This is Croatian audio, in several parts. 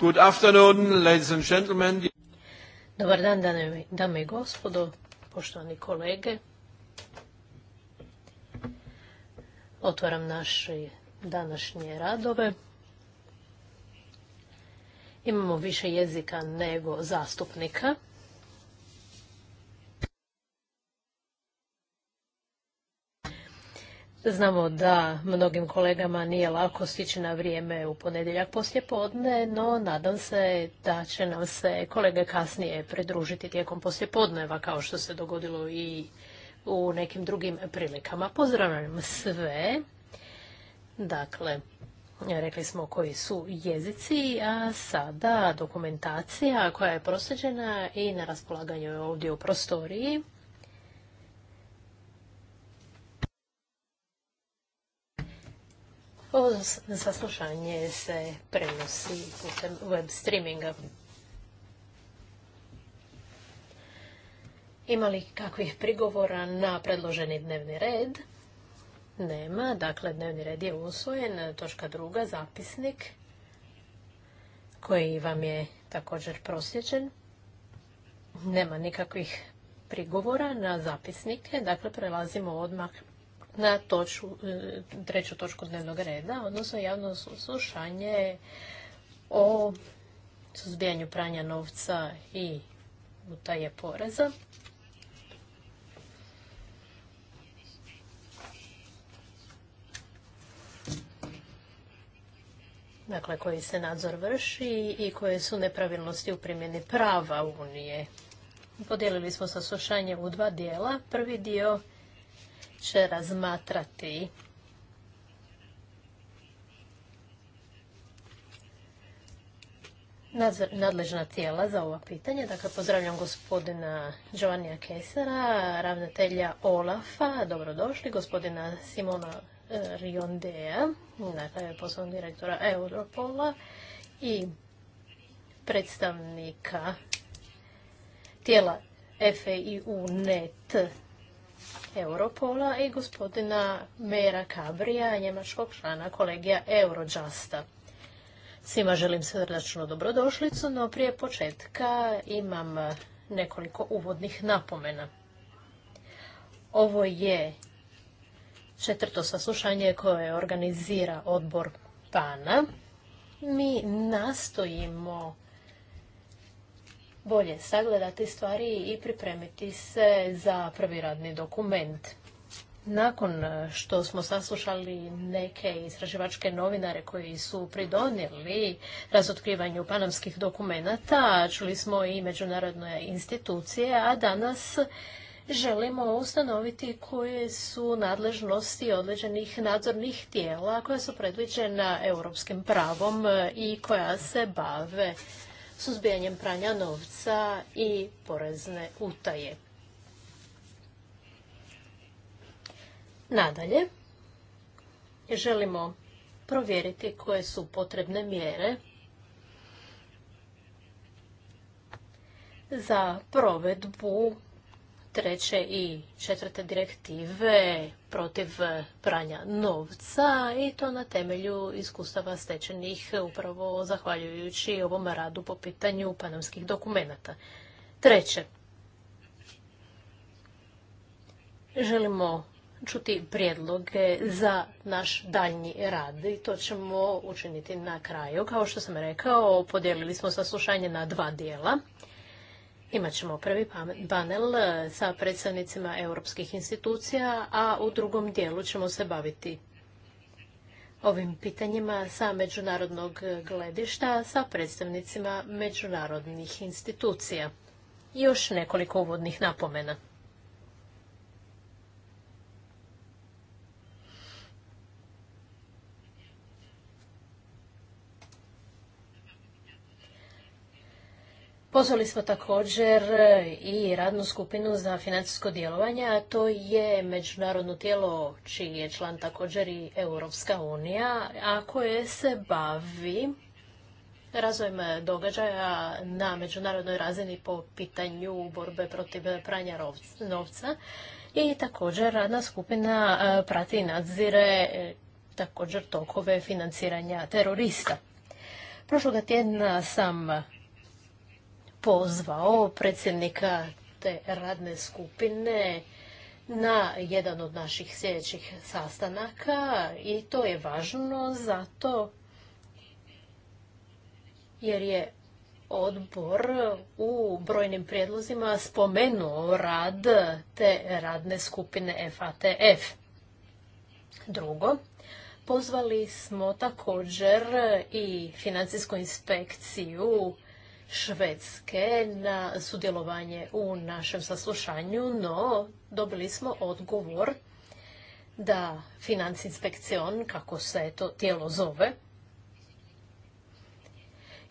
Good afternoon, ladies and gentlemen. Dobar dan, dame i gospodo, poštovani kolege. Otvaram naše današnje radove. Imamo više jezika nego zastupnika. Znamo da mnogim kolegama nije lako stići na vrijeme u ponedjeljak poslje podne, no nadam se da će nam se kolege kasnije pridružiti tijekom poslje podneva, kao što se dogodilo i u nekim drugim prilikama. Pozdravljam sve. Dakle, rekli smo koji su jezici, a sada dokumentacija koja je prosjeđena i na raspolaganju je ovdje u prostoriji. Ovo saslušanje se prenosi putem web streaminga. Ima li kakvih prigovora na predloženi dnevni red? Nema, dakle dnevni red je usvojen. Točka druga, zapisnik koji vam je također prosjećen. Nema nikakvih prigovora na zapisnike, dakle prelazimo odmah na toču, e, treću točku dnevnog reda, odnosno javno slušanje o suzbijanju pranja novca i utaje poreza. dakle koji se nadzor vrši i koje su nepravilnosti u primjeni prava Unije. Podijelili smo saslušanje u dva dijela. Prvi dio će razmatrati nadležna tijela za ova pitanja. Dakle, pozdravljam gospodina Giovannija Kesera, ravnatelja Olafa, dobrodošli, gospodina Simona e, Riondea, dakle, poslovnog direktora Europola i predstavnika tijela FEIU NET Europola i gospodina Mera Kabrija, njemačkog člana kolegija Eurojusta. Svima želim srdačno dobrodošlicu, no prije početka imam nekoliko uvodnih napomena. Ovo je četvrto saslušanje koje organizira odbor PANA. Mi nastojimo bolje sagledati stvari i pripremiti se za prvi radni dokument. Nakon što smo saslušali neke istraživačke novinare koji su pridonijeli razotkrivanju panamskih dokumenata, čuli smo i međunarodne institucije, a danas želimo ustanoviti koje su nadležnosti određenih nadzornih tijela koja su predviđena europskim pravom i koja se bave suzbijanjem pranja novca i porezne utaje. Nadalje, želimo provjeriti koje su potrebne mjere za provedbu treće i četvrte direktive protiv e, pranja novca i to na temelju iskustava stečenih upravo zahvaljujući ovom radu po pitanju panamskih dokumenata. Treće, želimo čuti prijedloge za naš daljnji rad i to ćemo učiniti na kraju. Kao što sam rekao, podijelili smo saslušanje na dva dijela. Imat ćemo prvi pa- panel e, sa predstavnicima europskih institucija, a u drugom dijelu ćemo se baviti ovim pitanjima sa međunarodnog e, gledišta sa predstavnicima međunarodnih institucija. Još nekoliko uvodnih napomena. Pozvali smo također e, i radnu skupinu za financijsko djelovanje, a to je međunarodno tijelo čiji je član također i Europska unija, a koje se bavi razvojem događaja na međunarodnoj razini po pitanju borbe protiv pranja novca. I također radna skupina e, prati i nadzire e, također tokove financiranja terorista. Prošloga tjedna sam pozvao predsjednika te radne skupine na jedan od naših sljedećih sastanaka i to je važno zato jer je odbor u brojnim prijedlozima spomenuo rad te radne skupine FATF. Drugo, pozvali smo također i financijsku inspekciju Švedske na sudjelovanje u našem saslušanju, no dobili smo odgovor da Financ kako se to tijelo zove,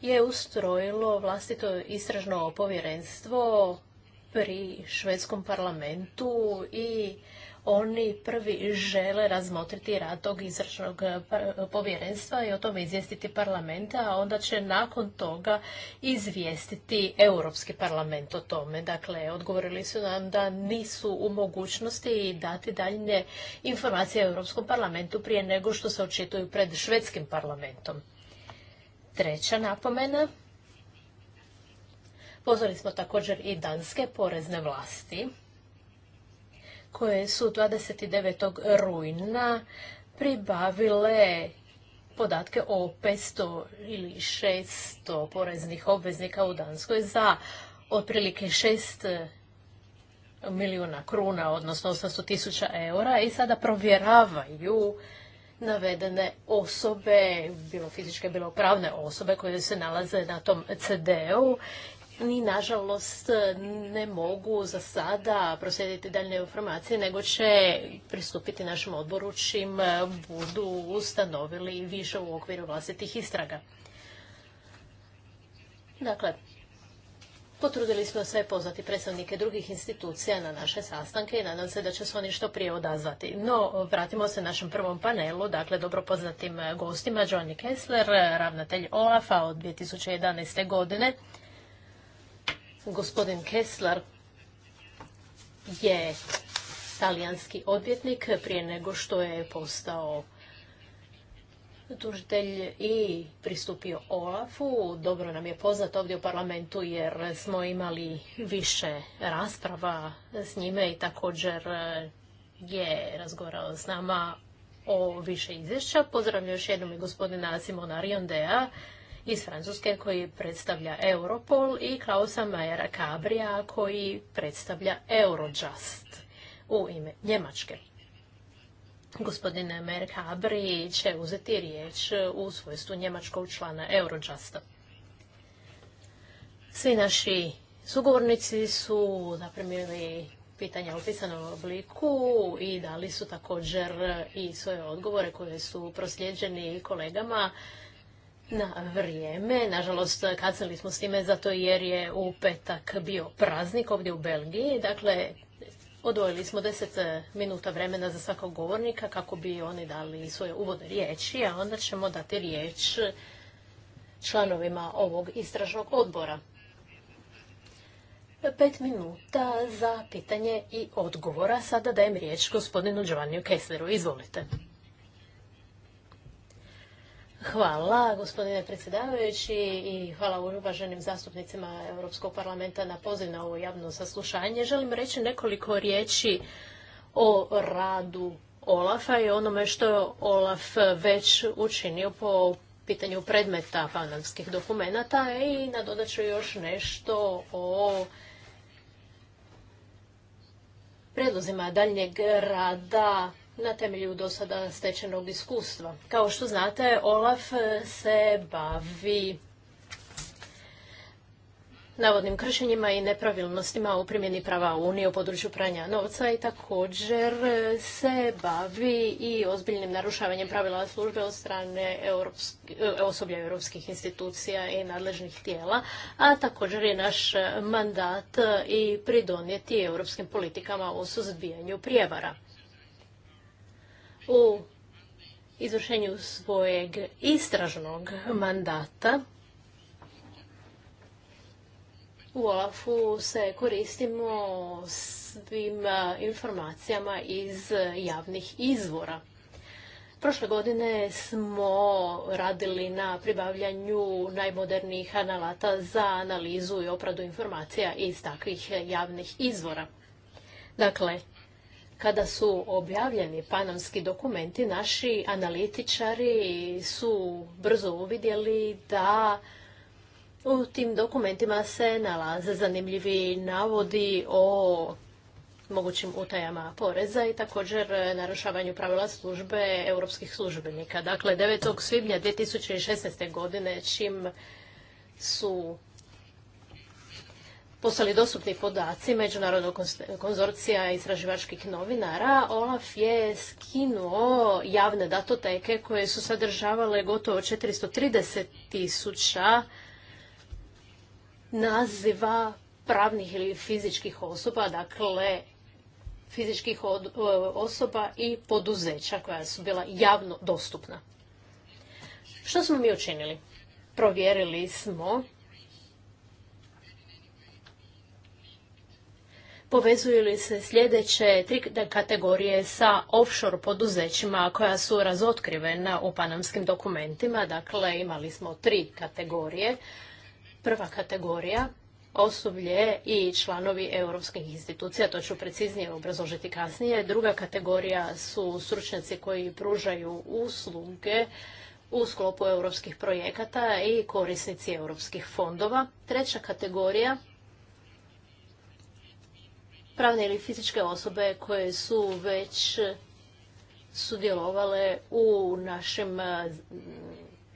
je ustrojilo vlastito istražno povjerenstvo pri švedskom parlamentu i oni prvi žele razmotriti rad tog izračnog eh, povjerenstva i o tome izvijestiti parlamenta, a onda će nakon toga izvijestiti Europski parlament o tome. Dakle, odgovorili su nam da nisu u mogućnosti dati daljnje informacije Europskom parlamentu prije nego što se očituju pred švedskim parlamentom. Treća napomena. Pozvali smo također i danske porezne vlasti koje su 29. rujna pribavile podatke o 500 ili 600 poreznih obveznika u Danskoj za otprilike 6 milijuna kruna, odnosno 800 tisuća eura i sada provjeravaju navedene osobe, bilo fizičke, bilo pravne osobe koje se nalaze na tom CD-u ni nažalost ne mogu za sada proslijediti daljne informacije, nego će pristupiti našem odboru čim budu ustanovili više u okviru vlastitih istraga. Dakle, potrudili smo se pozvati predstavnike drugih institucija na naše sastanke i nadam se da će se oni što prije odazvati. No, vratimo se našem prvom panelu, dakle dobro poznatim gostima, Johnny Kessler, ravnatelj OLAF-a od 2011. godine, Gospodin Kessler je talijanski odvjetnik prije nego što je postao tužitelj i pristupio OLAF-u. Dobro nam je poznat ovdje u parlamentu jer smo imali više rasprava s njime i također je razgovarao s nama o više izvješća. Pozdravljam još jednom i gospodina Simona Riondea iz Francuske koji predstavlja Europol i Klausa Majera Cabrija koji predstavlja Eurojust u ime Njemačke. Gospodine Majer Cabri će uzeti riječ u svojstvu njemačkog člana Eurojusta. Svi naši sugovornici su zaprimili pitanja u pisanom obliku i dali su također i svoje odgovore koje su prosljeđeni kolegama na vrijeme. Nažalost, kacali smo s time zato jer je u petak bio praznik ovdje u Belgiji. Dakle, odvojili smo deset e, minuta vremena za svakog govornika kako bi oni dali svoje uvodne riječi, a onda ćemo dati riječ članovima ovog istražnog odbora. Pet minuta za pitanje i odgovora. Sada dajem riječ gospodinu Giovanni Kessleru. Izvolite. Hvala gospodine predsjedavajući i hvala uvaženim zastupnicima Europskog parlamenta na poziv na ovo javno saslušanje. Želim reći nekoliko riječi o radu Olafa i onome što je Olaf već učinio po pitanju predmeta panamskih dokumenata i nadodat ću još nešto o predlozima daljnjeg rada na temelju do sada stečenog iskustva. Kao što znate, Olaf se bavi navodnim kršenjima i nepravilnostima u primjeni prava Unije u području pranja novca i također se bavi i ozbiljnim narušavanjem pravila službe od strane e, osoblja europskih institucija i nadležnih tijela, a također je naš mandat i pridonijeti europskim politikama o suzbijanju prijevara u izvršenju svojeg istražnog mandata u Olafu se koristimo svim informacijama iz javnih izvora. Prošle godine smo radili na pribavljanju najmodernijih analata za analizu i opradu informacija iz takvih javnih izvora. Dakle, kada su objavljeni panamski dokumenti, naši analitičari su brzo uvidjeli da u tim dokumentima se nalaze zanimljivi navodi o mogućim utajama poreza i također narušavanju pravila službe europskih službenika. Dakle, 9. svibnja 2016. godine čim su postali dostupni podaci Međunarodnog konzorcija istraživačkih novinara, Olaf je skinuo javne datoteke koje su sadržavale gotovo 430 tisuća naziva pravnih ili fizičkih osoba, dakle fizičkih e, osoba i poduzeća koja su bila javno dostupna. Što smo mi učinili? Provjerili smo povezuju li se sljedeće tri kategorije sa offshore poduzećima koja su razotkrivena u panamskim dokumentima. Dakle, imali smo tri kategorije. Prva kategorija osoblje i članovi europskih institucija, to ću preciznije obrazložiti kasnije. Druga kategorija su stručnjaci koji pružaju usluge u sklopu europskih projekata i korisnici europskih fondova. Treća kategorija pravne ili fizičke osobe koje su već sudjelovale u našim e,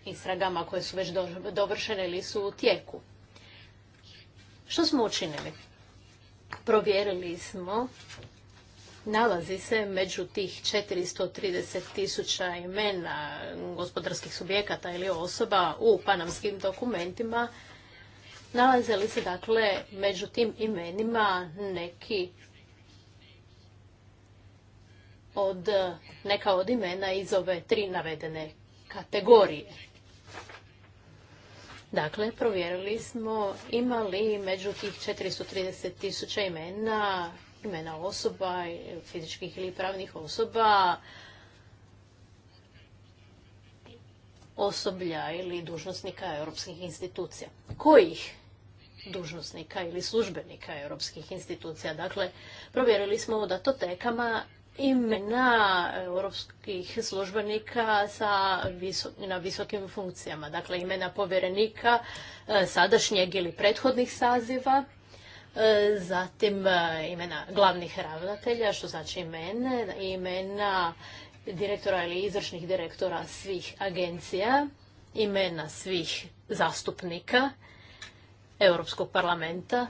istragama koje su već dovršene ili su u tijeku. Što smo učinili? Provjerili smo, nalazi se među tih 430 tisuća imena gospodarskih subjekata ili osoba u panamskim dokumentima Nalaze li se dakle među tim imenima neki od, neka od imena iz ove tri navedene kategorije? Dakle, provjerili smo ima li među tih 430 tisuća imena, imena osoba, fizičkih ili pravnih osoba, osoblja ili dužnosnika europskih institucija. Kojih dužnosnika ili službenika europskih institucija. Dakle, provjerili smo u datotekama imena europskih službenika sa na visokim funkcijama. Dakle, imena povjerenika e, sadašnjeg ili prethodnih saziva, e, zatim e, imena glavnih ravnatelja, što znači imene, imena direktora ili izvršnih direktora svih agencija, imena svih zastupnika, Europskog parlamenta.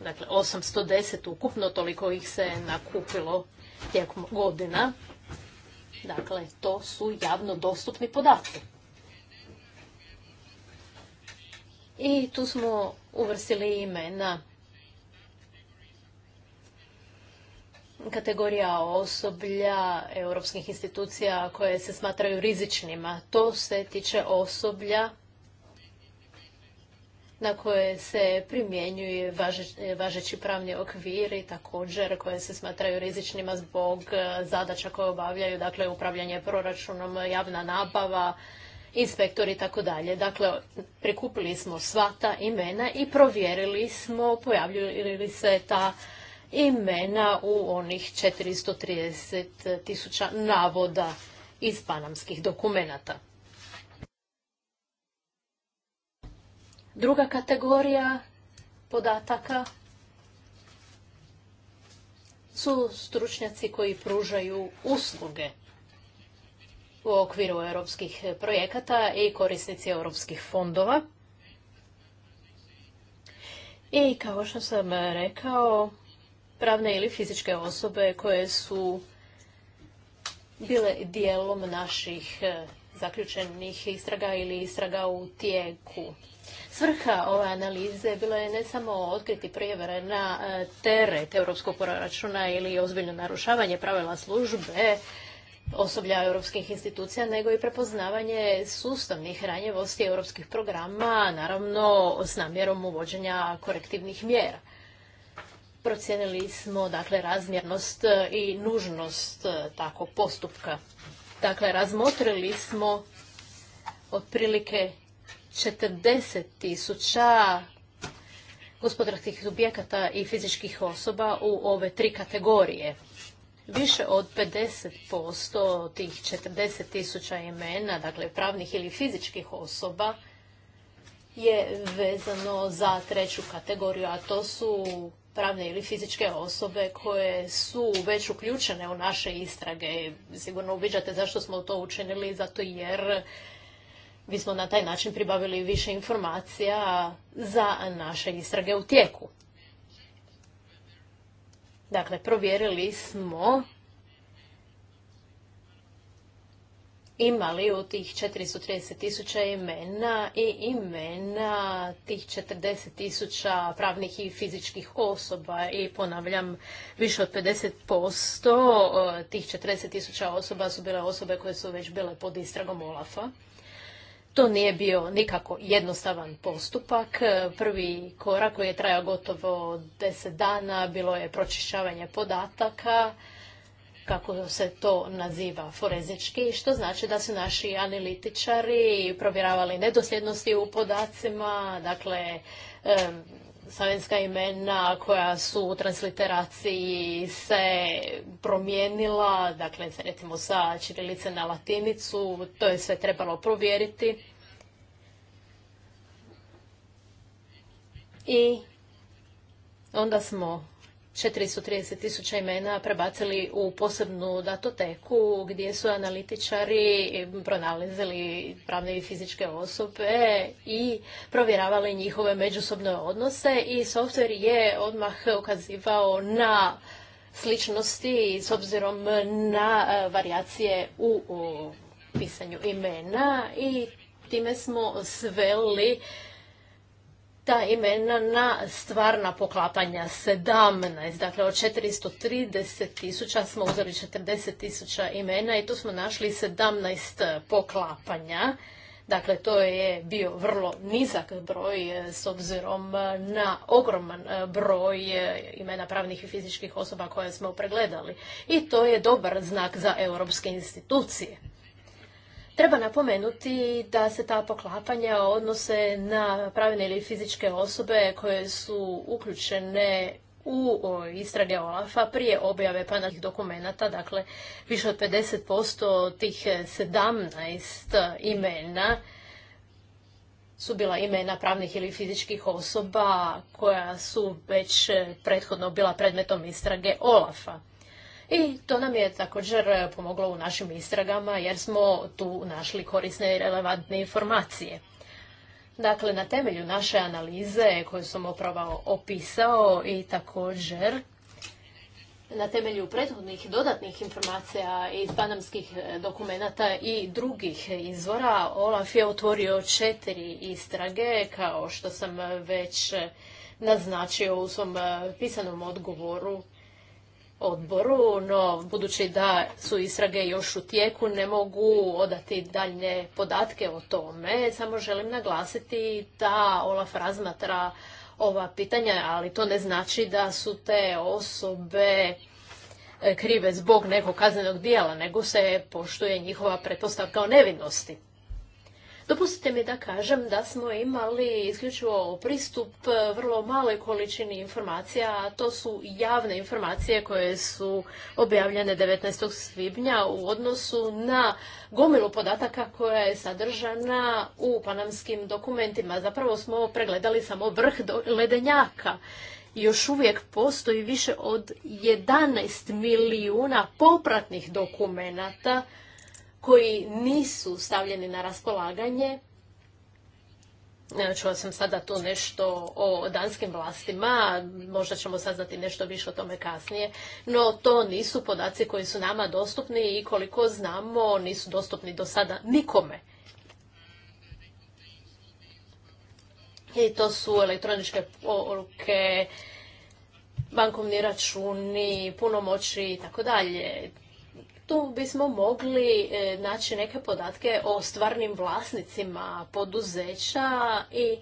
Dakle, 810 ukupno, toliko ih se nakupilo tijekom godina. Dakle, to su javno dostupni podaci. I tu smo uvrstili imena kategorija osoblja europskih institucija koje se smatraju rizičnima. To se tiče osoblja na koje se primjenjuju važeći pravni okviri, također koje se smatraju rizičnima zbog e, zadaća koje obavljaju, dakle upravljanje proračunom, javna nabava, inspektori i tako dalje. Dakle, prikupili smo sva ta imena i provjerili smo pojavljuju li se ta imena u onih 430 tisuća navoda iz panamskih dokumenata. Druga kategorija podataka su stručnjaci koji pružaju usluge u okviru europskih projekata i korisnici europskih fondova. I kao što sam rekao, pravne ili fizičke osobe koje su bile dijelom naših e, zaključenih istraga ili istraga u tijeku. Svrha ove analize bilo je ne samo otkriti prijevere na e, teret europskog proračuna ili ozbiljno narušavanje pravila službe, osoblja europskih institucija, nego i prepoznavanje sustavnih ranjivosti europskih programa, naravno s namjerom uvođenja korektivnih mjera. Procijenili smo dakle razmjernost e, i nužnost e, takvog postupka. Dakle, razmotrili smo otprilike 40 tisuća gospodarskih subjekata i fizičkih osoba u ove tri kategorije. Više od 50% tih 40 tisuća imena, dakle pravnih ili fizičkih osoba, je vezano za treću kategoriju, a to su pravne ili fizičke osobe koje su već uključene u naše istrage. Sigurno uviđate zašto smo to učinili, zato jer smo na taj način pribavili više informacija za naše istrage u tijeku. Dakle, provjerili smo imali u tih 430 tisuća imena i imena tih 40 tisuća pravnih i fizičkih osoba i ponavljam više od 50% eh, tih 40 tisuća osoba su bile osobe koje su već bile pod istragom Olafa. To nije bio nikako jednostavan postupak. Prvi korak koji je trajao gotovo deset dana bilo je pročišćavanje podataka, kako se to naziva forezički, što znači da su naši analitičari provjeravali nedosljednosti u podacima, dakle slavenska imena koja su u transliteraciji se promijenila, dakle recimo sa čirilice na latinicu, to je sve trebalo provjeriti. I onda smo 430 tisuća imena prebacili u posebnu datoteku gdje su analitičari pronalazili pravne i fizičke osobe i provjeravali njihove međusobne odnose i softver je odmah ukazivao na sličnosti s obzirom na e, varijacije u, u pisanju imena i time smo sveli ta imena na stvarna poklapanja 17, dakle od 430 tisuća smo uzeli 40 tisuća imena i tu smo našli 17 poklapanja. Dakle, to je bio vrlo nizak broj e, s obzirom e, na ogroman e, broj imena pravnih i fizičkih osoba koje smo pregledali. I to je dobar znak za europske institucije. Treba napomenuti da se ta poklapanja odnose na pravne ili fizičke osobe koje su uključene u istrage olaf prije objave panatih dokumenata, dakle više od 50% tih 17 imena su bila imena pravnih ili fizičkih osoba koja su već prethodno bila predmetom istrage olaf i to nam je također e, pomoglo u našim istragama jer smo tu našli korisne i relevantne informacije. Dakle, na temelju naše analize koju sam opravo opisao i također na temelju prethodnih dodatnih informacija iz panamskih e, dokumenata i drugih izvora, Olaf je otvorio četiri istrage, kao što sam već e, naznačio u svom pisanom odgovoru odboru, no budući da su istrage još u tijeku, ne mogu odati dalje podatke o tome. Samo želim naglasiti da Olaf razmatra ova pitanja, ali to ne znači da su te osobe e, krive zbog nekog kaznenog dijela, nego se poštuje njihova pretpostavka o nevinosti. Dopustite mi da kažem da smo imali isključivo pristup e, vrlo maloj količini informacija, a to su javne informacije koje su objavljene 19. svibnja u odnosu na gomilu podataka koja je sadržana u panamskim dokumentima. Zapravo smo pregledali samo vrh ledenjaka još uvijek postoji više od 11 milijuna popratnih dokumenata koji nisu stavljeni na raspolaganje. E, čula sam sada tu nešto o danskim vlastima, možda ćemo saznati nešto više o tome kasnije, no to nisu podaci koji su nama dostupni i koliko znamo nisu dostupni do sada nikome. I to su elektroničke poruke, bankovni računi, punomoći i tako dalje tu bismo mogli e, naći neke podatke o stvarnim vlasnicima poduzeća i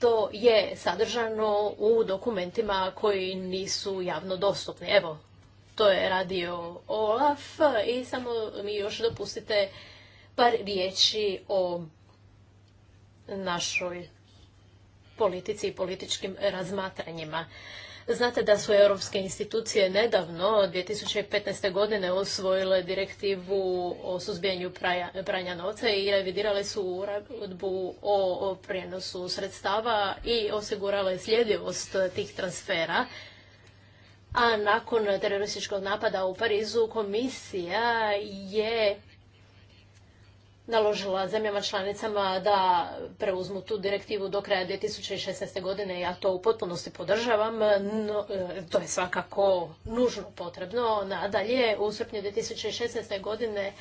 to je sadržano u dokumentima koji nisu javno dostupni. Evo, to je radio Olaf i samo mi još dopustite par riječi o našoj politici i političkim razmatranjima. Znate da su europske institucije nedavno, 2015. godine, usvojile direktivu o suzbijanju pranja novca i revidirale su uredbu o, o prijenosu sredstava i osigurale sljedivost tih transfera. A nakon terorističkog napada u Parizu komisija je naložila zemljama članicama da preuzmu tu direktivu do kraja 2016. godine. Ja to u potpunosti podržavam. E, to je svakako nužno potrebno. Nadalje, u srpnju 2016. godine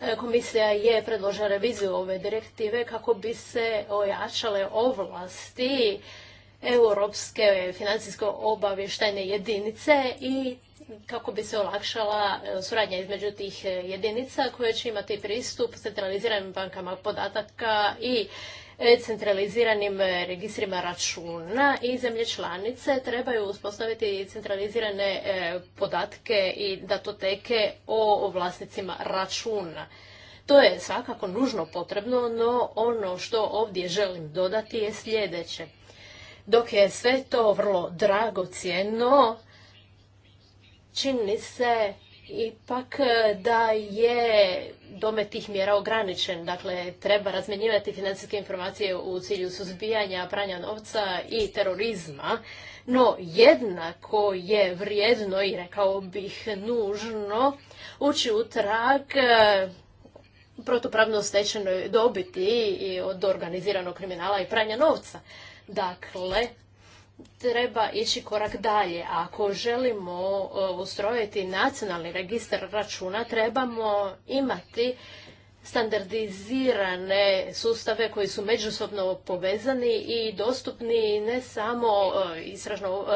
e, komisija je predložila reviziju ove direktive kako bi se ojačale ovlasti Europske financijsko obavještajne jedinice i kako bi se olakšala e, suradnja između tih e, jedinica koje će imati pristup centraliziranim bankama podataka i e, centraliziranim registrima računa i zemlje članice trebaju uspostaviti centralizirane podatke i datoteke o vlasnicima računa. To je svakako nužno potrebno, no ono što ovdje želim dodati je sljedeće. Dok je sve to vrlo dragocjeno, čini se ipak e, da je domet tih mjera ograničen. Dakle, treba razmjenjivati financijske informacije u cilju suzbijanja pranja novca i terorizma. No, jednako je vrijedno i rekao bih nužno ući u trag e, protupravno stečenoj dobiti od organiziranog kriminala i pranja novca. Dakle, treba ići korak dalje. Ako želimo uh, ustrojiti nacionalni registar računa, trebamo imati standardizirane sustave koji su međusobno povezani i dostupni ne samo uh, istražno uh,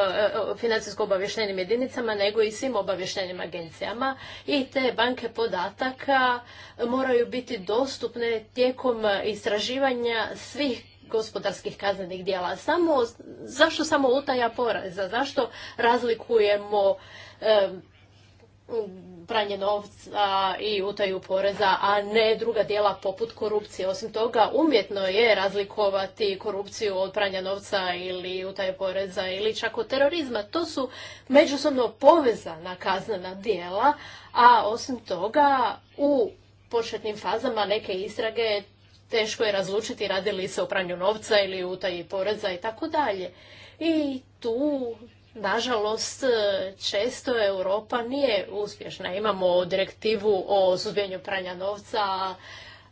financijsko obavještenim jedinicama, nego i svim obavještenim agencijama i te banke podataka moraju biti dostupne tijekom istraživanja svih gospodarskih kaznenih djela. Samo, zašto samo utaja poreza? Zašto razlikujemo pranje novca i utaju poreza, a ne druga djela poput korupcije. Osim toga, umjetno je razlikovati korupciju od pranja novca ili utaje poreza ili čak od terorizma. To su međusobno povezana kaznena djela, a osim toga u početnim fazama neke istrage teško je razlučiti radi li se o pranju novca ili utaji poreza i tako dalje. I tu, nažalost, često Europa nije uspješna. Imamo direktivu o suzbijanju pranja novca,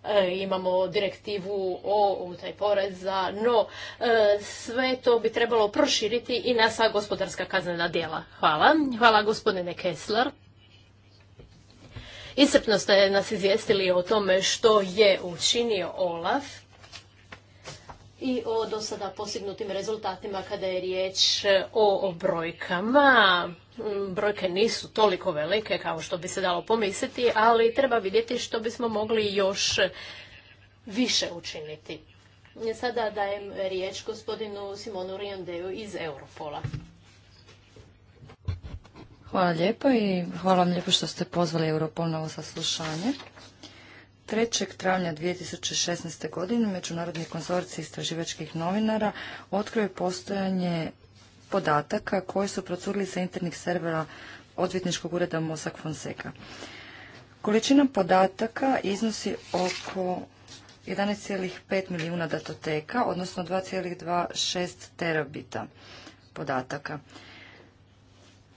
e, imamo direktivu o utaj poreza, no e, sve to bi trebalo proširiti i na sva gospodarska kaznena djela. Hvala. Hvala gospodine Kessler. Iscrpno ste nas izvijestili o tome što je učinio Olaf i o do sada postignutim rezultatima kada je riječ o, brojkama. Brojke nisu toliko velike kao što bi se dalo pomisliti, ali treba vidjeti što bismo mogli još više učiniti. Sada dajem riječ gospodinu Simonu Rijandeju iz Europola. Hvala lijepo i hvala vam lijepo što ste pozvali Europol na ovo saslušanje. 3. travnja 2016. godine Međunarodni konzorcij istraživačkih novinara otkrio je postojanje podataka koje su procurili sa internih servera odvjetničkog ureda Mosak Fonseca. Količina podataka iznosi oko 11,5 milijuna datoteka, odnosno 2,26 terabita podataka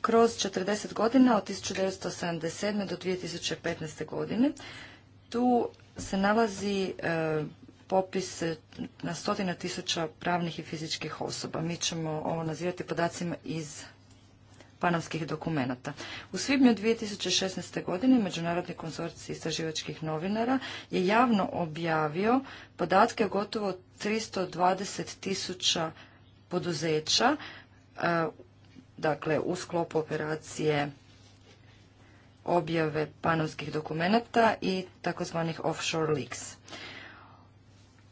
kroz 40 godina od 1977. do 2015. godine. Tu se nalazi e, popis e, na stotina tisuća pravnih i fizičkih osoba. Mi ćemo ovo nazivati podacima iz panamskih dokumenata. U svibnju 2016. godine Međunarodni konzorcij istraživačkih novinara je javno objavio podatke o gotovo 320 tisuća poduzeća e, dakle u sklopu operacije objave panovskih dokumenata i takozvanih offshore leaks.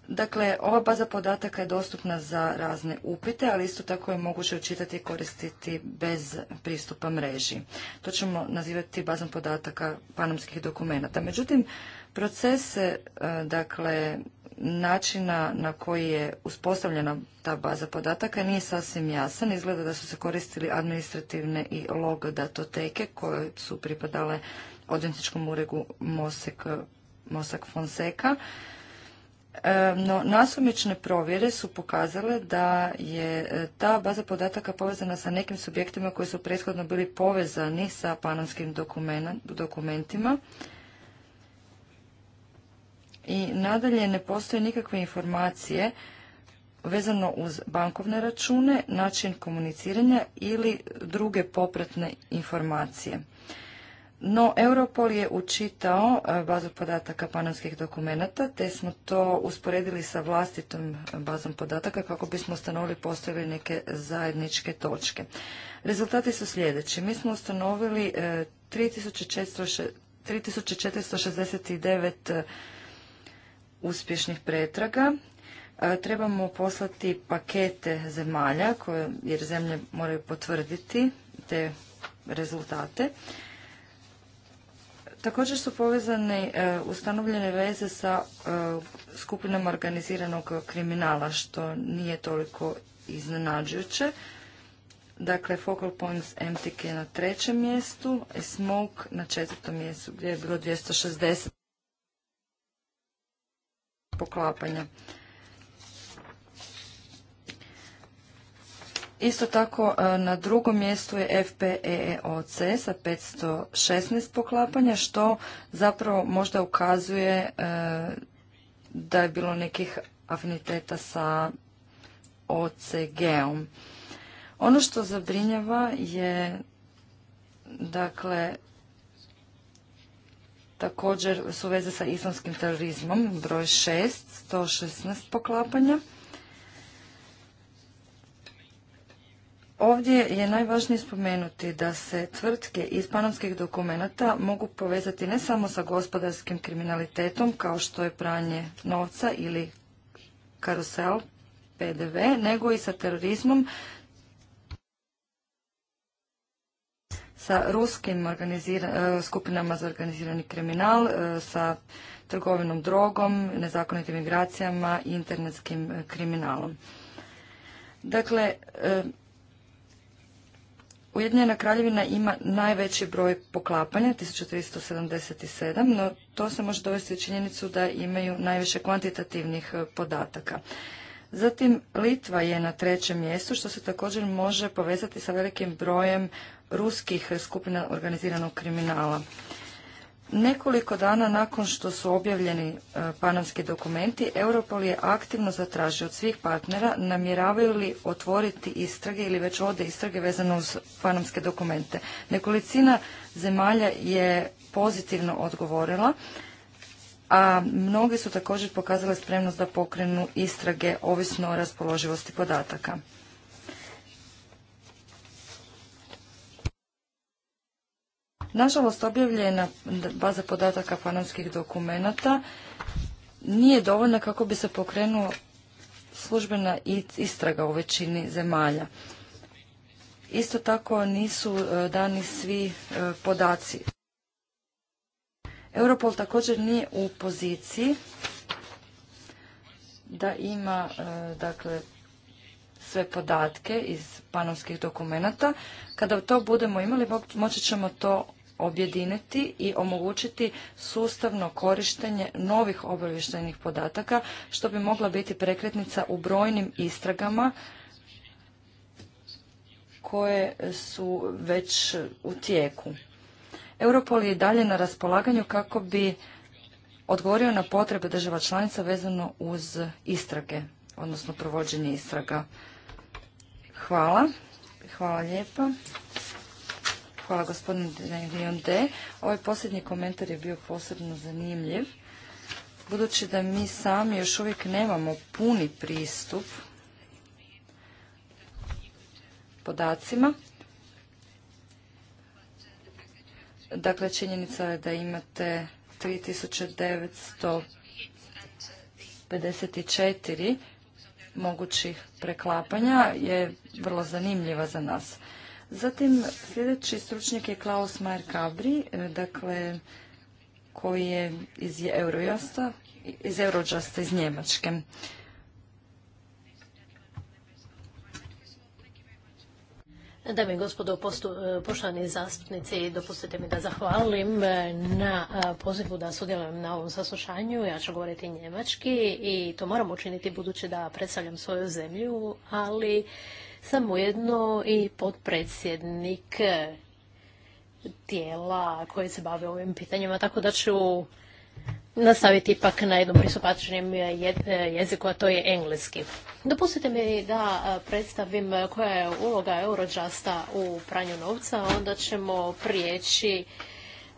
Dakle, ova baza podataka je dostupna za razne upite, ali isto tako je moguće učitati i koristiti bez pristupa mreži. To ćemo nazivati bazom podataka panomskih dokumenata. Međutim, procese e, dakle, načina na koji je uspostavljena ta baza podataka nije sasvim jasan. Izgleda da su se koristili administrativne i log datoteke koje su pripadale odvjetničkom uregu Mosek, Mosak Fonseca. E, no, nasumične provjere su pokazale da je e, ta baza podataka povezana sa nekim subjektima koji su prethodno bili povezani sa panamskim dokumentima i nadalje ne postoje nikakve informacije vezano uz bankovne račune, način komuniciranja ili druge popratne informacije. No, Europol je učitao e, bazu podataka panamskih dokumenata, te smo to usporedili sa vlastitom bazom podataka kako bismo ustanovili postavili neke zajedničke točke. Rezultati su sljedeći. Mi smo ustanovili 3469 e, uspješnih pretraga. E, trebamo poslati pakete zemalja koje, jer zemlje moraju potvrditi te rezultate. Također su povezane e, ustanovljene veze sa e, skupinama organiziranog kriminala, što nije toliko iznenađujuće. Dakle, Focal Points MTK na trećem mjestu, Smoke na četvrtom mjestu gdje je bilo 260 poklapanja. Isto tako e, na drugom mjestu je FPEOC e sa 516 poklapanja, što zapravo možda ukazuje e, da je bilo nekih afiniteta sa OCG-om. Ono što zabrinjava je dakle također su veze sa islamskim terorizmom, broj 6, 116 poklapanja. Ovdje je najvažnije spomenuti da se tvrtke iz panamskih dokumenata mogu povezati ne samo sa gospodarskim kriminalitetom kao što je pranje novca ili karusel PDV, nego i sa terorizmom sa ruskim e, skupinama za organizirani kriminal, e, sa trgovinom drogom, nezakonitim migracijama i internetskim e, kriminalom. Dakle, Ujedinjena kraljevina ima najveći broj poklapanja, 1377, no to se može dovesti u činjenicu da imaju najviše kvantitativnih podataka. Zatim Litva je na trećem mjestu, što se također može povezati sa velikim brojem ruskih skupina organiziranog kriminala. Nekoliko dana nakon što su objavljeni e, panamski dokumenti, Europol je aktivno zatražio od svih partnera namjeravaju li otvoriti istrage ili već ode istrage vezano uz panamske dokumente. Nekolicina zemalja je pozitivno odgovorila, a mnogi su također pokazali spremnost da pokrenu istrage ovisno o raspoloživosti podataka. Nažalost, objavljena baza podataka panamskih dokumenata nije dovoljna kako bi se pokrenuo službena istraga u većini zemalja. Isto tako nisu e, dani svi e, podaci. Europol također nije u poziciji da ima e, dakle sve podatke iz panovskih dokumenata. Kada to budemo imali, moći ćemo to objediniti i omogućiti sustavno korištenje novih obavještajnih podataka što bi mogla biti prekretnica u brojnim istragama koje su već u tijeku. Europol je dalje na raspolaganju kako bi odgovorio na potrebe država članica vezano uz istrage, odnosno provođenje istraga. Hvala. Hvala lijepa. Hvala gospodine Dionde. Ovaj posljednji komentar je bio posebno zanimljiv. Budući da mi sami još uvijek nemamo puni pristup podacima, dakle činjenica je da imate 3954 mogućih preklapanja je vrlo zanimljiva za nas. Zatim sljedeći stručnjak je Klaus Mayer Kabri, e, dakle koji je iz Eurojasta, iz Eurojasta iz Njemačke. Dame i gospodo, e, poštovani zastupnici, dopustite mi da zahvalim e, na pozivu da sudjelujem na ovom saslušanju. Ja ću govoriti njemački i to moram učiniti budući da predstavljam svoju zemlju, ali sam ujedno i potpredsjednik e, tijela koje se bave ovim pitanjima, tako da ću nastaviti ipak na jednom pristupačnijem e, jeziku, a to je engleski. Dopustite mi da e, predstavim koja je uloga Eurojusta u pranju novca, onda ćemo prijeći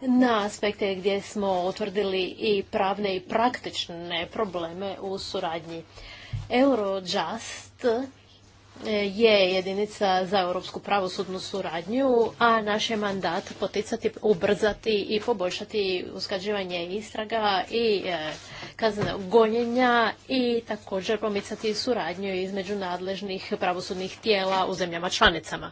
na aspekte gdje smo otvrdili i pravne i praktične probleme u suradnji. Eurojust E, je jedinica za europsku pravosudnu suradnju, a naš je mandat poticati, ubrzati i poboljšati usklađivanje istraga i e, kaznenog gonjenja i također pomicati suradnju između nadležnih pravosudnih tijela u zemljama članicama.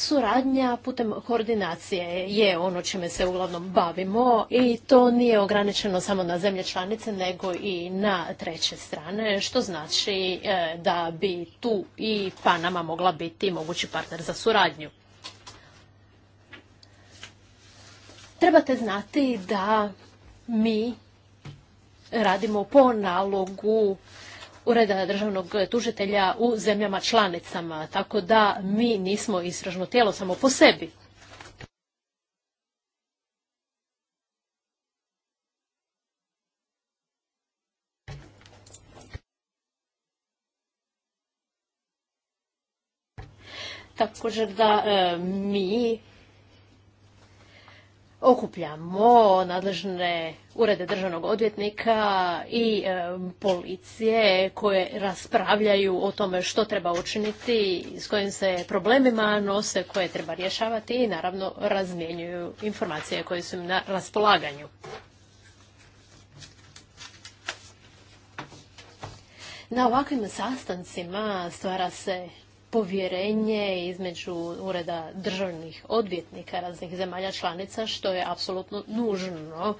Suradnja putem koordinacije je ono čime se uglavnom bavimo i to nije ograničeno samo na zemlje članice nego i na treće strane, što znači e, da bi tu i Panama mogla biti mogući partner za suradnju. Trebate znati da mi radimo po nalogu ureda državnog tužitelja u zemljama članicama, tako da mi nismo istražno tijelo samo po sebi. Također da e, mi okupljamo nadležne urede državnog odvjetnika i e, policije koje raspravljaju o tome što treba učiniti, s kojim se problemima nose, koje treba rješavati i naravno razmjenjuju informacije koje su im na raspolaganju. Na ovakvim sastancima stvara se povjerenje između ureda državnih odvjetnika raznih zemalja članica, što je apsolutno nužno.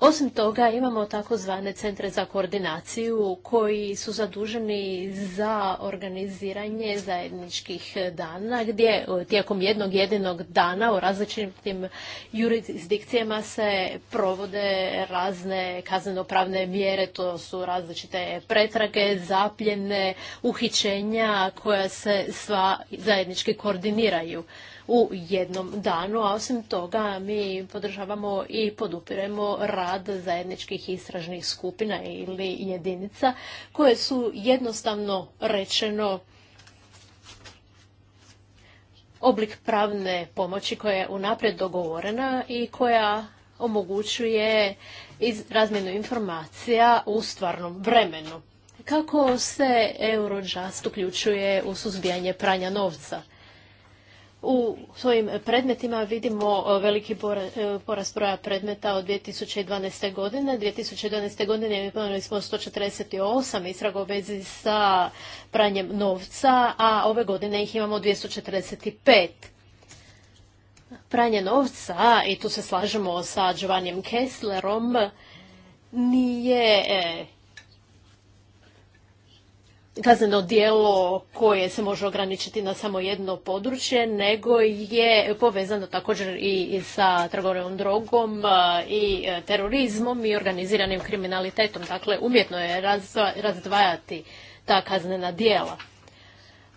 Osim toga, imamo takozvane centre za koordinaciju koji su zaduženi za organiziranje zajedničkih dana, gdje tijekom jednog jedinog dana u različitim jurisdikcijama se provode razne kaznenopravne mjere, to su različite pretrage, zapljene, uhićenja koja se sva zajednički koordiniraju u jednom danu, a osim toga mi podržavamo i podupiremo rad zajedničkih istražnih skupina ili jedinica koje su jednostavno rečeno oblik pravne pomoći koja je unaprijed dogovorena i koja omogućuje razmjenu informacija u stvarnom vremenu kako se Eurojust uključuje u suzbijanje pranja novca. U svojim predmetima vidimo e, veliki e, porast broja predmeta od 2012. godine. 2012. godine imali smo 148 istraga u vezi sa pranjem novca, a ove godine ih imamo 245. Pranje novca, i tu se slažemo sa Giovannijem Kesslerom, nije e, kazneno djelo koje se može ograničiti na samo jedno područje, nego je povezano također i sa trgovinom drogom i e, terorizmom i organiziranim kriminalitetom. Dakle, umjetno je razdvajati ta kaznena djela.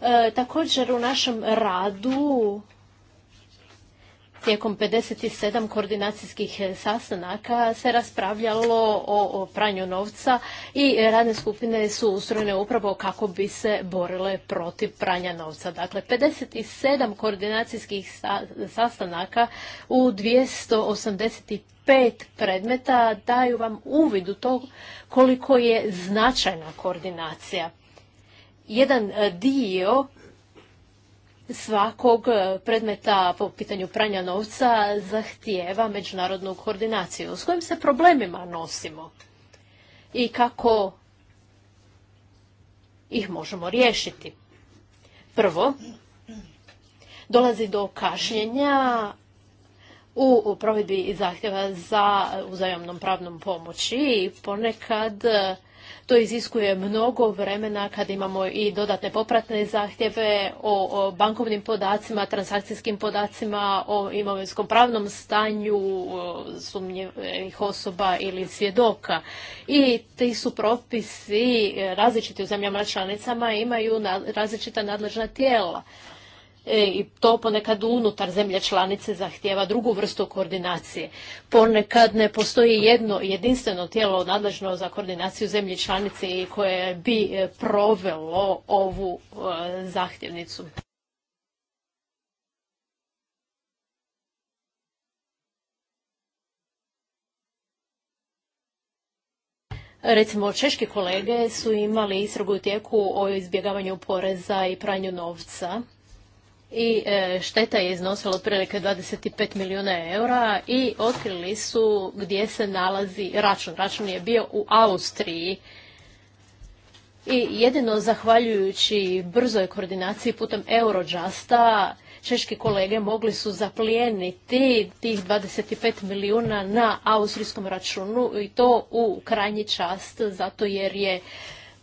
E, također u našem radu tijekom 57 koordinacijskih e, sastanaka se raspravljalo o, pranju novca i radne skupine su ustrojene upravo kako bi se borile protiv pranja novca. Dakle, 57 koordinacijskih sastanaka u 285 predmeta daju vam uvid u to koliko je značajna koordinacija. Jedan e, dio svakog e, predmeta po pitanju pranja novca zahtijeva međunarodnu koordinaciju. S kojim se problemima nosimo i kako ih možemo riješiti? Prvo, dolazi do kašnjenja u provedbi zahtjeva za uzajamnom pravnom pomoći i ponekad e, to iziskuje mnogo vremena kad imamo i dodatne popratne zahtjeve o, bankovnim podacima, transakcijskim podacima, o imovinskom pravnom stanju sumnjivih osoba ili svjedoka. I ti su propisi e, različiti u zemljama članicama imaju različita nadležna tijela. E, i to ponekad unutar zemlje članice zahtjeva drugu vrstu koordinacije. Ponekad ne postoji jedno jedinstveno tijelo nadležno za koordinaciju zemlje članice koje bi e, provelo ovu e, zahtjevnicu. Recimo, češki kolege su imali istragu u tijeku o izbjegavanju poreza i pranju novca i e, šteta je iznosila otprilike 25 milijuna eura i otkrili su gdje se nalazi račun. Račun je bio u Austriji i jedino zahvaljujući brzoj koordinaciji putem Eurojusta češki kolege mogli su zaplijeniti tih 25 milijuna na austrijskom računu i to u krajnji čast zato jer je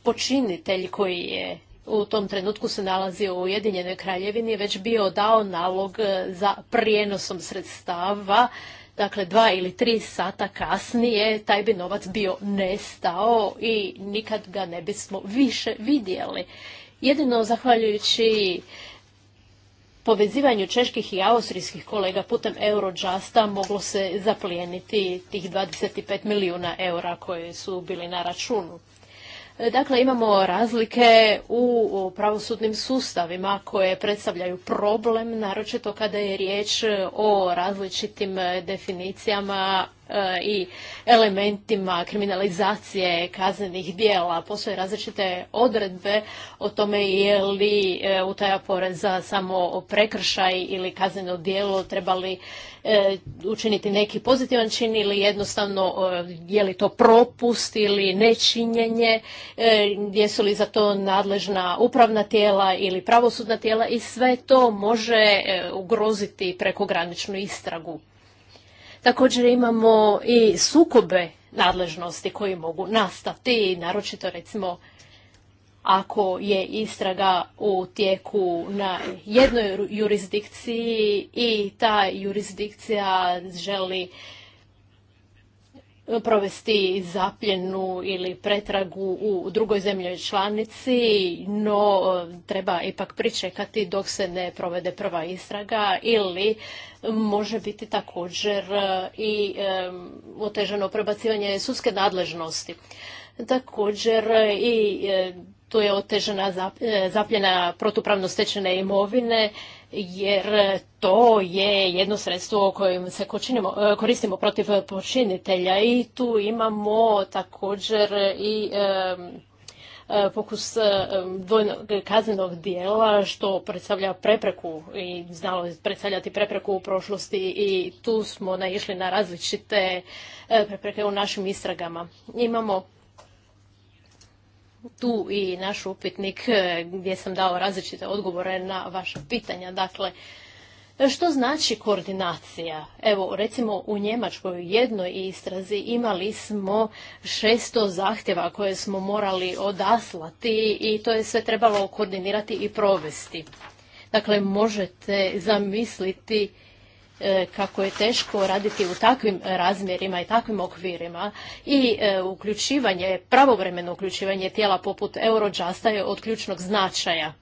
počinitelj koji je u tom trenutku se nalazio u Ujedinjenoj kraljevini, već bio dao nalog e, za prijenosom sredstava, dakle dva ili tri sata kasnije taj bi novac bio nestao i nikad ga ne bismo više vidjeli. Jedino zahvaljujući povezivanju čeških i austrijskih kolega putem Eurojusta moglo se zaplijeniti tih 25 milijuna eura koje su bili na računu. E, dakle, imamo razlike u pravosudnim sustavima koje predstavljaju problem, naročito kada je riječ o različitim definicijama E, i elementima kriminalizacije kaznenih dijela. Postoje različite odredbe o tome je li e, utaja poreza samo prekršaj ili kazneno dijelo trebali e, učiniti neki pozitivan čin ili jednostavno je li to propust ili nečinjenje, jesu li za to nadležna upravna tijela ili pravosudna tijela i sve to može ugroziti prekograničnu istragu. Također imamo i sukobe nadležnosti koji mogu nastati, naročito recimo ako je istraga u tijeku na jednoj jurisdikciji i ta jurisdikcija želi provesti zapljenu ili pretragu u drugoj zemlji članici, no e, treba ipak pričekati dok se ne provede prva istraga ili može biti također e, i e, otežano prebacivanje sudske nadležnosti. Također i tu je otežana zapljena protupravno stečene imovine jer to je jedno sredstvo kojim se e, koristimo protiv počinitelja i tu imamo također i fokus e, e, dvojnog kaznenog dijela što predstavlja prepreku i znalo je predstavljati prepreku u prošlosti i tu smo naišli na različite prepreke u našim istragama. Imamo tu i naš upitnik e, gdje sam dao različite odgovore na vaša pitanja. Dakle, što znači koordinacija? Evo, recimo u Njemačkoj u jednoj istrazi imali smo 600 zahtjeva koje smo morali odaslati i to je sve trebalo koordinirati i provesti. Dakle, možete zamisliti E, kako je teško raditi u takvim razmjerima i takvim okvirima i e, uključivanje, pravovremeno uključivanje tijela poput eurođasta je od ključnog značaja.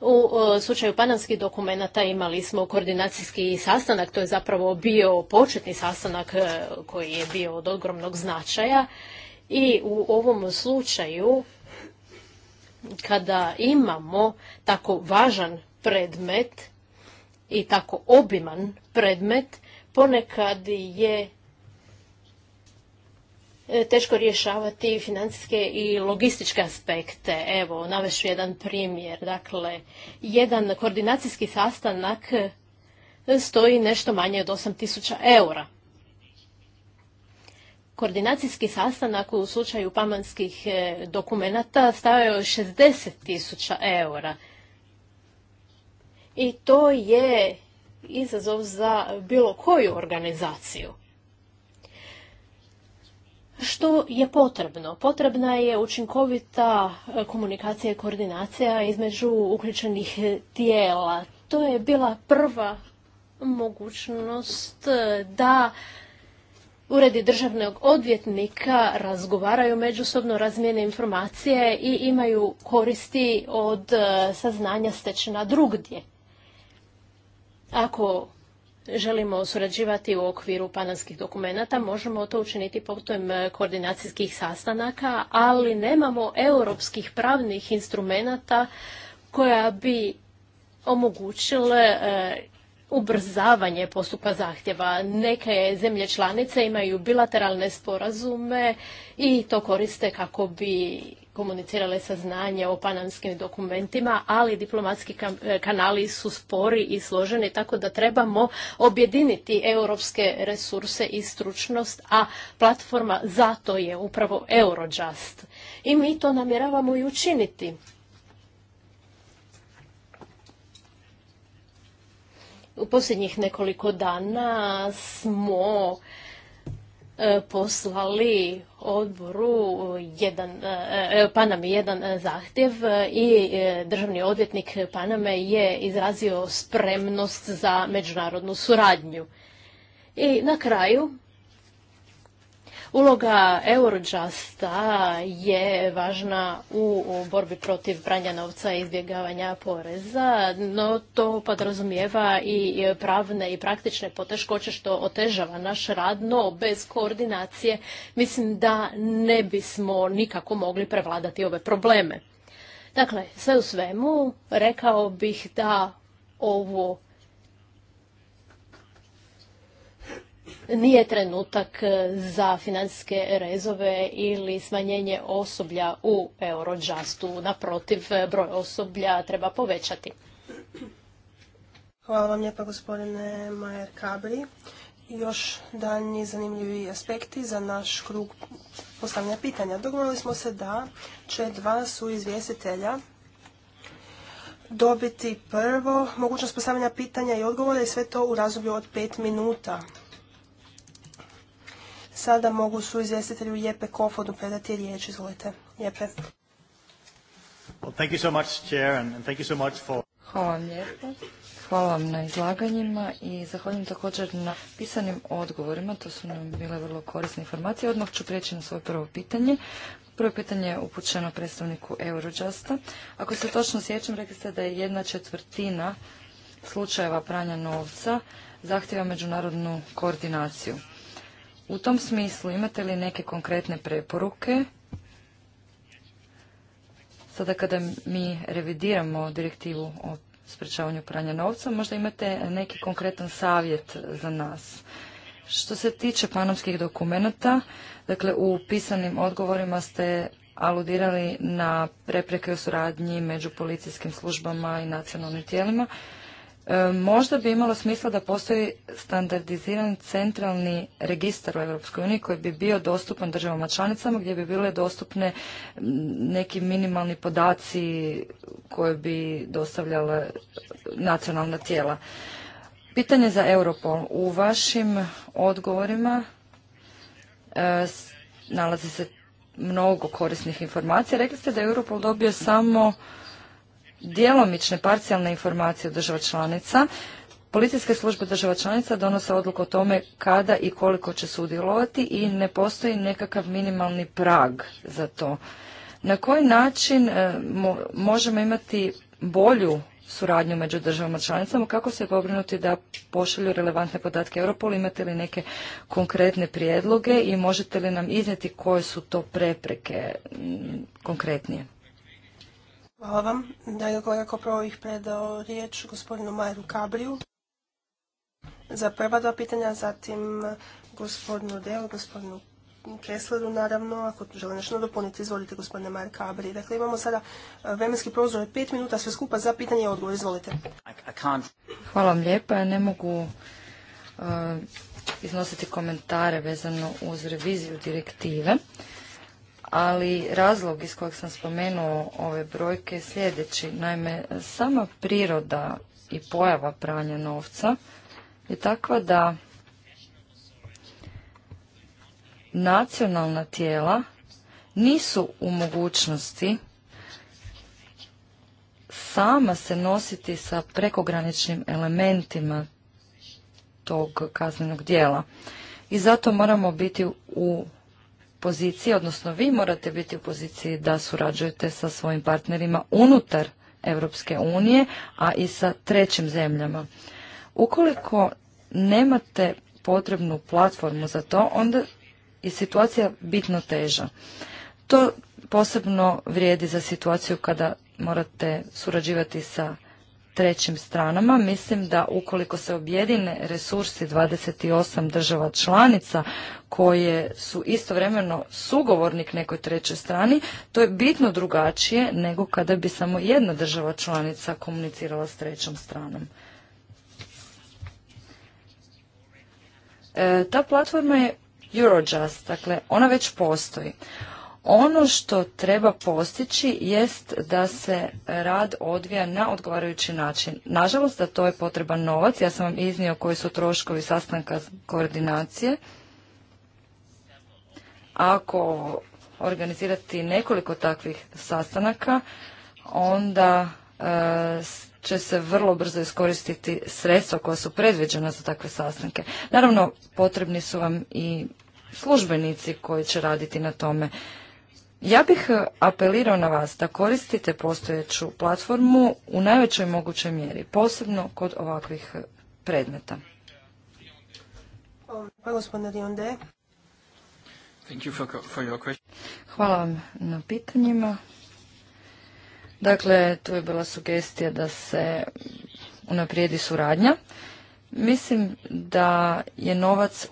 U e, slučaju panamskih dokumenata imali smo koordinacijski sastanak, to je zapravo bio početni sastanak koji je bio od ogromnog značaja i u ovom slučaju kada imamo tako važan predmet i tako obiman predmet ponekad je e, teško rješavati financijske i logističke aspekte. Evo, navešu jedan primjer. Dakle, jedan koordinacijski sastanak e, stoji nešto manje od 8000 eura. Koordinacijski sastanak u slučaju pamanskih e, dokumenata stavio je 60 tisuća eura. I to je izazov za bilo koju organizaciju. Što je potrebno? Potrebna je učinkovita e, komunikacija i koordinacija između uključenih tijela. To je bila prva mogućnost e, da uredi državnog odvjetnika razgovaraju međusobno, razmijene informacije i imaju koristi od e, saznanja stečena drugdje. Ako želimo surađivati u okviru pananskih dokumenata, možemo to učiniti putem e, koordinacijskih sastanaka, ali nemamo europskih pravnih instrumenata koja bi omogućile e, ubrzavanje postupka zahtjeva. Neke zemlje članice imaju bilateralne sporazume i to koriste kako bi komunicirale saznanje o panamskim dokumentima, ali diplomatski e, kanali su spori i složeni, tako da trebamo objediniti europske resurse i stručnost, a platforma za to je upravo Eurojust. I mi to namjeravamo i učiniti. U posljednjih nekoliko dana smo e, poslali odboru jedan, e, e, jedan e, zahtjev i državni odvjetnik Paname je izrazio spremnost za međunarodnu suradnju. I na kraju Uloga Eurojusta je važna u borbi protiv pranja novca i izbjegavanja poreza, no to podrazumijeva i pravne i praktične poteškoće što otežava naš rad, no bez koordinacije mislim da ne bismo nikako mogli prevladati ove probleme. Dakle, sve u svemu rekao bih da ovo nije trenutak e, za financijske rezove ili smanjenje osoblja u Eurojustu. Naprotiv, e, broj osoblja treba povećati. Hvala vam lijepa gospodine Majer Kabri. Još danji zanimljivi aspekti za naš krug postavljanja pitanja. Dogovorili smo se da će dva su izvjestitelja dobiti prvo mogućnost postavljanja pitanja i odgovora i sve to u razdoblju od pet minuta Sada mogu su izvjestitelju Jepe Kofodu predati riječ. Izvolite. Jepe. Hvala vam lijepo. Hvala vam na izlaganjima i zahvaljujem također na pisanim odgovorima. To su nam bile vrlo korisne informacije. Odmah ću prijeći na svoje prvo pitanje. Prvo pitanje je upućeno predstavniku Eurojusta. Ako se točno sjećam, rekli ste da je jedna četvrtina slučajeva pranja novca zahtjeva međunarodnu koordinaciju. U tom smislu imate li neke konkretne preporuke? Sada kada mi revidiramo direktivu o sprečavanju pranja novca, možda imate neki konkretan savjet za nas. Što se tiče panomskih dokumenata, dakle u pisanim odgovorima ste aludirali na prepreke u suradnji među policijskim službama i nacionalnim tijelima. E, možda bi imalo smisla da postoji standardiziran centralni registar u EU koji bi bio dostupan državama članicama gdje bi bile dostupne neki minimalni podaci koje bi dostavljala nacionalna tijela. Pitanje za Europol. U vašim odgovorima e, nalazi se mnogo korisnih informacija. Rekli ste da je Europol dobio samo djelomične parcijalne informacije od država članica, Policijske službe država članica donose odluku o tome kada i koliko će sudjelovati i ne postoji nekakav minimalni prag za to. Na koji način e, možemo imati bolju suradnju među državama članicama, kako se pobrinuti da pošalju relevantne podatke Europol, imate li neke konkretne prijedloge i možete li nam iznijeti koje su to prepreke konkretnije? Hvala vam. je kolega Kopravo bih predao riječ gospodinu Majeru Kabriju za prva dva pitanja, zatim gospodinu Delu, gospodinu Kesleru naravno, ako žele nešto dopuniti, izvolite gospodine Majer Kabri. Dakle, imamo sada eh, vremenski prozor od pet minuta, sve skupa za pitanje i odgovor, izvolite. Hvala vam lijepa, ne mogu eh, iznositi komentare vezano uz reviziju direktive ali razlog iz kojeg sam spomenuo ove brojke je sljedeći. Naime, sama priroda i pojava pranja novca je takva da nacionalna tijela nisu u mogućnosti sama se nositi sa prekograničnim elementima tog kaznenog dijela. I zato moramo biti u poziciji, odnosno vi morate biti u poziciji da surađujete sa svojim partnerima unutar Europske unije, a i sa trećim zemljama. Ukoliko nemate potrebnu platformu za to, onda je situacija bitno teža. To posebno vrijedi za situaciju kada morate surađivati sa trećim stranama. Mislim da ukoliko se objedine resursi 28 država članica koje su istovremeno sugovornik nekoj trećoj strani, to je bitno drugačije nego kada bi samo jedna država članica komunicirala s trećom stranom. E, ta platforma je Eurojust, dakle ona već postoji. Ono što treba postići jest da se rad odvija na odgovarajući način. Nažalost, da to je potreban novac. Ja sam vam iznio koji su troškovi sastanka koordinacije. Ako organizirati nekoliko takvih sastanaka, onda e, će se vrlo brzo iskoristiti sredstva koja su predviđena za takve sastanke. Naravno, potrebni su vam i službenici koji će raditi na tome. Ja bih e, apelirao na vas da koristite postojeću platformu u najvećoj mogućoj mjeri, posebno kod ovakvih e, predmeta. Hvala vam na pitanjima. Dakle, tu je bila sugestija da se unaprijedi suradnja. Mislim da je novac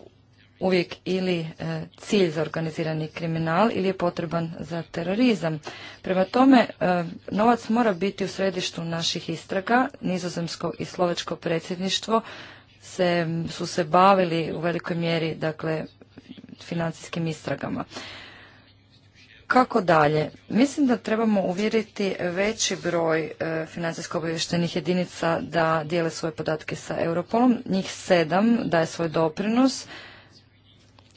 uvijek ili e, cilj za organizirani kriminal ili je potreban za terorizam. Prema tome, e, novac mora biti u središtu naših istraga. Nizozemsko i slovačko predsjedništvo se, su se bavili u velikoj mjeri dakle, financijskim istragama. Kako dalje? Mislim da trebamo uvjeriti veći broj e, financijsko obavještenih jedinica da dijele svoje podatke sa Europolom. Njih sedam daje svoj doprinos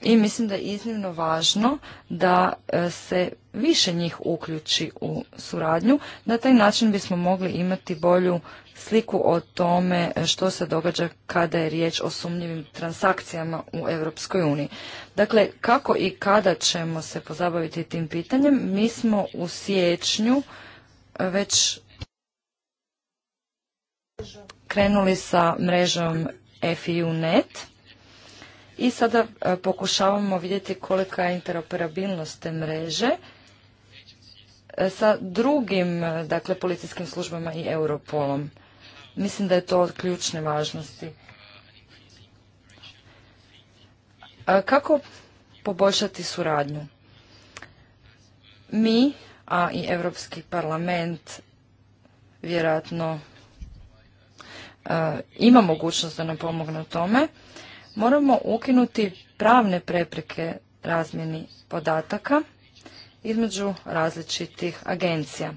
i mislim da je iznimno važno da e, se više njih uključi u suradnju. Na taj način bismo mogli imati bolju sliku o tome e, što se događa kada je riječ o sumnjivim transakcijama u Europskoj uniji. Dakle, kako i kada ćemo se pozabaviti tim pitanjem, mi smo u siječnju e, već krenuli sa mrežom FIU.net i sada e, pokušavamo vidjeti kolika je interoperabilnost te mreže e, sa drugim, e, dakle, policijskim službama i Europolom. Mislim da je to od ključne važnosti. Kako poboljšati suradnju? Mi, a i Europski parlament, vjerojatno ima mogućnost da nam pomogne u tome moramo ukinuti pravne prepreke razmjeni podataka između različitih agencija.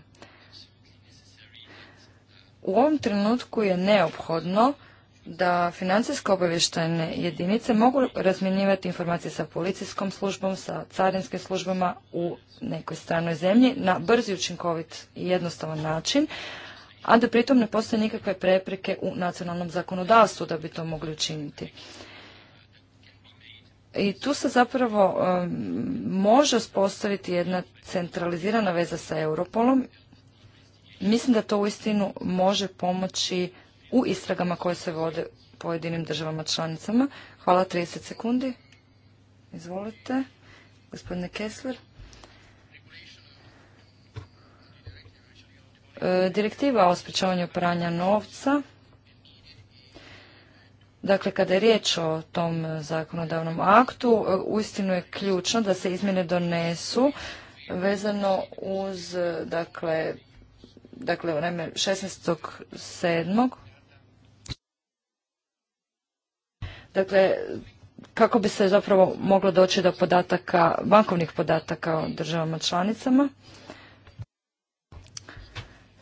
U ovom trenutku je neophodno da financijsko obavještajne jedinice mogu razmjenjivati informacije sa policijskom službom, sa carinskim službama u nekoj stranoj zemlji na brzi, učinkovit i jednostavan način, a da pritom ne postoje nikakve prepreke u nacionalnom zakonodavstvu da bi to mogli učiniti. I tu se zapravo može uspostaviti jedna centralizirana veza sa Europolom. Mislim da to uistinu može pomoći u istragama koje se vode pojedinim državama članicama. Hvala 30 sekundi. Izvolite, gospodine Kessler. E, Direktiva o sprečavanju pranja novca Dakle, kada je riječ o tom zakonodavnom aktu, e, uistinu je ključno da se izmjene donesu vezano uz, dakle, dakle, vreme 16.7. Dakle, kako bi se zapravo moglo doći do podataka, bankovnih podataka o državama članicama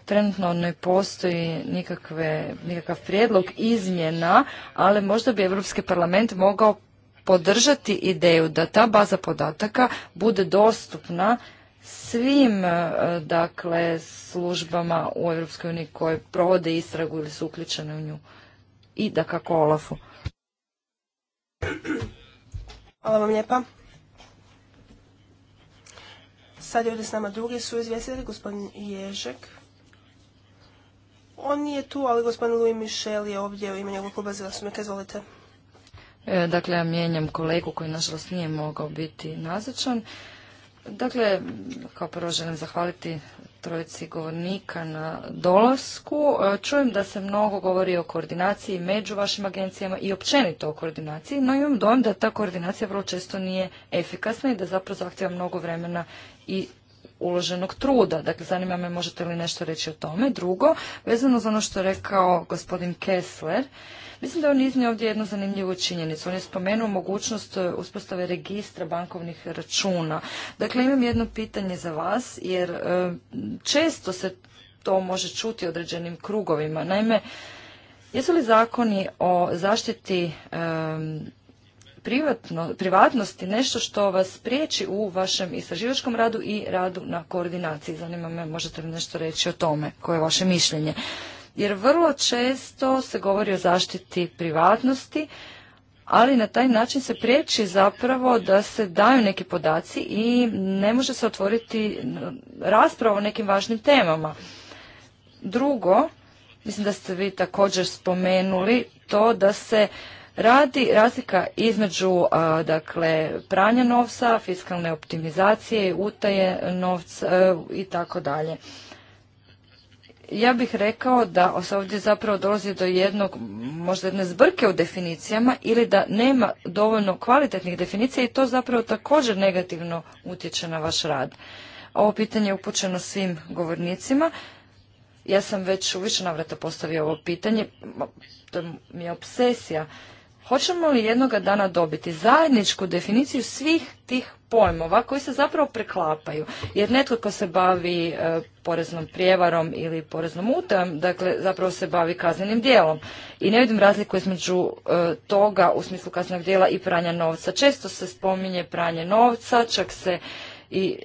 trenutno ne postoji nikakve, nikakav prijedlog izmjena, ali možda bi Europski parlament mogao podržati ideju da ta baza podataka bude dostupna svim e, dakle službama u EU koje provode istragu ili su uključene u nju i da kako Olafu. Hvala vam lijepa. Sad je ovdje s nama drugi su izvjestitelj, gospodin Ježek. On nije tu, ali gospodin Louis Michel je ovdje u ime kluba zastupnika. Izvolite. E, dakle, ja mijenjam kolegu koji nažalost nije mogao biti nazočan. Dakle, kao prvo želim zahvaliti trojici govornika na dolasku. E, čujem da se mnogo govori o koordinaciji među vašim agencijama i općenito o koordinaciji, no imam dojam da ta koordinacija vrlo često nije efikasna i da zapravo zahtjeva mnogo vremena i uloženog truda. Dakle, zanima me možete li nešto reći o tome. Drugo, vezano za ono što je rekao gospodin Kessler, Mislim da on iznio ovdje jednu zanimljivu činjenicu. On je spomenuo mogućnost e, uspostave registra bankovnih računa. Dakle, imam jedno pitanje za vas, jer e, često se to može čuti određenim krugovima. Naime, jesu li zakoni o zaštiti privatno, privatnosti nešto što vas priječi u vašem istraživačkom radu i radu na koordinaciji. Zanima me, možete li nešto reći o tome, koje je vaše mišljenje. Jer vrlo često se govori o zaštiti privatnosti, ali na taj način se priječi zapravo da se daju neki podaci i ne može se otvoriti rasprava o nekim važnim temama. Drugo, mislim da ste vi također spomenuli to da se Radi razlika između dakle pranja novca, fiskalne optimizacije, utaje novca e, i tako dalje. Ja bih rekao da se ovdje zapravo dolazi do jednog, možda jedne zbrke u definicijama ili da nema dovoljno kvalitetnih definicija i to zapravo također negativno utječe na vaš rad. Ovo pitanje je upućeno svim govornicima. Ja sam već u više navrata postavio ovo pitanje, to mi je obsesija Hoćemo li jednoga dana dobiti zajedničku definiciju svih tih pojmova koji se zapravo preklapaju? Jer netko ko se bavi e, poreznom prijevarom ili poreznom utajom, dakle zapravo se bavi kaznenim djelom. I ne vidim razliku između e, toga u smislu kaznenog djela i pranja novca. Često se spominje pranje novca, čak se i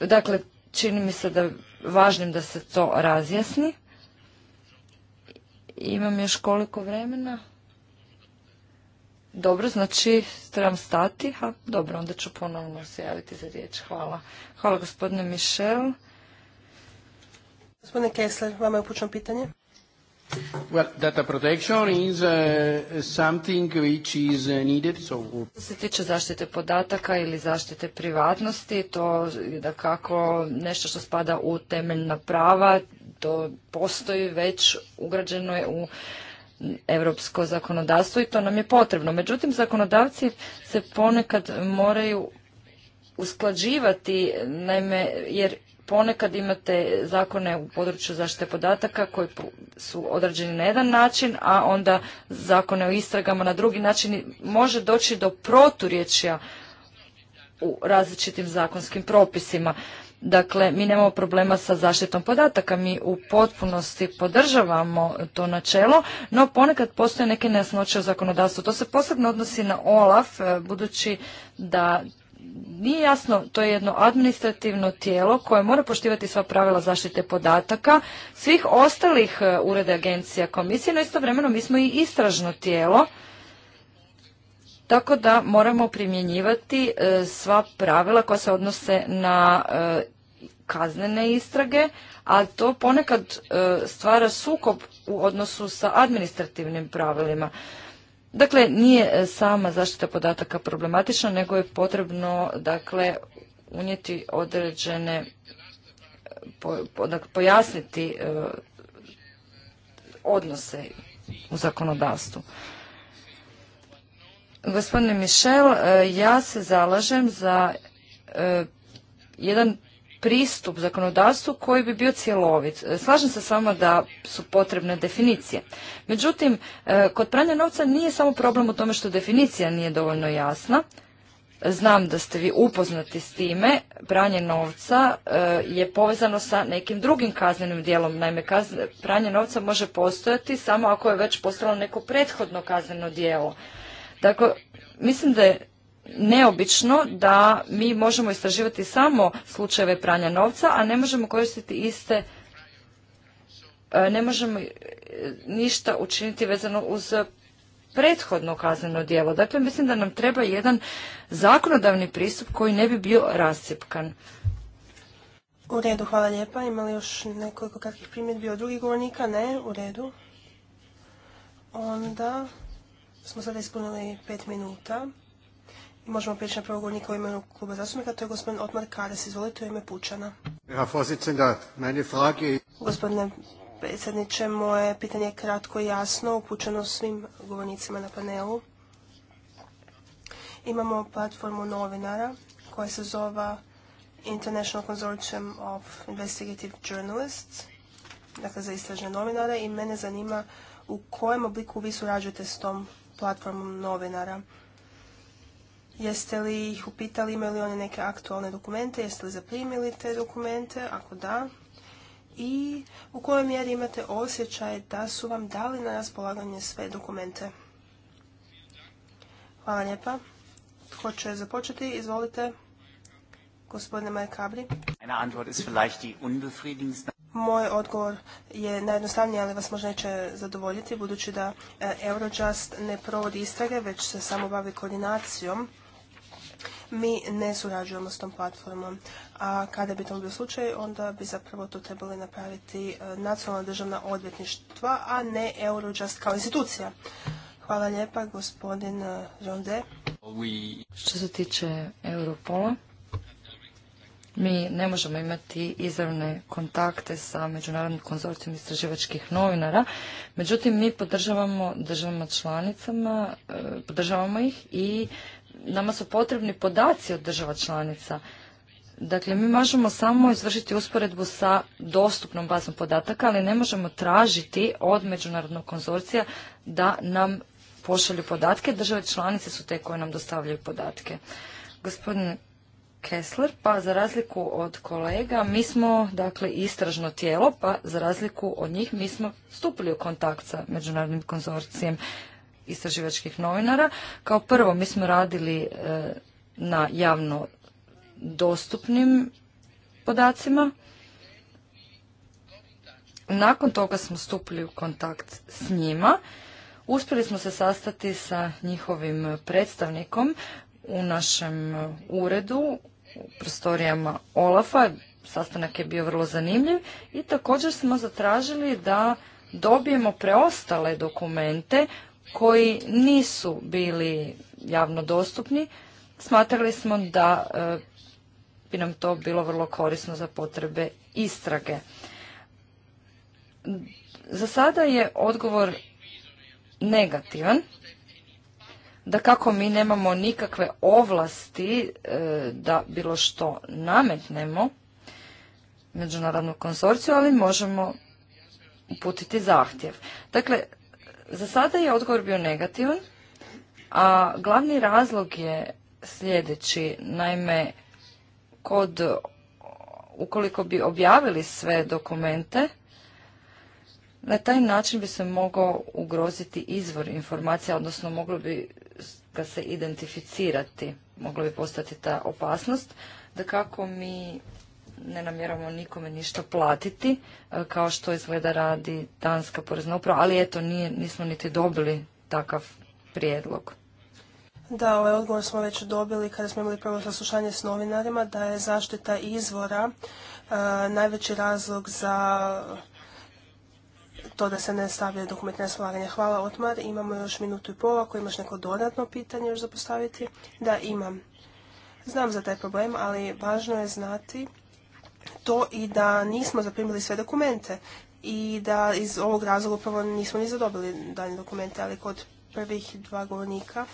e, dakle čini mi se da važnim da se to razjasni. Imam još koliko vremena? Dobro, znači trebam stati. Ha, dobro, onda ću ponovno se javiti za riječ. Hvala. Hvala gospodine Mišel. Gospodine Kessler, vama je upućeno pitanje. Well, data protection is uh, something which is uh, needed. So... Što se tiče zaštite podataka ili zaštite privatnosti, to je da kako nešto što spada u temeljna prava, to postoji već, ugrađeno je u europsko zakonodavstvo i to nam je potrebno. Međutim, zakonodavci se ponekad moraju usklađivati, naime, jer ponekad imate zakone u području zaštite podataka koji su određeni na jedan način, a onda zakone o istragama na drugi način može doći do proturječja u različitim zakonskim propisima. Dakle, mi nemamo problema sa zaštitom podataka, mi u potpunosti podržavamo to načelo, no ponekad postoje neke nejasnoće u zakonodavstvu. To se posebno odnosi na OLAF, e, budući da nije jasno, to je jedno administrativno tijelo koje mora poštivati sva pravila zaštite podataka svih ostalih e, ureda agencija komisije, no istovremeno mi smo i istražno tijelo tako da moramo primjenjivati e, sva pravila koja se odnose na e, kaznene istrage, a to ponekad e, stvara sukob u odnosu sa administrativnim pravilima. Dakle, nije sama zaštita podataka problematična, nego je potrebno dakle, unijeti određene, po, dakle, pojasniti odnose u zakonodavstvu. Gospodine Mišel, e, ja se zalažem za e, jedan pristup zakonodavstvu koji bi bio cjelovit. E, slažem se s vama da su potrebne definicije. Međutim, kod pranja novca nije samo problem u tome što definicija nije dovoljno jasna. Znam da ste vi upoznati s time. Pranje novca je povezano sa nekim drugim kaznenim djelom. Naime, pranje novca može postojati samo ako je već postalo neko prethodno kazneno djelo. Dakle, mislim da je neobično da mi možemo istraživati samo slučajeve pranja novca, a ne možemo koristiti iste e, ne možemo e, ništa učiniti vezano uz prethodno kazneno djelo. Dakle, mislim da nam treba jedan zakonodavni pristup koji ne bi bio rascjepkan. U redu, hvala lijepa. Ima li još nekoliko kakvih primjedbi od drugih govornika? Ne, u redu. Onda smo sada ispunili pet minuta. I možemo prijeći na prvog govornika u imenu kluba zastupnika, to je gospodin Otmar Kares, Izvolite u ime Pučana. Gospodine predsjedniče, moje pitanje je kratko i jasno, upućeno svim govornicima na panelu. Imamo platformu novinara koja se zove International Consortium of Investigative Journalists, dakle za istražne novinare, i mene zanima u kojem obliku vi surađujete s tom platformom novinara. Jeste li ih upitali imaju li oni neke aktualne dokumente, jeste li zaprimili te dokumente, ako da, i u kojoj mjeri imate osjećaj da su vam dali na raspolaganje sve dokumente. Hvala lijepa. Tko će započeti? Izvolite. Gospodine Majkabri. Eine Antwort ist vielleicht die moj odgovor je najjednostavniji, ali vas možda neće zadovoljiti, budući da e, Eurojust ne provodi istrage, već se samo bavi koordinacijom. Mi ne surađujemo s tom platformom. A kada bi to bio slučaj, onda bi zapravo to trebali napraviti e, nacionalna državna odvjetništva, a ne Eurojust kao institucija. Hvala lijepa, gospodin Ronde. Što se tiče Europola, mi ne možemo imati izravne kontakte sa Međunarodnim konzorcijom istraživačkih novinara, međutim mi podržavamo državama članicama, e, podržavamo ih i nama su potrebni podaci od država članica. Dakle, mi možemo samo izvršiti usporedbu sa dostupnom bazom podataka, ali ne možemo tražiti od međunarodnog konzorcija da nam pošalju podatke. Države članice su te koje nam dostavljaju podatke. Gospodine Kessler, pa za razliku od kolega, mi smo dakle istražno tijelo, pa za razliku od njih mi smo stupili u kontakt sa Međunarodnim konzorcijem istraživačkih novinara. Kao prvo mi smo radili e, na javno dostupnim podacima. Nakon toga smo stupili u kontakt s njima. Uspjeli smo se sastati sa njihovim predstavnikom u našem uredu prostorijama Olafa. Sastanak je bio vrlo zanimljiv i također smo zatražili da dobijemo preostale dokumente koji nisu bili javno dostupni. Smatrali smo da e, bi nam to bilo vrlo korisno za potrebe istrage. Za sada je odgovor negativan da kako mi nemamo nikakve ovlasti e, da bilo što nametnemo međunarodnu konsorciju, ali možemo uputiti zahtjev. Dakle, za sada je odgovor bio negativan, a glavni razlog je sljedeći. Naime, kod ukoliko bi objavili sve dokumente, na taj način bi se mogao ugroziti izvor informacija, odnosno moglo bi ga se identificirati. Mogla bi postati ta opasnost. Da kako mi ne namjeramo nikome ništa platiti, e, kao što izgleda radi Danska porezna uprava, ali eto, nije, nismo niti dobili takav prijedlog. Da, ovaj odgovor smo već dobili kada smo imali prvo saslušanje s novinarima da je zaštita izvora e, najveći razlog za to da se ne stavljaju dokument na Hvala Otmar, imamo još minutu i pola, ako imaš neko dodatno pitanje još zapostaviti, Da, imam. Znam za taj problem, ali važno je znati to i da nismo zaprimili sve dokumente i da iz ovog razloga upravo nismo ni zadobili dalje dokumente, ali kod prvih dva govornika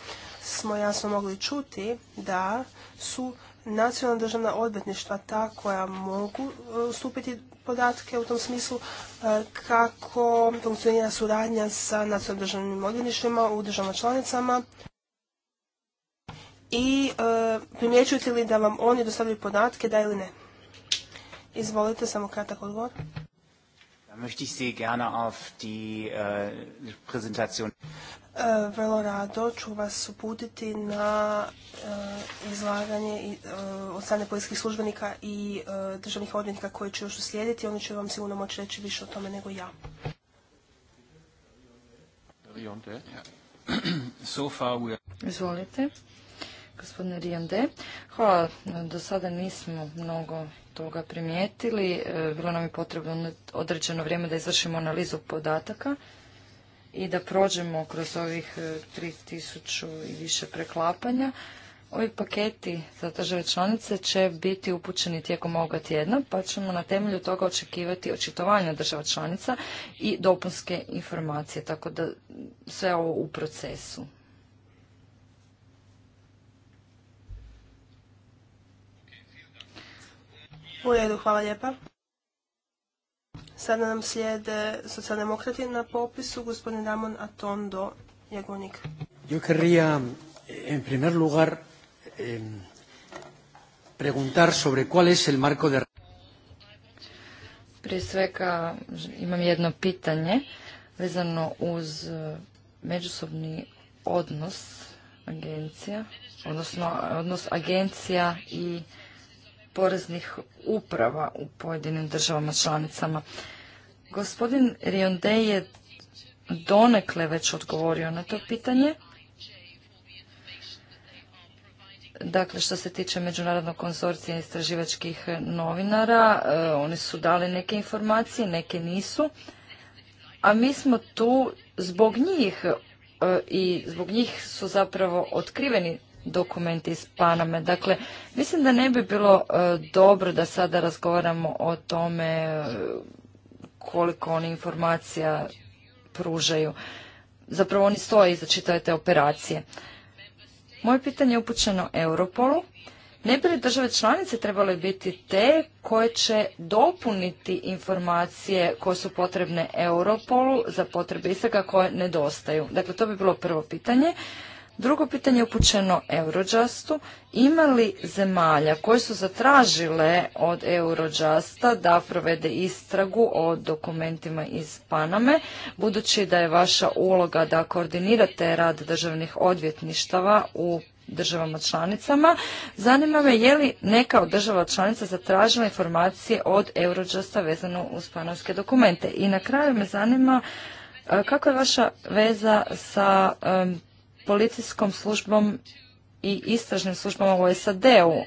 smo jasno mogli čuti da su nacionalna državna odvjetništva ta koja mogu e, stupiti podatke u tom smislu e, kako funkcionira suradnja sa nacionalnim državnim odvjetništvima u državama članicama i e, primjećujete li da vam oni dostavljaju podatke, da ili ne? Izvolite, samo kratak odgovor. Äh, E, vrlo rado ću vas uputiti na e, izlaganje e, od strane policijskih službenika i državnih odvjetnika koji će još uslijediti. Oni će vam sigurno moći reći više o tome nego ja. Izvolite, gospodine Rijande. Hvala, do sada nismo mnogo toga primijetili. Bilo nam je potrebno određeno vrijeme da izvršimo analizu podataka i da prođemo kroz ovih 3000 e, i više preklapanja. Ovi paketi za države članice će biti upućeni tijekom ovoga tjedna, pa ćemo na temelju toga očekivati očitovanja država članica i dopunske informacije, tako da sve ovo u procesu. U hvala lijepa. Sada nam slijede socijaldemokrati na popisu, gospodin Ramon Atondo Jagonik. Yo querría, en primer lugar, preguntar sobre cuál es el marco de... Prije svega imam jedno pitanje vezano uz e, međusobni odnos agencija, odnosno odnos agencija i poreznih uprava u pojedinim državama članicama. Gospodin Rionde je donekle već odgovorio na to pitanje. Dakle, što se tiče Međunarodnog konzorcija istraživačkih novinara, e, oni su dali neke informacije, neke nisu. A mi smo tu zbog njih e, i zbog njih su zapravo otkriveni dokumenti iz Paname. Dakle, mislim da ne bi bilo e, dobro da sada razgovaramo o tome e, koliko oni informacija pružaju. Zapravo oni stoje iza čitave te operacije. Moje pitanje je upućeno Europolu. Ne bi li države članice trebale biti te koje će dopuniti informacije koje su potrebne Europolu za potrebe istraga koje nedostaju? Dakle, to bi bilo prvo pitanje. Drugo pitanje je upućeno Eurojustu. Ima li zemalja koje su zatražile od Eurojusta da provede istragu o dokumentima iz Paname, budući da je vaša uloga da koordinirate rad državnih odvjetništava u državama članicama. Zanima me je li neka od država članica zatražila informacije od Eurojusta vezano uz panamske dokumente. I na kraju me zanima e, kako je vaša veza sa policijskom službom i istražnim službama u SAD-u.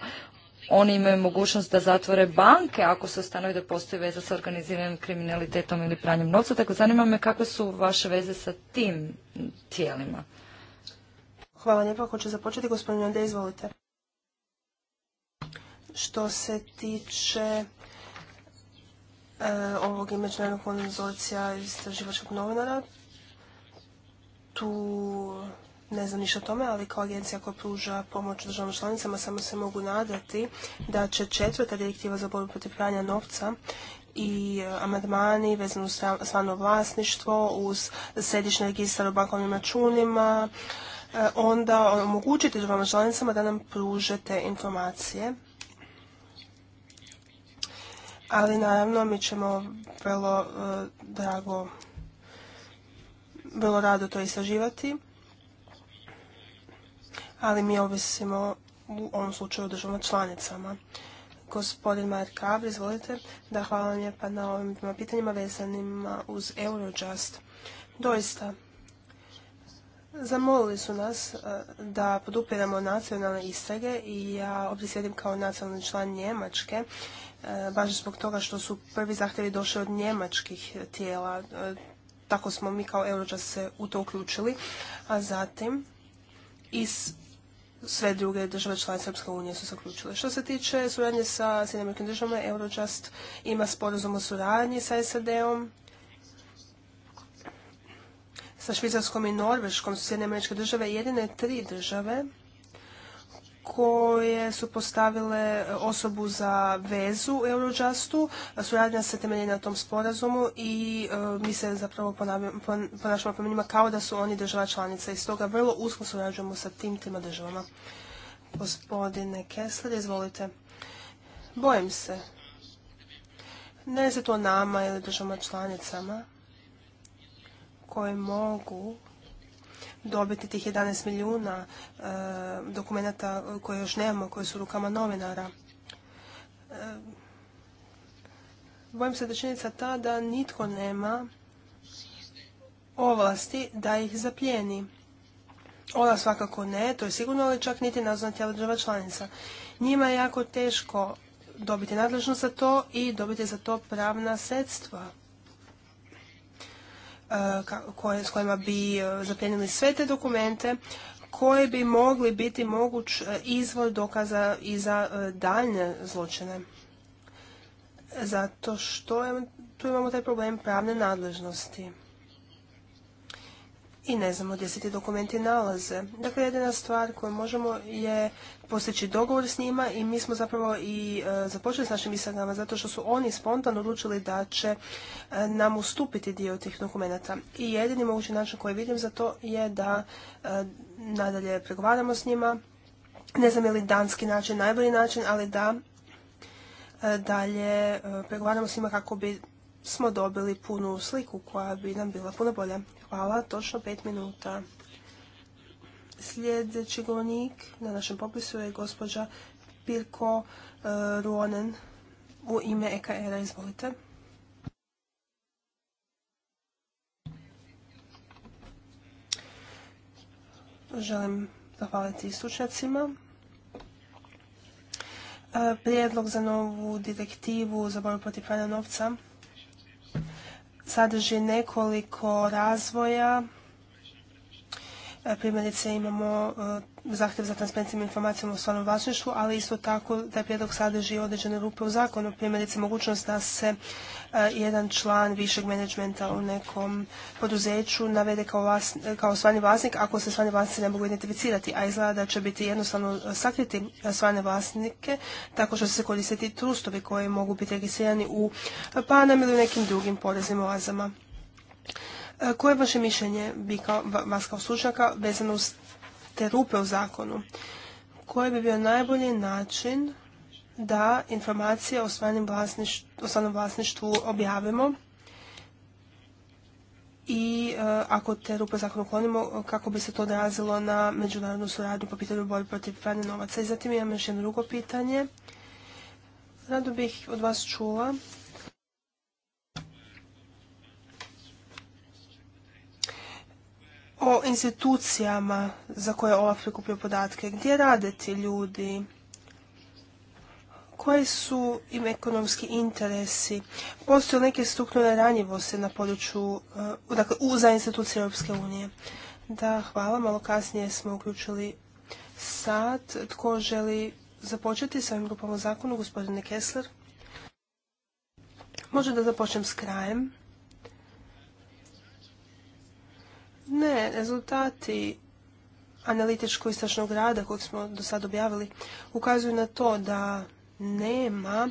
Oni imaju mogućnost da zatvore banke ako se ustanovi da postoji veza sa organiziranim kriminalitetom ili pranjem novca. Tako zanima me kakve su vaše veze sa tim tijelima. Hvala lijepo. Ako će započeti, gospodin Onda, izvolite. Što se tiče e, ovog i međunarodnog konzorcija istraživačkog novinara, tu ne znam ništa o tome, ali kao agencija koja pruža pomoć državnim članicama samo se mogu nadati da će četvrta direktiva za borbu protiv pranja novca i e, amandmani vezani uz stvarno vlasništvo, uz središnji registar o bankovnim računima, e, onda omogućiti državama članicama da nam pruže te informacije. Ali naravno mi ćemo vrlo e, drago vrlo rado to istraživati ali mi ovisimo u ovom slučaju o državama članicama. Gospodin Majer izvolite. Da, hvala vam lijepa na ovim pitanjima vezanima uz Eurojust. Doista, Zamolili su nas e, da podupiramo nacionalne istrage i ja ovdje sjedim kao nacionalni član Njemačke, e, baš zbog toga što su prvi zahtjevi došli od njemačkih tijela. E, tako smo mi kao Eurojust se u to uključili, a zatim iz sve druge države članice Europske unije su zaključile. Što se tiče suradnje sa Sjedinjenikim državama, Eurojust ima sporazum o suradnji sa SAD-om, sa Švicarskom i Norveškom su Sjedinim američke države jedine tri države koje su postavile osobu za vezu u Eurojustu. Suradnja se temelji na tom sporazumu i e, mi se zapravo ponašamo prema njima kao da su oni država članica i stoga vrlo usko surađujemo sa tim tima državama. Gospodine Kessler, izvolite. Bojim se. Ne se to nama ili državama članicama koje mogu dobiti tih 11 milijuna e, dokumenata koje još nemamo, koje su u rukama novinara. E, bojim se da činjenica ta da nitko nema ovlasti da ih zapljeni. Ona svakako ne, to je sigurno, ali čak niti nazvana tijela država članica. Njima je jako teško dobiti nadležnost za to i dobiti za to pravna sredstva E, s kojima bi e, zapljenili sve te dokumente koji bi mogli biti moguć e, izvor dokaza i za daljne zločine. Zato što tu imamo taj problem pravne nadležnosti i ne znamo gdje se ti dokumenti nalaze. Dakle, jedina stvar koju možemo je postići dogovor s njima i mi smo zapravo i e, započeli s našim istragama zato što su oni spontano odlučili da će e, nam ustupiti dio tih dokumenata. I jedini mogući način koji vidim za to je da e, nadalje pregovaramo s njima. Ne znam je li danski način najbolji način, ali da dalje pregovaramo s njima kako bi smo dobili punu sliku koja bi nam bila puno bolja. Hvala, točno pet minuta. Sljedeći govornik na našem popisu je gospođa Pirko e, Ruonen u ime EKR-a. Izvolite. Želim zahvaliti stručnjacima. E, prijedlog za novu direktivu za borbu protiv pranja novca sadrži nekoliko razvoja. E, primjerice imamo e, zahtjev za transparentnim informacijama o stvarnom vlasništvu, ali isto tako taj prijedlog sadrži određene rupe u zakonu, primjerice mogućnost da se e, jedan član višeg menadžmenta u nekom poduzeću navede kao, stvarni vlasnik ako se stvarni vlasnici ne mogu identificirati, a izgleda da će biti jednostavno e, sakriti e, stvarne vlasnike tako što će se koristiti trustovi koji mogu biti registrirani u Panam ili u nekim drugim poreznim oazama. Koje je vaše mišljenje, bi kao, vas kao stručnjaka, vezano uz te rupe u zakonu. Koji bi bio najbolji način da informacije o stvarnom vlasništvu, objavimo i e, ako te rupe zakon uklonimo, kako bi se to odrazilo na međunarodnu suradnju po pitanju borbe protiv pranja novaca. I zatim imam još jedno drugo pitanje. Rado bih od vas čula o institucijama za koje OLAF prikupio podatke, gdje rade ti ljudi, koji su im ekonomski interesi, postoje neke strukturne ranjivosti na području, eh, dakle, za institucije Europske unije. Da, hvala, malo kasnije smo uključili sad. Tko želi započeti sa ovim o zakonu, gospodine Kessler? Možda da započnem s krajem. Ne, rezultati analitičko istražnog rada kojeg smo do sad objavili ukazuju na to da nema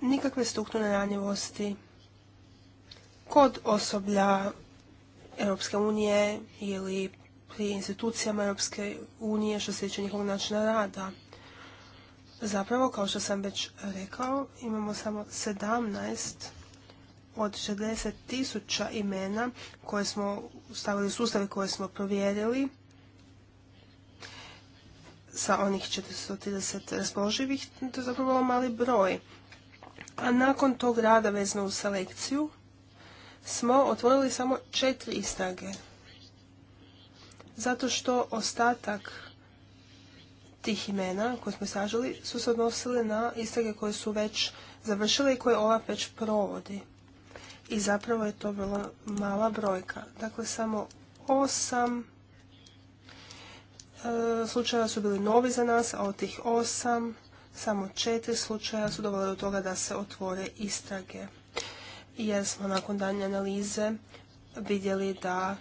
nikakve strukturne ranjivosti kod osoblja Europske unije ili pri institucijama Europske unije što se tiče njihovog načina rada. Zapravo, kao što sam već rekao, imamo samo 17 od 60 tisuća imena koje smo stavili u sustave koje smo provjerili sa onih 430 raspoloživih, to je zapravo mali broj. A nakon tog rada vezano u selekciju smo otvorili samo četiri istrage. Zato što ostatak tih imena koje smo istražili su se odnosili na istrage koje su već završile i koje ova već provodi i zapravo je to bila mala brojka. Dakle, samo osam e, slučajeva su bili novi za nas, a od tih osam samo četiri slučaja su dovele do toga da se otvore istrage. Jer smo nakon danje analize vidjeli da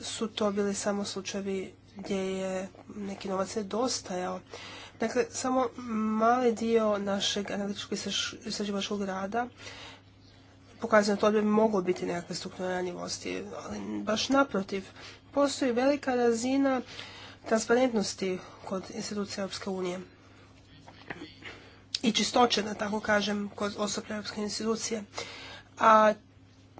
su to bili samo slučajevi gdje je neki novac nedostajao. Dakle, samo mali dio našeg analitičkog istraživačkog rada ukazati to da bi moglo biti nekakve strukturne ranjivosti, ali baš naprotiv, postoji velika razina transparentnosti kod institucija Europske unije i čistoće, da tako kažem, kod osobe Europske institucije. A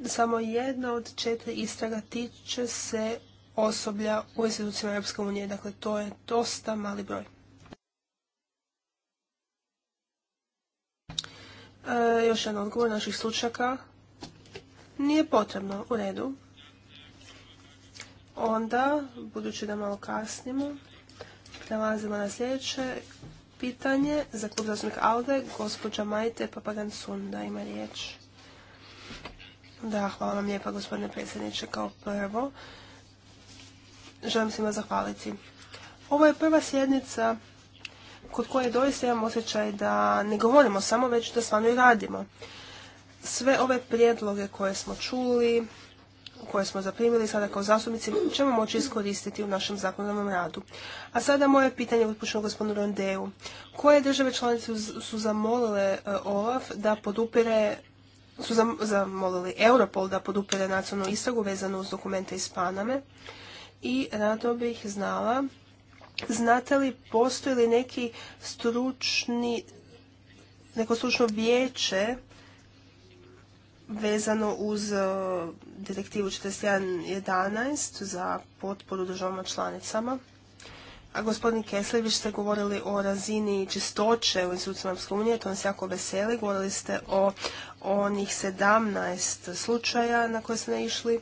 samo jedna od četiri istraga tiče se osoblja u institucijama Europske unije. Dakle, to je dosta mali broj. E, još jedan odgovor naših slučaka nije potrebno, u redu. Onda, budući da malo kasnimo, prelazimo na sljedeće pitanje za klub zastupnika Alde, gospođa Majte Papagan Sunda ima riječ. Da, hvala vam lijepa gospodine predsjedniče kao prvo. Želim svima zahvaliti. Ovo je prva sjednica kod koje doista imam osjećaj da ne govorimo samo već da stvarno i radimo sve ove prijedloge koje smo čuli, koje smo zaprimili sada kao zastupnici, ćemo moći iskoristiti u našem zakonodavnom radu. A sada moje pitanje upućeno gospodinu Rondeju. Koje države članice su zamolile e, OLAF da podupire su zamolili Europol da podupire nacionalnu istragu vezanu uz dokumente iz Paname i rado bih znala znate li postoji li neki stručni neko stručno vijeće vezano uz e, direktivu 41.11 za potporu državama članicama. A gospodin Kesler, ste govorili o razini čistoće u institucijama Europske unije, to nas jako veseli. Govorili ste o onih 17 slučaja na koje ste išli.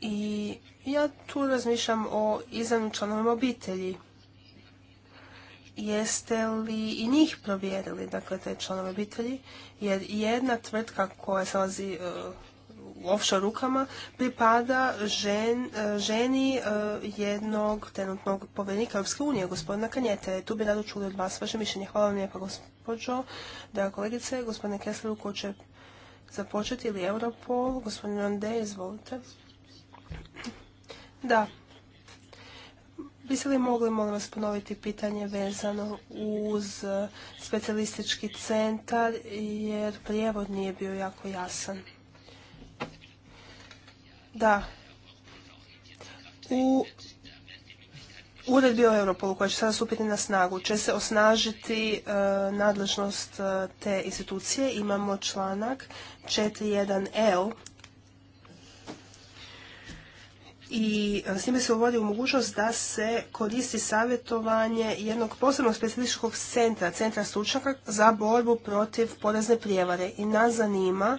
I ja tu razmišljam o izravnim članovima obitelji jeste li i njih provjerili, dakle te članove obitelji, jer jedna tvrtka koja se nalazi e, u offshore rukama pripada e, ženi e, jednog trenutnog povjerenika Europske unije, gospodina Kanjete. Tu bi rado čuli od vas vaše mišljenje. Hvala vam lijepa gospođo, da kolegice, gospodine Kessleru, ko će započeti ili Europol, gospodin Ronde, izvolite. Da, Biste li mogli, molim vas, ponoviti pitanje vezano uz e, specialistički centar, jer prijevod nije bio jako jasan. Da. U uredbi o Europolu, koja će sada stupiti na snagu, će se osnažiti e, nadležnost e, te institucije. Imamo članak 41L i e, s time se uvodi u mogućnost da se koristi savjetovanje jednog posebnog specifičkog centra, centra stručnjaka za borbu protiv porezne prijevare. I nas zanima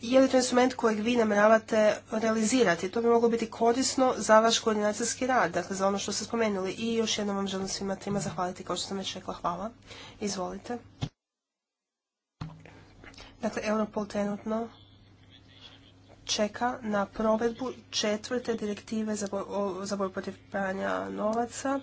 je li to instrument kojeg vi namravate realizirati. To bi moglo biti korisno za vaš koordinacijski rad, dakle za ono što ste spomenuli. I još jednom vam želim svima trima zahvaliti kao što sam već rekla. Hvala. Izvolite. Dakle, Europol trenutno čeka na provedbu četvrte direktive za borbu protiv pranja novaca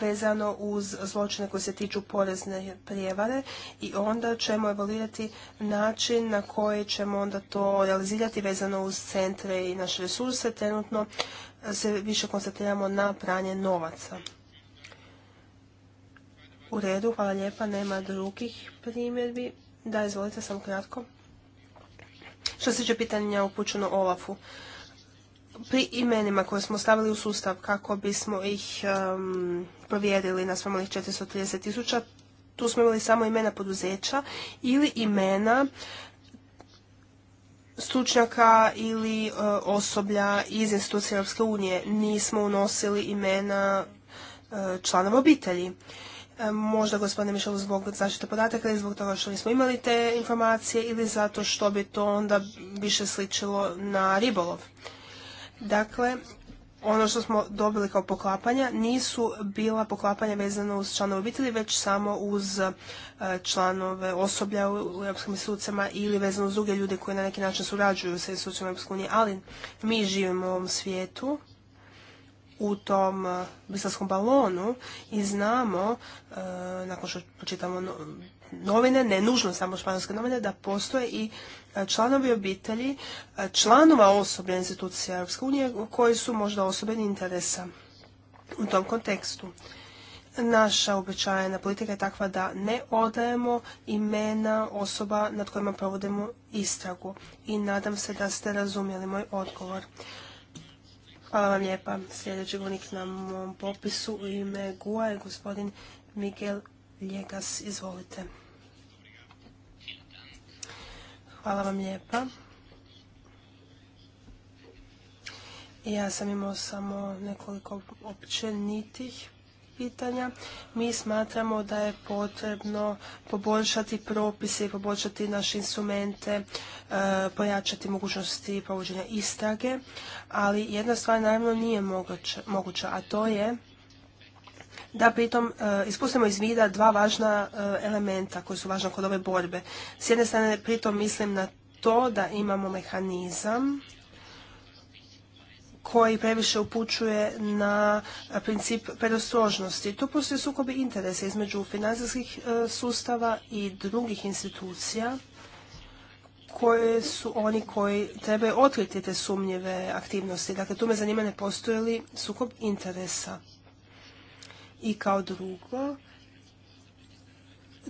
vezano uz zločine koji se tiču porezne prijevare i onda ćemo evaluirati način na koji ćemo onda to realizirati vezano uz centre i naše resurse. Trenutno se više koncentriramo na pranje novaca. U redu, hvala lijepa, nema drugih primjedbi. Da, izvolite, samo kratko. Što se tiče pitanja upućeno Olafu, pri imenima koje smo stavili u sustav kako bismo ih provjerili na svom 430 tisuća, tu smo imali samo imena poduzeća ili imena stručnjaka ili eh, osoblja iz institucije Europske unije. Nismo unosili imena eh, članova obitelji. E, možda gospodine Mišel zbog zaštite podataka ili zbog toga što nismo imali te informacije ili zato što bi to onda više sličilo na ribolov. Dakle, ono što smo dobili kao poklapanja nisu bila poklapanja vezana uz članove obitelji, već samo uz e, članove osoblja u europskim institucijama ili vezano uz druge ljude koji na neki način surađuju sa institucijama EU, Ali mi živimo u ovom svijetu u tom e, brislavskom balonu i znamo, e, nakon što počitamo novine, ne nužno samo španjolske novine, da postoje i e, članovi obitelji, članova osoblja institucija Europske unije koji su možda osobeni interesa u tom kontekstu. Naša uobičajena politika je takva da ne odajemo imena osoba nad kojima provodimo istragu i nadam se da ste razumjeli moj odgovor. Hvala vam lijepa. Sljedeći govornik na mom popisu u ime GUA je gospodin Miguel Ljegas. Izvolite. Hvala vam lijepa. Ja sam imao samo nekoliko općenitih pitanja. Mi smatramo da je potrebno poboljšati propise i poboljšati naše instrumente, e, pojačati mogućnosti provođenja istrage, ali jedna stvar naravno nije moguća, a to je da pritom e, ispustimo iz vida dva važna e, elementa koji su važna kod ove borbe. S jedne strane pritom mislim na to da imamo mehanizam koji previše upućuje na princip predostrožnosti. Tu postoje sukobi interesa između financijskih e, sustava i drugih institucija koje su oni koji trebaju otkriti te sumnjive aktivnosti. Dakle, tu me zanima ne postoji li sukob interesa. I kao drugo,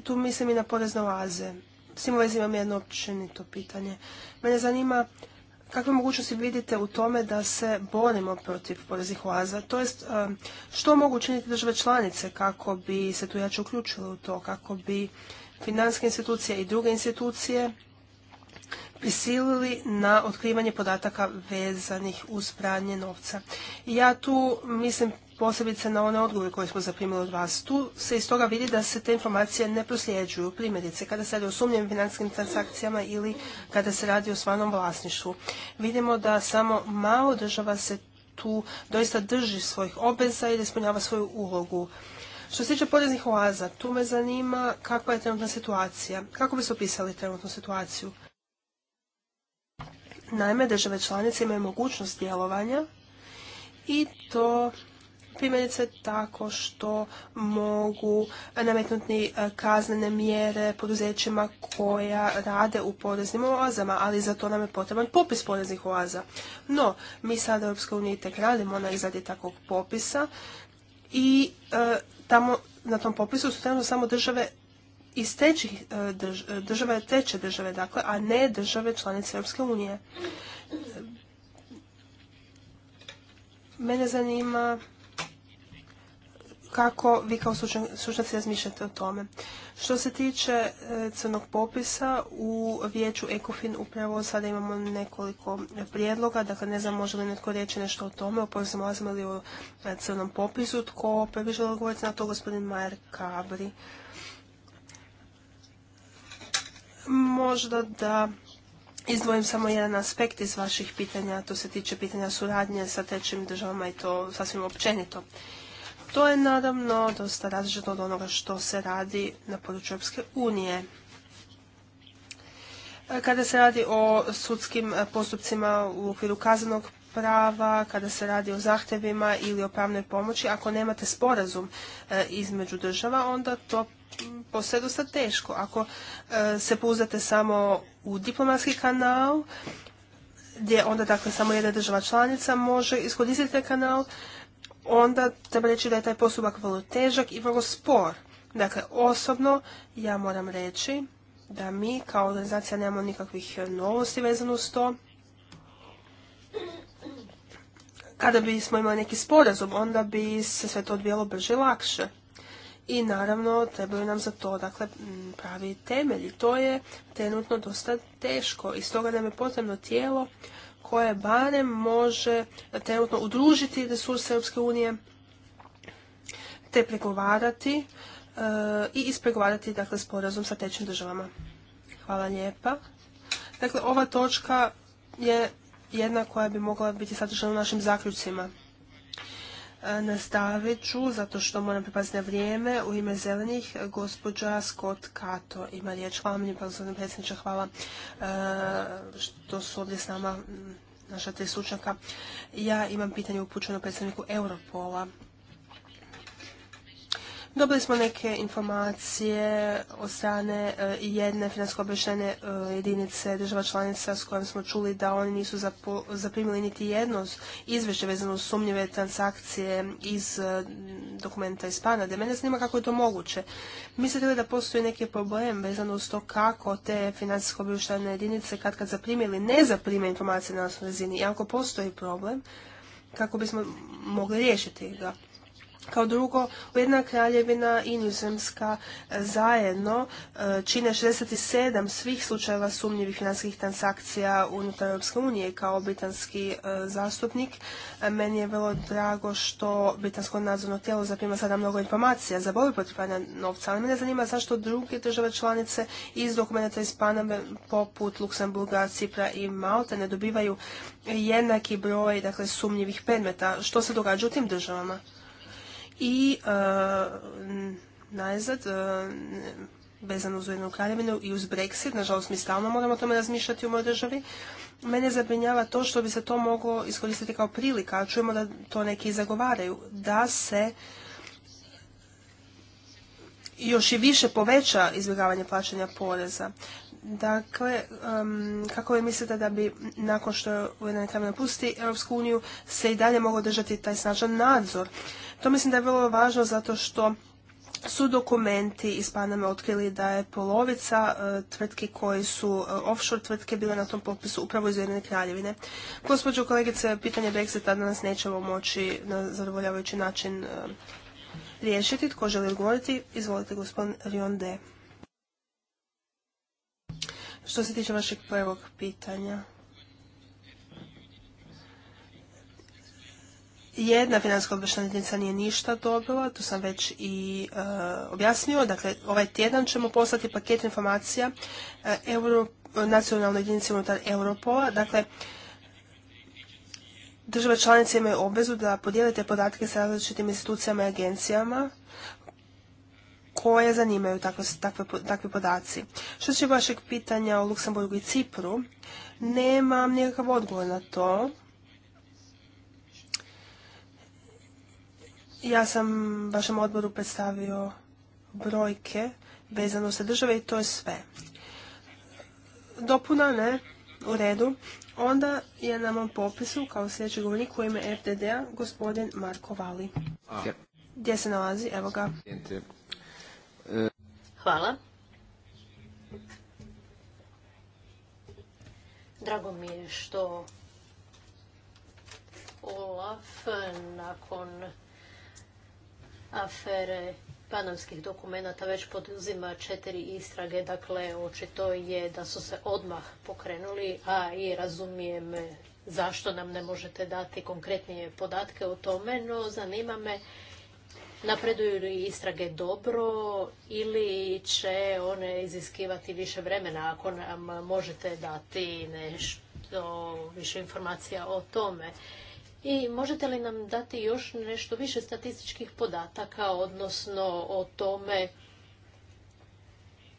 tu mislim i na porezne oaze. S tim u imam jedno općenito pitanje. Mene zanima kakve mogućnosti vidite u tome da se borimo protiv poreznih oaza? To jest, što mogu učiniti države članice kako bi se tu jače uključile u to, kako bi finanske institucije i druge institucije prisilili na otkrivanje podataka vezanih uz pranje novca. ja tu mislim posebice na one odgovore koje smo zaprimili od vas. Tu se iz toga vidi da se te informacije ne prosljeđuju. Primjerice, kada se radi o sumnjivim financijskim transakcijama ili kada se radi o svanom vlasništvu. Vidimo da samo malo država se tu doista drži svojih obveza i da ispunjava svoju ulogu. Što se tiče poreznih oaza, tu me zanima kakva je trenutna situacija. Kako bi se opisali trenutnu situaciju? Naime, države članice imaju mogućnost djelovanja i to primjerice tako što mogu nametnuti e, kaznene mjere poduzećima koja rade u poreznim oazama, ali za to nam je potreban popis poreznih oaza. No, mi sada u EU i tek radimo na izradi takvog popisa i e, tamo na tom popisu su trenutno samo države iz trećih e, država, države, treće države, dakle, a ne države članice Europske unije. Mene zanima kako vi kao stručnjaci razmišljate o tome. Što se tiče e, crnog popisa, u vijeću ECOFIN upravo sada imamo nekoliko prijedloga, dakle ne znam može li netko reći nešto o tome, o smo o e, crnom popisu, tko bi želi odgovoriti na to, gospodin Majer Kabri. Možda da izdvojim samo jedan aspekt iz vaših pitanja, to se tiče pitanja suradnje sa trećim državama i to sasvim općenito. To je naravno dosta različito od onoga što se radi na području Europske unije. E, kada se radi o sudskim e, postupcima u okviru kaznenog prava, kada se radi o zahtjevima ili o pravnoj pomoći, ako nemate sporazum e, između država, onda to postaje dosta teško. Ako se pouzdate samo u diplomatski kanal, gdje onda dakle samo jedna država članica može iskoristiti taj kanal, onda treba reći da je taj postupak vrlo težak i vrlo spor. Dakle, osobno ja moram reći da mi kao organizacija nemamo nikakvih novosti vezano s to. Kada bismo imali neki sporazum, onda bi se sve to odvijalo brže i lakše. I naravno, trebaju nam za to dakle, pravi temelji. To je trenutno dosta teško i stoga nam je potrebno tijelo koje barem može trenutno udružiti resurse Europske unije te pregovarati e, i ispregovarati dakle, sporazum sa trećim državama. Hvala lijepa. Dakle, ova točka je jedna koja bi mogla biti sadržana u našim zaključcima. Nastavit ću, zato što moram pripaziti na vrijeme, u ime zelenih, gospođa Scott Kato ima riječ. Hvala mi, gospodine predsjedniče, hvala e, što su ovdje s nama naša tri slučnjaka. Ja imam pitanje upućeno predstavniku Europola. Dobili smo neke informacije od strane e, jedne finansko obještajne e, jedinice država članica s kojom smo čuli da oni nisu zaprimili niti jedno izvješće vezano uz sumnjive transakcije iz e, dokumenta iz Panade. Mene zanima kako je to moguće. Mislite li da postoji neki problem vezano uz to kako te financijsko obještajne jedinice kad kad zaprime ne zaprime informacije na nacionalnoj razini? I ako postoji problem, kako bismo mogli riješiti ga? Kao drugo, Ujedna kraljevina i Nizozemska e, zajedno e, čine 67 svih slučajeva sumnjivih financijskih transakcija unutar Europske unije. Kao britanski e, zastupnik meni je vrlo drago što britansko nadzorno tijelo zaprima sada mnogo informacija za borbu protiv pranja novca, ali mene zanima zašto druge države članice iz dokumenta iz Paname poput Luksemburga, Cipra i Malta ne dobivaju jednaki broj dakle, sumnjivih predmeta. Što se događa u tim državama? i e, najzad e, vezano uz jednu kraljevinu i uz Brexit, nažalost mi stalno moramo o tome razmišljati u mojoj državi, mene zabrinjava to što bi se to moglo iskoristiti kao prilika, a čujemo da to neki zagovaraju, da se još i više poveća izbjegavanje plaćanja poreza. Dakle, kako vi mislite da bi nakon što Ujedinjena kraljevina napusti Europsku uniju se i dalje mogao držati taj snažan nadzor to mislim da je vrlo važno zato što su dokumenti iz Paname otkrili da je polovica e, tvrtki koje su e, offshore tvrtke bile na tom popisu upravo iz Ujedinjene kraljevine. Gospođo kolegice, pitanje Brexita danas nećemo moći na zadovoljavajući način e, riješiti. Tko želi odgovoriti? Izvolite, gospodin Rionde. Što se tiče vašeg prvog pitanja. Jedna financijska jedinica nije ništa dobila, to sam već i e, objasnio. Dakle, ovaj tjedan ćemo poslati paket informacija e, nacionalnoj jedinici unutar Europola. Dakle, države članice imaju obvezu da podijelite podatke sa različitim institucijama i agencijama koje zanimaju takve, podaci. Što će vašeg pitanja o Luksemburgu i Cipru, nemam nikakav odgovor na to Ja sam vašem odboru predstavio brojke vezano sa države i to je sve. Dopuna ne, u redu. Onda je na mom popisu kao sljedeći govornik u ime FDD-a gospodin Marko Vali. Gdje se nalazi? Evo ga. Hvala. Drago mi je što Olaf nakon afere panamskih dokumenata već poduzima četiri istrage, dakle očito je da su se odmah pokrenuli, a i razumijem zašto nam ne možete dati konkretnije podatke o tome, no zanima me napreduju li istrage dobro ili će one iziskivati više vremena ako nam možete dati nešto više informacija o tome. I možete li nam dati još nešto više statističkih podataka, odnosno o tome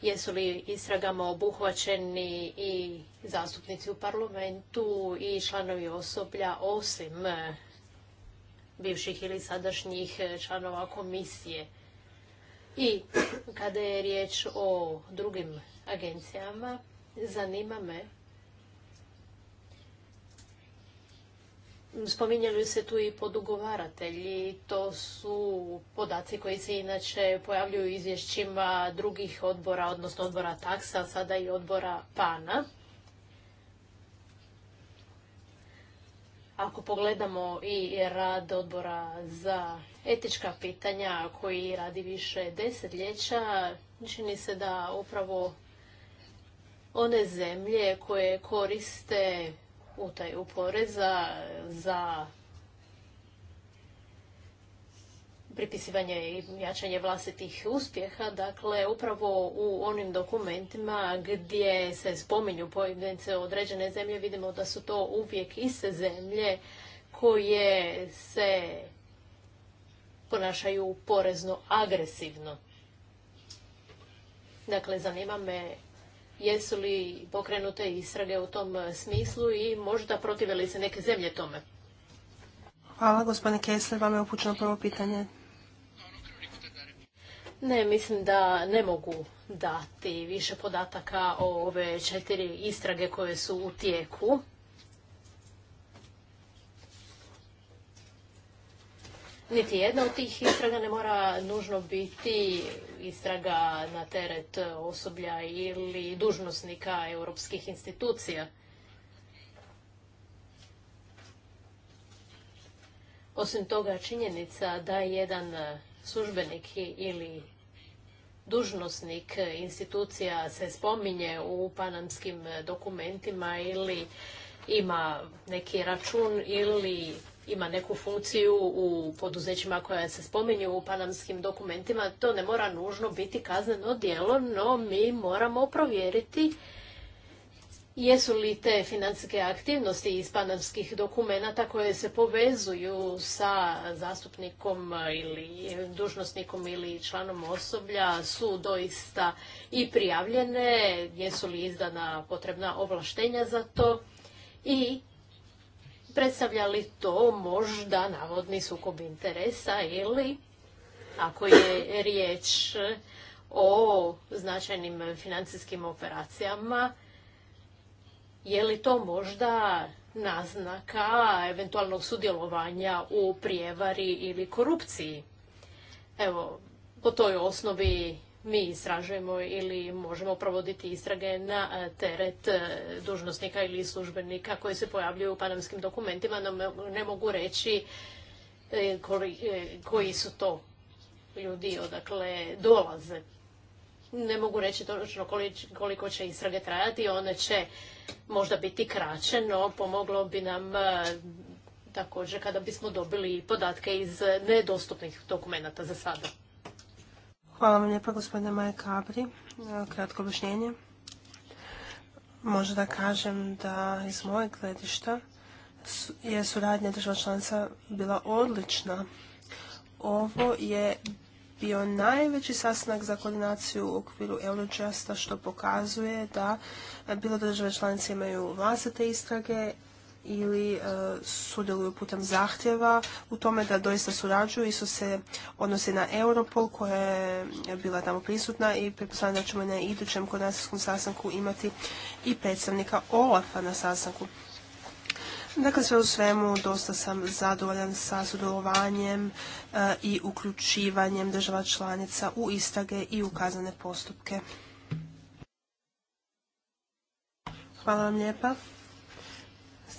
jesu li istragama obuhvaćeni i zastupnici u parlamentu i članovi osoblja osim bivših ili sadašnjih članova komisije. I kada je riječ o drugim agencijama, zanima me spominjali se tu i podugovaratelji. To su podaci koji se inače pojavljuju u izvješćima drugih odbora, odnosno odbora taksa, sada i odbora pana. Ako pogledamo i rad odbora za etička pitanja koji radi više desetljeća, čini se da upravo one zemlje koje koriste utaju poreza, za pripisivanje i jačanje vlastitih uspjeha. Dakle, upravo u onim dokumentima gdje se spominju pojedince određene zemlje, vidimo da su to uvijek iste zemlje koje se ponašaju porezno agresivno. Dakle, zanima me Jesu li pokrenute istrage u tom e, smislu i možda protive li se neke zemlje tome? Hvala, gospodine Kessler, vam je upućeno prvo pitanje. Ne, mislim da ne mogu dati više podataka o ove četiri istrage koje su u tijeku. niti jedna od tih istraga ne mora nužno biti istraga na teret osoblja ili dužnosnika europskih institucija. Osim toga, činjenica da jedan službenik ili dužnosnik institucija se spominje u panamskim dokumentima ili ima neki račun ili ima neku funkciju u poduzećima koja se spominju u panamskim dokumentima, to ne mora nužno biti kazneno djelo, no mi moramo provjeriti jesu li te financijske aktivnosti iz panamskih dokumenata koje se povezuju sa zastupnikom ili dužnosnikom ili članom osoblja su doista i prijavljene, jesu li izdana potrebna ovlaštenja za to i predstavlja li to možda navodni sukob interesa ili ako je riječ o značajnim financijskim operacijama, je li to možda naznaka eventualnog sudjelovanja u prijevari ili korupciji? Evo, po toj osnovi mi istražujemo ili možemo provoditi istrage na e, teret e, dužnosnika ili službenika koji se pojavljuju u panamskim dokumentima, no ne mogu reći e, koji su to ljudi odakle dolaze. Ne mogu reći točno koliko će istrage trajati, one će možda biti kraće, no pomoglo bi nam također kada bismo dobili podatke iz nedostupnih dokumenata za sada. Hvala vam lijepa gospodine Maja Kabri. Kratko objašnjenje. Možda kažem da iz mojeg gledišta je suradnja država članica bila odlična. Ovo je bio najveći sastanak za koordinaciju u okviru Eurojusta što pokazuje da bilo da države članice imaju vlastite istrage ili e, sudjeluju putem zahtjeva u tome da doista surađuju. Isto se odnose na Europol koja je bila tamo prisutna i pretpostavljam da ćemo na idućem koordinacijskom sastanku imati i predstavnika OLAF-a na sastanku. Dakle, sve u svemu dosta sam zadovoljan sa sudjelovanjem e, i uključivanjem država članica u istage i ukazane postupke. Hvala vam lijepa.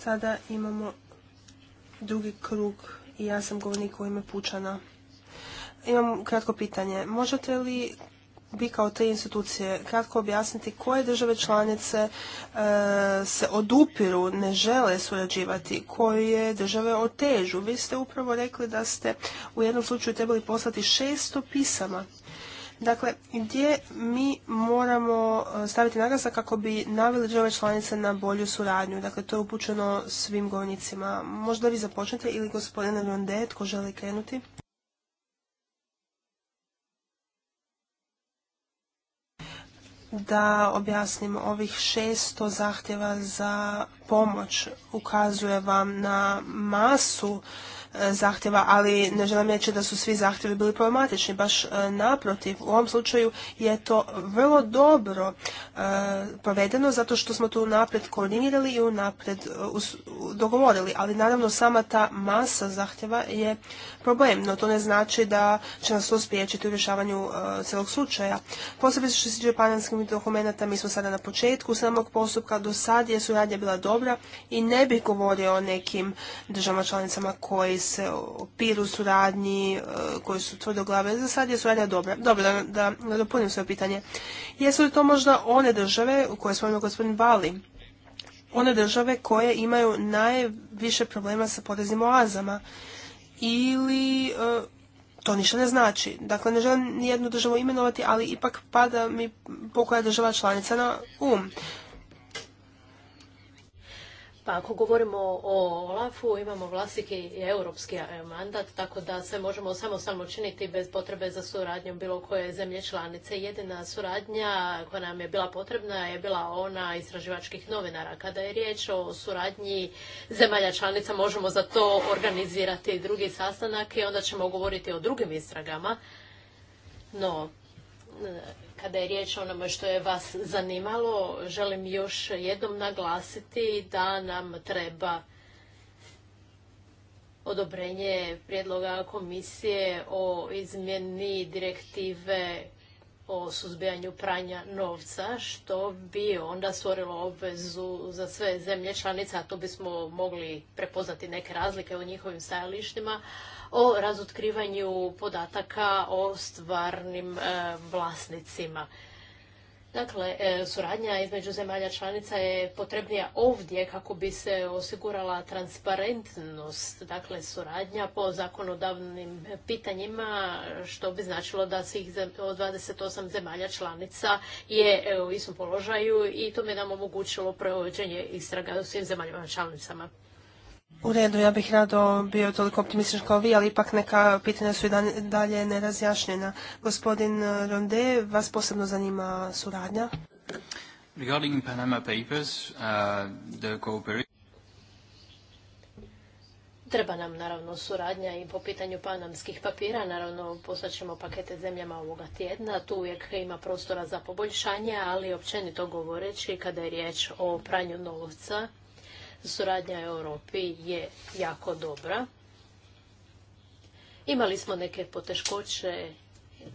Sada imamo drugi krug i ja sam govornik u ime Pučana. Imam kratko pitanje. Možete li vi kao te institucije kratko objasniti koje države članice e, se odupiru, ne žele surađivati, koje države otežu. Vi ste upravo rekli da ste u jednom slučaju trebali poslati 600 pisama. Dakle, gdje mi moramo e, staviti naglasak kako bi naveli države članice na bolju suradnju? Dakle, to je upućeno svim govornicima. Možda vi započnete ili gospodine Ronde, tko želi krenuti? da objasnim ovih 600 zahtjeva za pomoć ukazuje vam na masu E, zahtjeva, ali ne želim reći da su svi zahtjevi bili problematični, baš e, naprotiv. U ovom slučaju je to vrlo dobro e, provedeno zato što smo to napred koordinirali i unaprijed dogovorili, ali naravno sama ta masa zahtjeva je problem, no to ne znači da će nas to spriječiti u rješavanju celog slučaja. Posebno što se tiče panamskih dokumenata, mi smo sada na početku samog postupka, do sad je suradnja bila dobra i ne bih govorio o nekim državama članicama koji se opiru suradnji, e, koji su glave. Za sad je suradnja dobra. Dobro, da, da nadopunim svoje pitanje. Jesu li to možda one države u koje imali gospodin Bali? One države koje imaju najviše problema sa poreznim oazama ili e, to ništa ne znači. Dakle, ne želim nijednu državu imenovati, ali ipak pada mi pokoja država članica na um. Pa ako govorimo o Olafu, imamo vlastiti europski mandat, tako da se možemo samo samo činiti bez potrebe za suradnjom bilo koje zemlje članice. Jedina suradnja koja nam je bila potrebna je bila ona istraživačkih novinara. Kada je riječ o suradnji zemalja članica, možemo za to organizirati drugi sastanak i onda ćemo govoriti o drugim istragama. No, kada je riječ o onome što je vas zanimalo, želim još jednom naglasiti da nam treba odobrenje prijedloga komisije o izmjeni direktive o suzbijanju pranja novca, što bi onda stvorilo obvezu za sve zemlje članice, a tu bismo mogli prepoznati neke razlike u njihovim stajalištima, o razotkrivanju podataka o stvarnim e, vlasnicima. Dakle, e, suradnja između zemalja članica je potrebnija ovdje kako bi se osigurala transparentnost, dakle suradnja po zakonodavnim pitanjima, što bi značilo da svih od 28 zemalja članica je e, u istom položaju i to bi nam omogućilo provođenje istraga u svim zemaljama članicama. U redu, ja bih rado bio toliko optimističan kao vi, ali ipak neka pitanja su i dalje nerazjašnjena. Gospodin eh, Ronde, vas posebno zanima suradnja? Regarding Panama Papers, eh, the Treba nam naravno suradnja i po pitanju panamskih papira, naravno poslaćemo pakete zemljama ovoga tjedna, tu uvijek ima prostora za poboljšanje, ali općenito govoreći kada je riječ o pranju novca, suradnja Europi je jako dobra. Imali smo neke poteškoće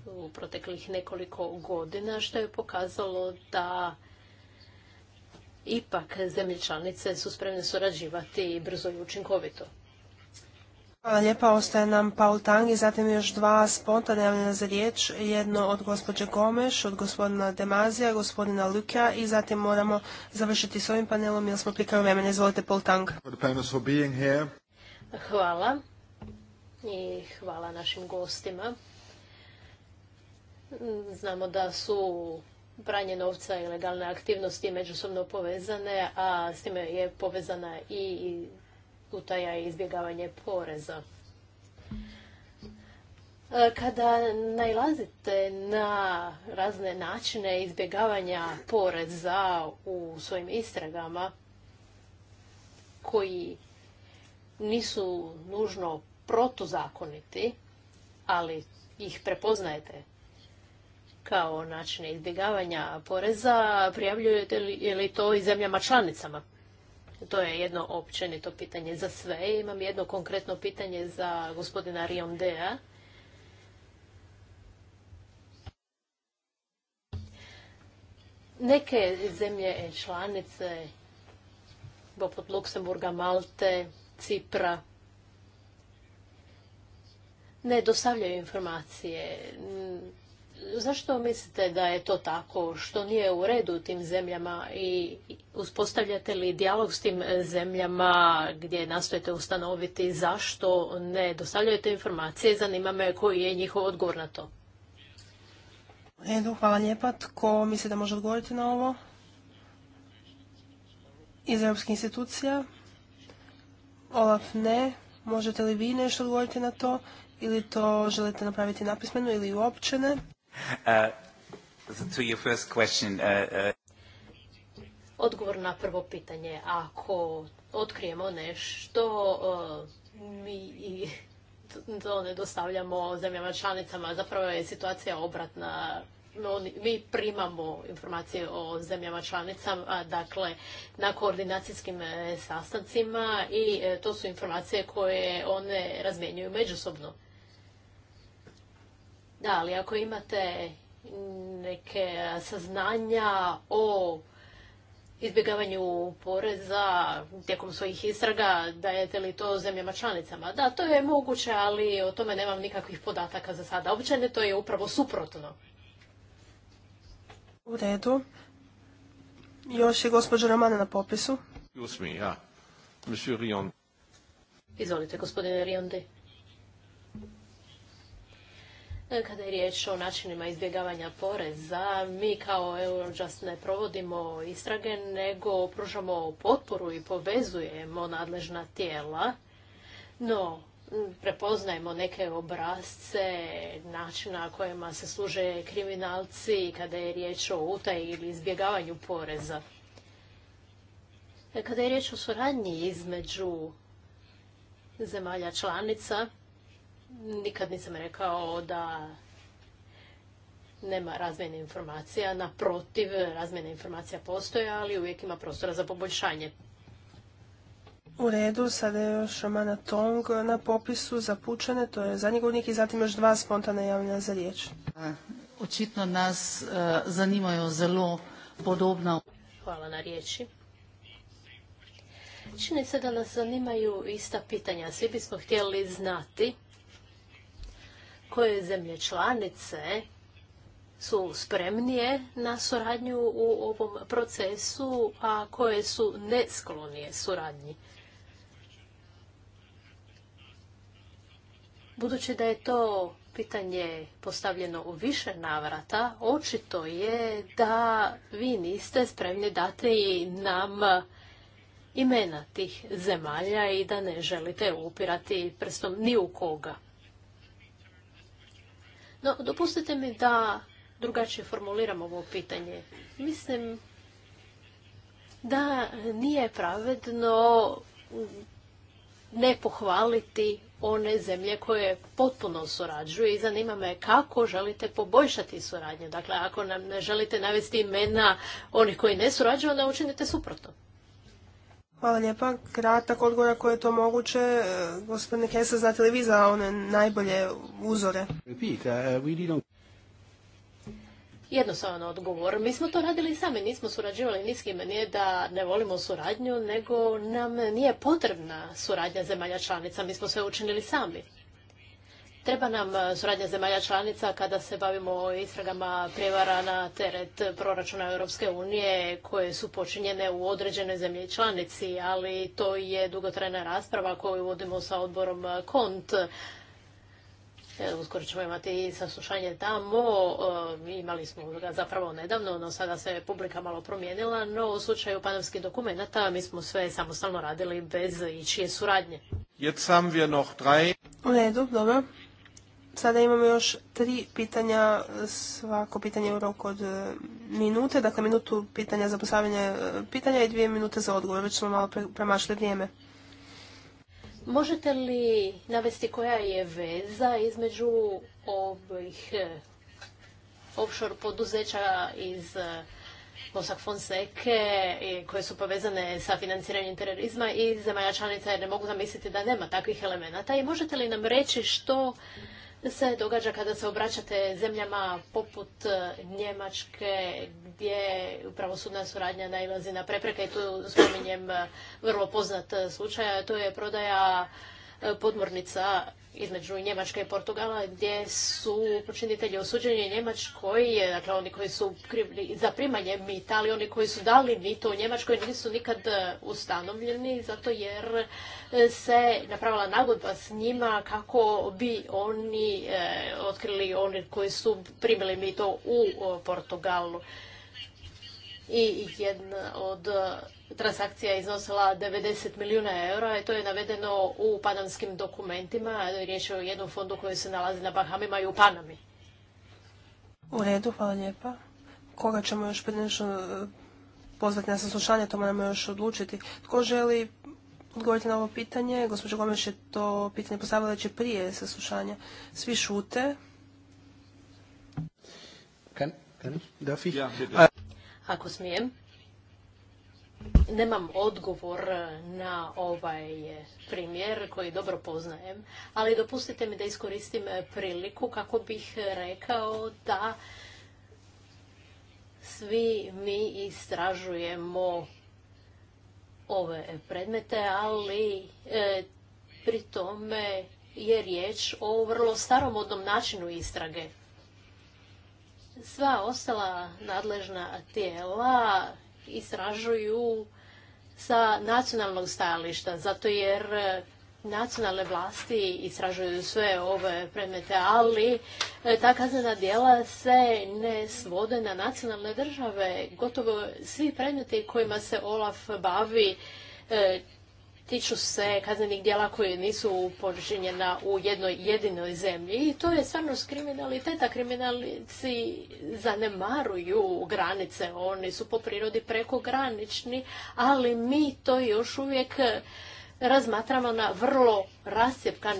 u proteklih nekoliko godina, što je pokazalo da ipak zemlje članice su spremne surađivati brzo i učinkovito. Hvala lijepa, ostaje nam Paul Tang i zatim još dva sponta javljena za riječ, jedno od gospođe Gomeš, od gospodina Demazija, gospodina Lukja i zatim moramo završiti s ovim panelom jer smo prikali vremena. Izvolite Paul Tang. Hvala i hvala našim gostima. Znamo da su pranje novca i legalne aktivnosti međusobno povezane, a s time je povezana i utaja i izbjegavanje poreza. E, kada najlazite na razne načine izbjegavanja poreza u svojim istragama, koji nisu nužno protuzakoniti, ali ih prepoznajete kao načine izbjegavanja poreza, prijavljujete li to i zemljama članicama? To je jedno općenito pitanje za sve. Imam jedno konkretno pitanje za gospodina Riondea. Neke zemlje članice, poput Luksemburga, Malte, Cipra, ne dostavljaju informacije zašto mislite da je to tako, što nije u redu u tim zemljama i uspostavljate li dijalog s tim zemljama gdje nastojete ustanoviti zašto ne dostavljate informacije, zanima me koji je njihov odgovor na to. Edu, hvala lijepa. Tko misli da može odgovoriti na ovo? Iz europskih institucija? Olaf ne. Možete li vi nešto odgovoriti na to? Ili to želite napraviti napismeno ili uopće ne? Uh, uh, uh, Odgovor na prvo pitanje. Ako otkrijemo nešto, mi to ne dostavljamo zemljama članicama. Zapravo je situacija obratna. Mi primamo informacije o zemljama članicama, dakle, na koordinacijskim eh, sastancima i eh, to su informacije koje one razmjenjuju međusobno. Da, ali ako imate neke saznanja o izbjegavanju poreza tijekom svojih istraga, dajete li to zemljama članicama? Da, to je moguće, ali o tome nemam nikakvih podataka za sada. Obično to je upravo suprotno. U redu. Još je gospođa Romana na popisu. Izvolite, gospodine Riondi. E, kada je riječ o načinima izbjegavanja poreza, mi kao Eurojust ne provodimo istrage, nego pružamo potporu i povezujemo nadležna tijela. No, prepoznajemo neke obrazce, načina kojima se služe kriminalci kada je riječ o utaji ili izbjegavanju poreza. E, kada je riječ o suradnji između zemalja članica, nikad nisam rekao da nema razmjene informacija. Naprotiv, razmjena informacija postoje, ali uvijek ima prostora za poboljšanje. U redu, sada je još Romana Tong na popisu za to je zadnji godnik i zatim još dva spontane javljena za riječ. Eh, očitno nas eh, zanimaju zelo podobna. Hvala na riječi. Čini se da nas zanimaju ista pitanja. Svi bismo htjeli znati koje zemlje članice su spremnije na suradnju u ovom procesu, a koje su nesklonije suradnji. Budući da je to pitanje postavljeno u više navrata, očito je da vi niste spremni dati nam imena tih zemalja i da ne želite upirati prstom ni u koga. No, dopustite mi da drugačije formuliram ovo pitanje. Mislim da nije pravedno ne pohvaliti one zemlje koje potpuno surađuju i zanima me kako želite poboljšati suradnju. Dakle, ako nam ne želite navesti imena onih koji ne surađuju, onda učinite suprotno. Hvala lijepa. Kratak odgovor ako je to moguće. E, gospodine Kesa, znate li vi za one najbolje uzore? Uh, Jednostavan odgovor. Mi smo to radili sami, nismo surađivali ni s kime. Nije da ne volimo suradnju, nego nam nije potrebna suradnja zemalja članica. Mi smo sve učinili sami. Treba nam e, suradnja zemalja članica kada se bavimo istragama prijevara na teret proračuna Europske unije koje su počinjene u određenoj zemlji članici, ali to je dugotrajna rasprava koju vodimo sa odborom e, KONT. E, uskoro ćemo imati i saslušanje tamo. Imali smo ga zapravo nedavno, no sada se publika malo promijenila, no u slučaju panamskih dokumenata mi smo sve samostalno radili bez ičije suradnje. U redu, dobro. Sada imamo još tri pitanja, svako pitanje u roku od e, minute, dakle minutu pitanja za postavljanje e, pitanja i dvije minute za odgovor, već smo malo premašli vrijeme. Možete li navesti koja je veza između ovih e, offshore poduzeća iz Mosak Fonseke koje su povezane sa financiranjem terorizma i zemalja članica jer ne mogu zamisliti da nema takvih elemenata. I možete li nam reći što se događa kada se obraćate zemljama poput e, Njemačke gdje pravosudna suradnja nailazi na prepreke i tu spominjem e, vrlo poznat e, slučaj, a to je prodaja podmornica između Njemačke i Portugala gdje su počinitelji osuđeni Njemačkoj, dakle oni koji su zaprimanje za primanje mita, ali oni koji su dali mito u Njemačkoj nisu nikad e, ustanovljeni zato jer e, se napravila nagodba s njima kako bi oni e, otkrili oni koji su primili mito u Portugalu. I jedna od transakcija iznosila 90 milijuna eura i to je navedeno u panamskim dokumentima. Riječ je o jednom fondu koji se nalazi na Bahamima i u Panami. U redu, hvala lijepa. Koga ćemo još prednešno e, pozvati na saslušanje, to moramo još odlučiti. Tko želi odgovoriti na ovo pitanje? Gospođa Gomeš je to pitanje postavila će prije saslušanja. Svi šute. Ako smijem. Nemam odgovor e, na ovaj primjer koji dobro poznajem, ali dopustite mi da iskoristim e, priliku kako bih rekao da svi mi istražujemo ove predmete, ali e, pri tome je riječ o vrlo staromodnom načinu istrage. Sva ostala nadležna tijela istražuju sa nacionalnog stajališta, zato jer e, nacionalne vlasti istražuju sve ove predmete, ali e, ta kaznena djela se ne svode na nacionalne države. Gotovo svi predmeti kojima se Olaf bavi e, tiču se kaznenih djela koje nisu počinjena u jednoj jedinoj zemlji i to je stvarnost kriminaliteta. Kriminalici zanemaruju granice, oni su po prirodi prekogranični, ali mi to još uvijek razmatramo na vrlo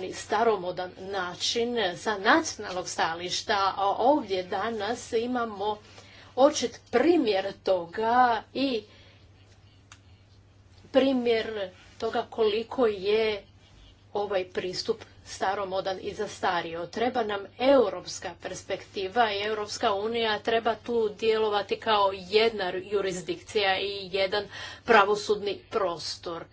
i staromodan način sa nacionalnog stališta. a ovdje danas imamo očit primjer toga i primjer toga koliko je ovaj pristup staromodan i zastario. Treba nam europska perspektiva i Europska unija treba tu djelovati kao jedna jurisdikcija i jedan pravosudni prostor.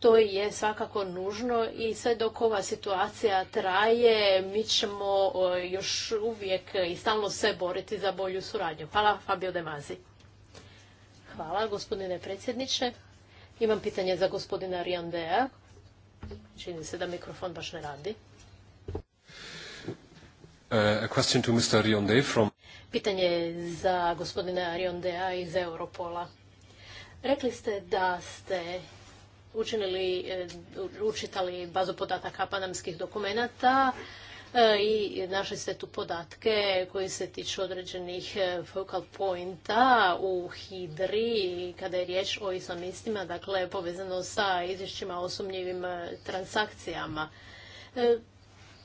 To je svakako nužno i sve dok ova situacija traje, mi ćemo još uvijek i stalno se boriti za bolju suradnju. Hvala Fabio Demazi. Hvala gospodine predsjedniče. Imam pitanje za gospodina Rijandea. Čini se da mikrofon baš ne radi. Uh, a question to Mr. Rionde from... Pitanje za gospodina Riondea iz Europola. Rekli ste da ste učinili, uh, učitali bazu podataka panamskih dokumenata E, i našli ste tu podatke koji se tiču određenih e, focal pointa u Hidri kada je riječ o islamistima, dakle povezano sa izvješćima o sumnjivim e, transakcijama.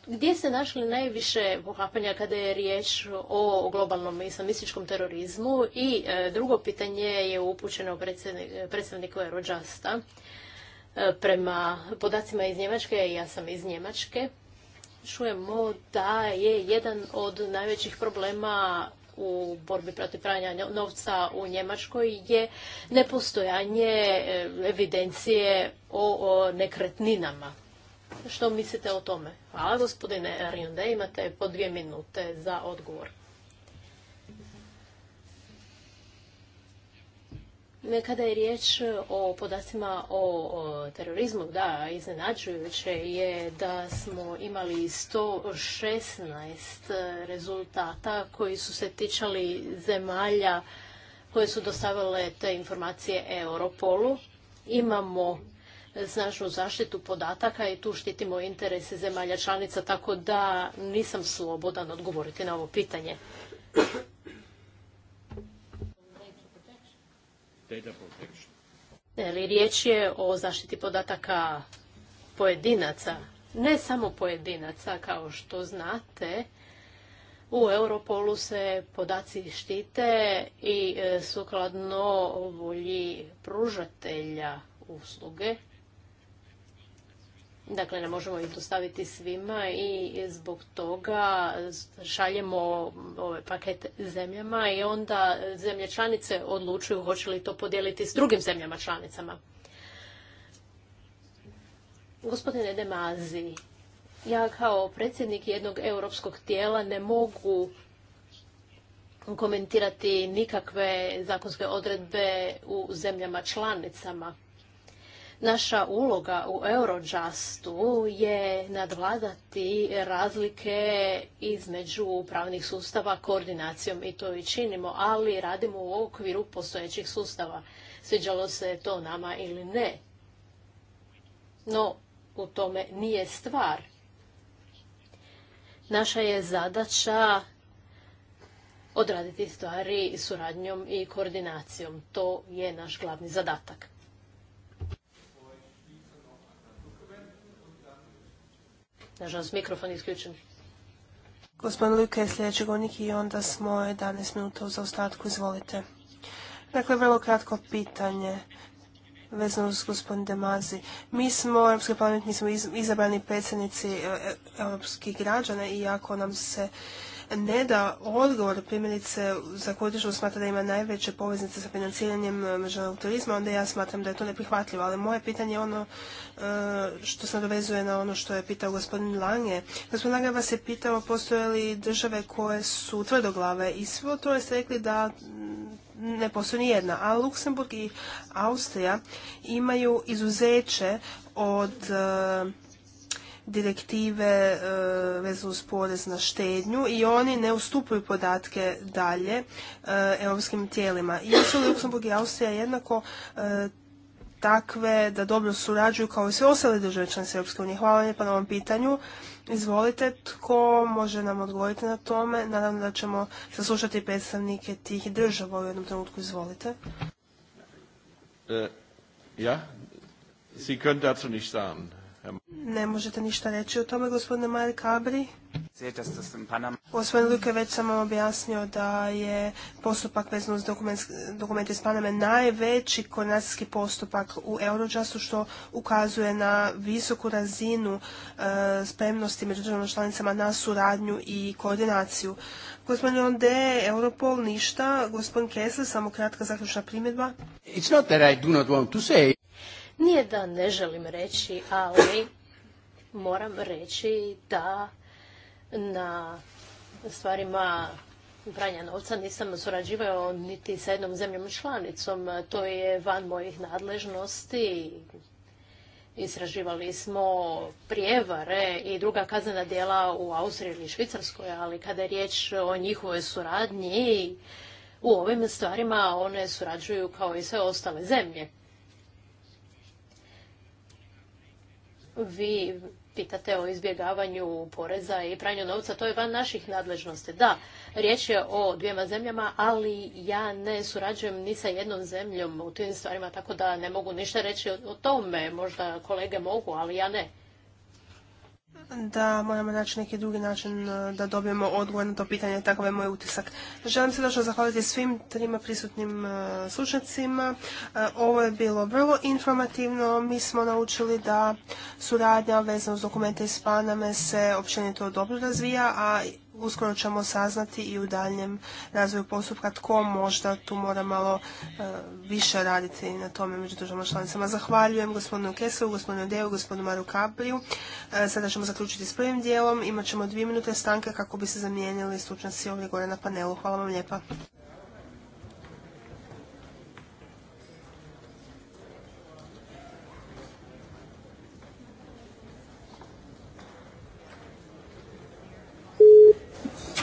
Gdje ste našli najviše pohapanja kada je riječ o globalnom islamističkom terorizmu? I drugo pitanje je upućeno predstavniku Eurojusta. Prema podacima iz Njemačke, ja sam iz Njemačke, čujemo da je jedan od najvećih problema u borbi protiv pranja novca u Njemačkoj je nepostojanje e, evidencije o nekretninama. Što mislite o tome? Hvala gospodine Rionde, imate po dvije minute za odgovor. Kada je riječ e, o podacima o terorizmu, da, iznenađujuće je da smo imali 116 rezultata koji su se tičali zemalja koje su dostavile te informacije Europolu. Imamo snažnu zaštitu podataka i tu štitimo interese zemalja članica, tako da nisam slobodan odgovoriti na ovo pitanje. data riječ je o zaštiti podataka pojedinaca, ne samo pojedinaca, kao što znate, u Europolu se podaci štite i e, sukladno volji pružatelja usluge Dakle, ne možemo ih dostaviti svima i zbog toga šaljemo ove paket zemljama i onda zemlje članice odlučuju hoće li to podijeliti s drugim zemljama članicama. Gospodine Demazi, ja kao predsjednik jednog europskog tijela ne mogu komentirati nikakve zakonske odredbe u zemljama članicama Naša uloga u Eurojustu je nadvladati razlike između pravnih sustava koordinacijom i to i činimo, ali radimo u okviru postojećih sustava. Sviđalo se to nama ili ne. No, u tome nije stvar. Naša je zadaća odraditi stvari suradnjom i koordinacijom. To je naš glavni zadatak. Nažalost, mikrofon je isključen. Gospodin Luka je sljedeći govornik i onda smo 11 minuta u zaostatku. Izvolite. Dakle, vrlo kratko pitanje vezano s gospodin Demazi. Mi smo, Europski parlament, mi smo izabrani predsjednici e, e, europskih građana i ako nam se ne da odgovor primjerice za koju smatra da ima najveće poveznice sa financiranjem eh, međunarodnog turizma, onda ja smatram da je to neprihvatljivo. Ali moje pitanje je ono eh, što se nadovezuje na ono što je pitao gospodin Lange. Gospodin Lange vas je pitao postoje li države koje su tvrdoglave i sve to ste rekli da mm, ne postoji ni jedna, a Luksemburg i Austrija imaju izuzeće od eh, direktive e, vezano uz porez na štednju i oni ne ustupuju podatke dalje e, europskim tijelima. I su Luksemburg i Austrija jednako e, takve da dobro surađuju kao i sve ostale države članice Europske unije. Hvala lijepa na ovom pitanju. Izvolite, tko može nam odgovoriti na tome? Nadam da ćemo saslušati predstavnike tih država u jednom trenutku. Izvolite. ja, Sie können dazu nicht sagen. Ne možete ništa reći o tome, gospodine Mari Kabri. Gospodin Luke već sam vam objasnio da je postupak vezan uz dokumente iz Paname najveći koordinacijski postupak u Eurojustu što ukazuje na visoku razinu e, spremnosti među državama članicama na suradnju i koordinaciju. Gospodin Onde, Europol, ništa. Gospodin Kessler, samo kratka zaključna primjedba. It's not that I do not want to say. Nije da ne želim reći, ali moram reći da na stvarima pranja novca nisam surađivao niti sa jednom zemljom članicom. To je van mojih nadležnosti. Istraživali smo prijevare i druga kaznena djela u Austriji ili Švicarskoj, ali kada je riječ o njihovoj suradnji, u ovim stvarima one surađuju kao i sve ostale zemlje. vi pitate o izbjegavanju poreza i pranju novca, to je van naših nadležnosti. Da, riječ je o dvijema zemljama, ali ja ne surađujem ni sa jednom zemljom u tim stvarima, tako da ne mogu ništa reći o tome. Možda kolege mogu, ali ja ne da moramo naći neki drugi način e, da dobijemo odgovor na to pitanje, takav je moj utisak. Želim se došlo zahvaliti svim trima prisutnim e, slučnicima. E, ovo je bilo vrlo informativno. Mi smo naučili da suradnja vezana uz dokumente iz Paname se općenito dobro razvija, a uskoro ćemo saznati i u daljem razvoju postupka tko možda tu mora malo e, više raditi na tome među državama članicama. Zahvaljujem gospodinu Keselu, gospodinu Deju, gospodinu Maru Kapriju. E, sada ćemo zaključiti s prvim dijelom. ćemo dvije minute stanke kako bi se zamijenili stručnjaci ovdje gore na panelu. Hvala vam lijepa.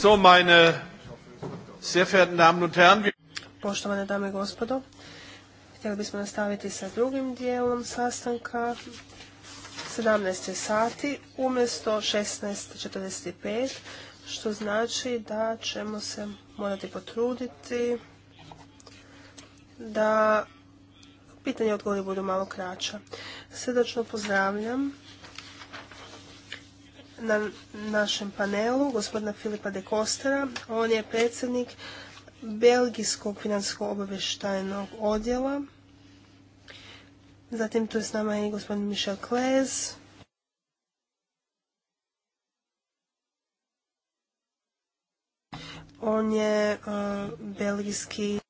sehr Poštovane dame i gospodo, htjeli bismo nastaviti sa drugim dijelom sastanka. 17. sati umjesto 16.45, što znači da ćemo se morati potruditi da pitanje odgovori budu malo kraća. Srdačno pozdravljam na našem panelu gospodina Filipa de Kostera. On je predsjednik Belgijskog financijskog obavještajnog odjela. Zatim tu je s nama i gospodin Michel Klez. On je e, belgijski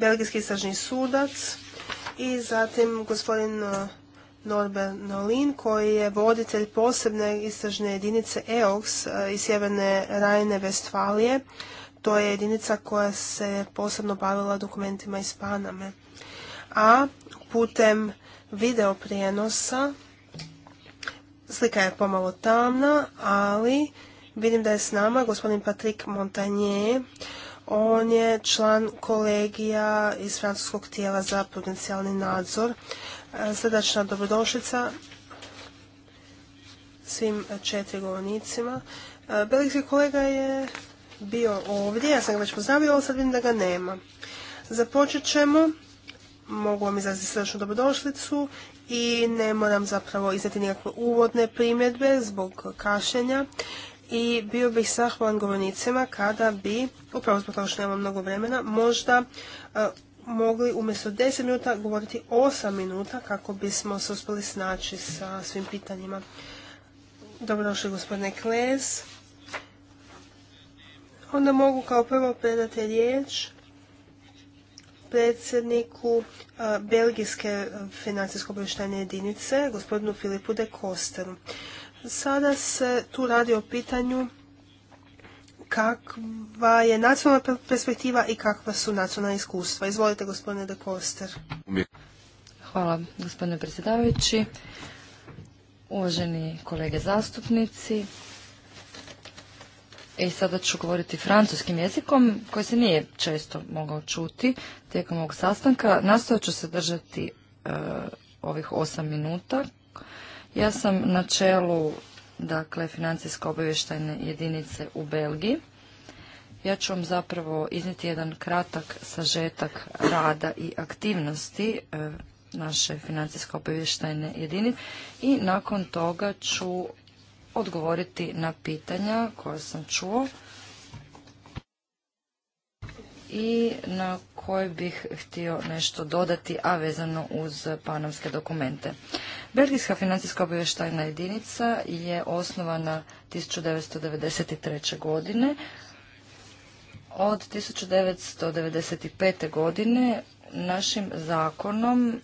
belgijski istražni sudac i zatim gospodin e, Norbert Nolin koji je voditelj posebne istražne jedinice EOX e, iz Sjeverne Rajne Vestfalije. To je jedinica koja se posebno bavila dokumentima iz Paname. A putem video prijenosa slika je pomalo tamna, ali vidim da je s nama gospodin Patrick Montagnier, on je član kolegija iz francuskog tijela za prudencijalni nadzor. E, srdačna dobrodošlica svim četiri govornicima. E, belgijski kolega je bio ovdje, ja sam ga već pozdravila, ali sad vidim da ga nema. Započet ćemo, mogu vam izraziti srdačnu dobrodošlicu i ne moram zapravo izdati nikakve uvodne primjedbe zbog kašenja i bio bih zahvalan govornicima kada bi, upravo zbog toga što nemam mnogo vremena, možda e, mogli umjesto 10 minuta govoriti 8 minuta kako bismo se uspjeli snaći sa svim pitanjima. Dobrodošli gospodine kles Onda mogu kao prvo predati riječ predsjedniku e, Belgijske financijsko obještajne jedinice, gospodinu Filipu de Kosteru. Sada se tu radi o pitanju kakva je nacionalna perspektiva i kakva su nacionalna iskustva. Izvolite gospodine de Koster. Hvala gospodine predsjedavajući, uvaženi kolege zastupnici. I e, sada ću govoriti francuskim jezikom koji se nije često mogao čuti tijekom ovog sastanka. Nastojat ću se držati e, ovih osam minuta. Ja sam na čelu dakle financijsko obavještajne jedinice u Belgiji. Ja ću vam zapravo izniti jedan kratak sažetak rada i aktivnosti e, naše financijsko obavještajne jedinice i nakon toga ću odgovoriti na pitanja koja sam čuo i na koje bih htio nešto dodati, a vezano uz panamske dokumente. Belgijska financijska obavještajna jedinica je osnovana 1993. godine. Od 1995. godine našim zakonom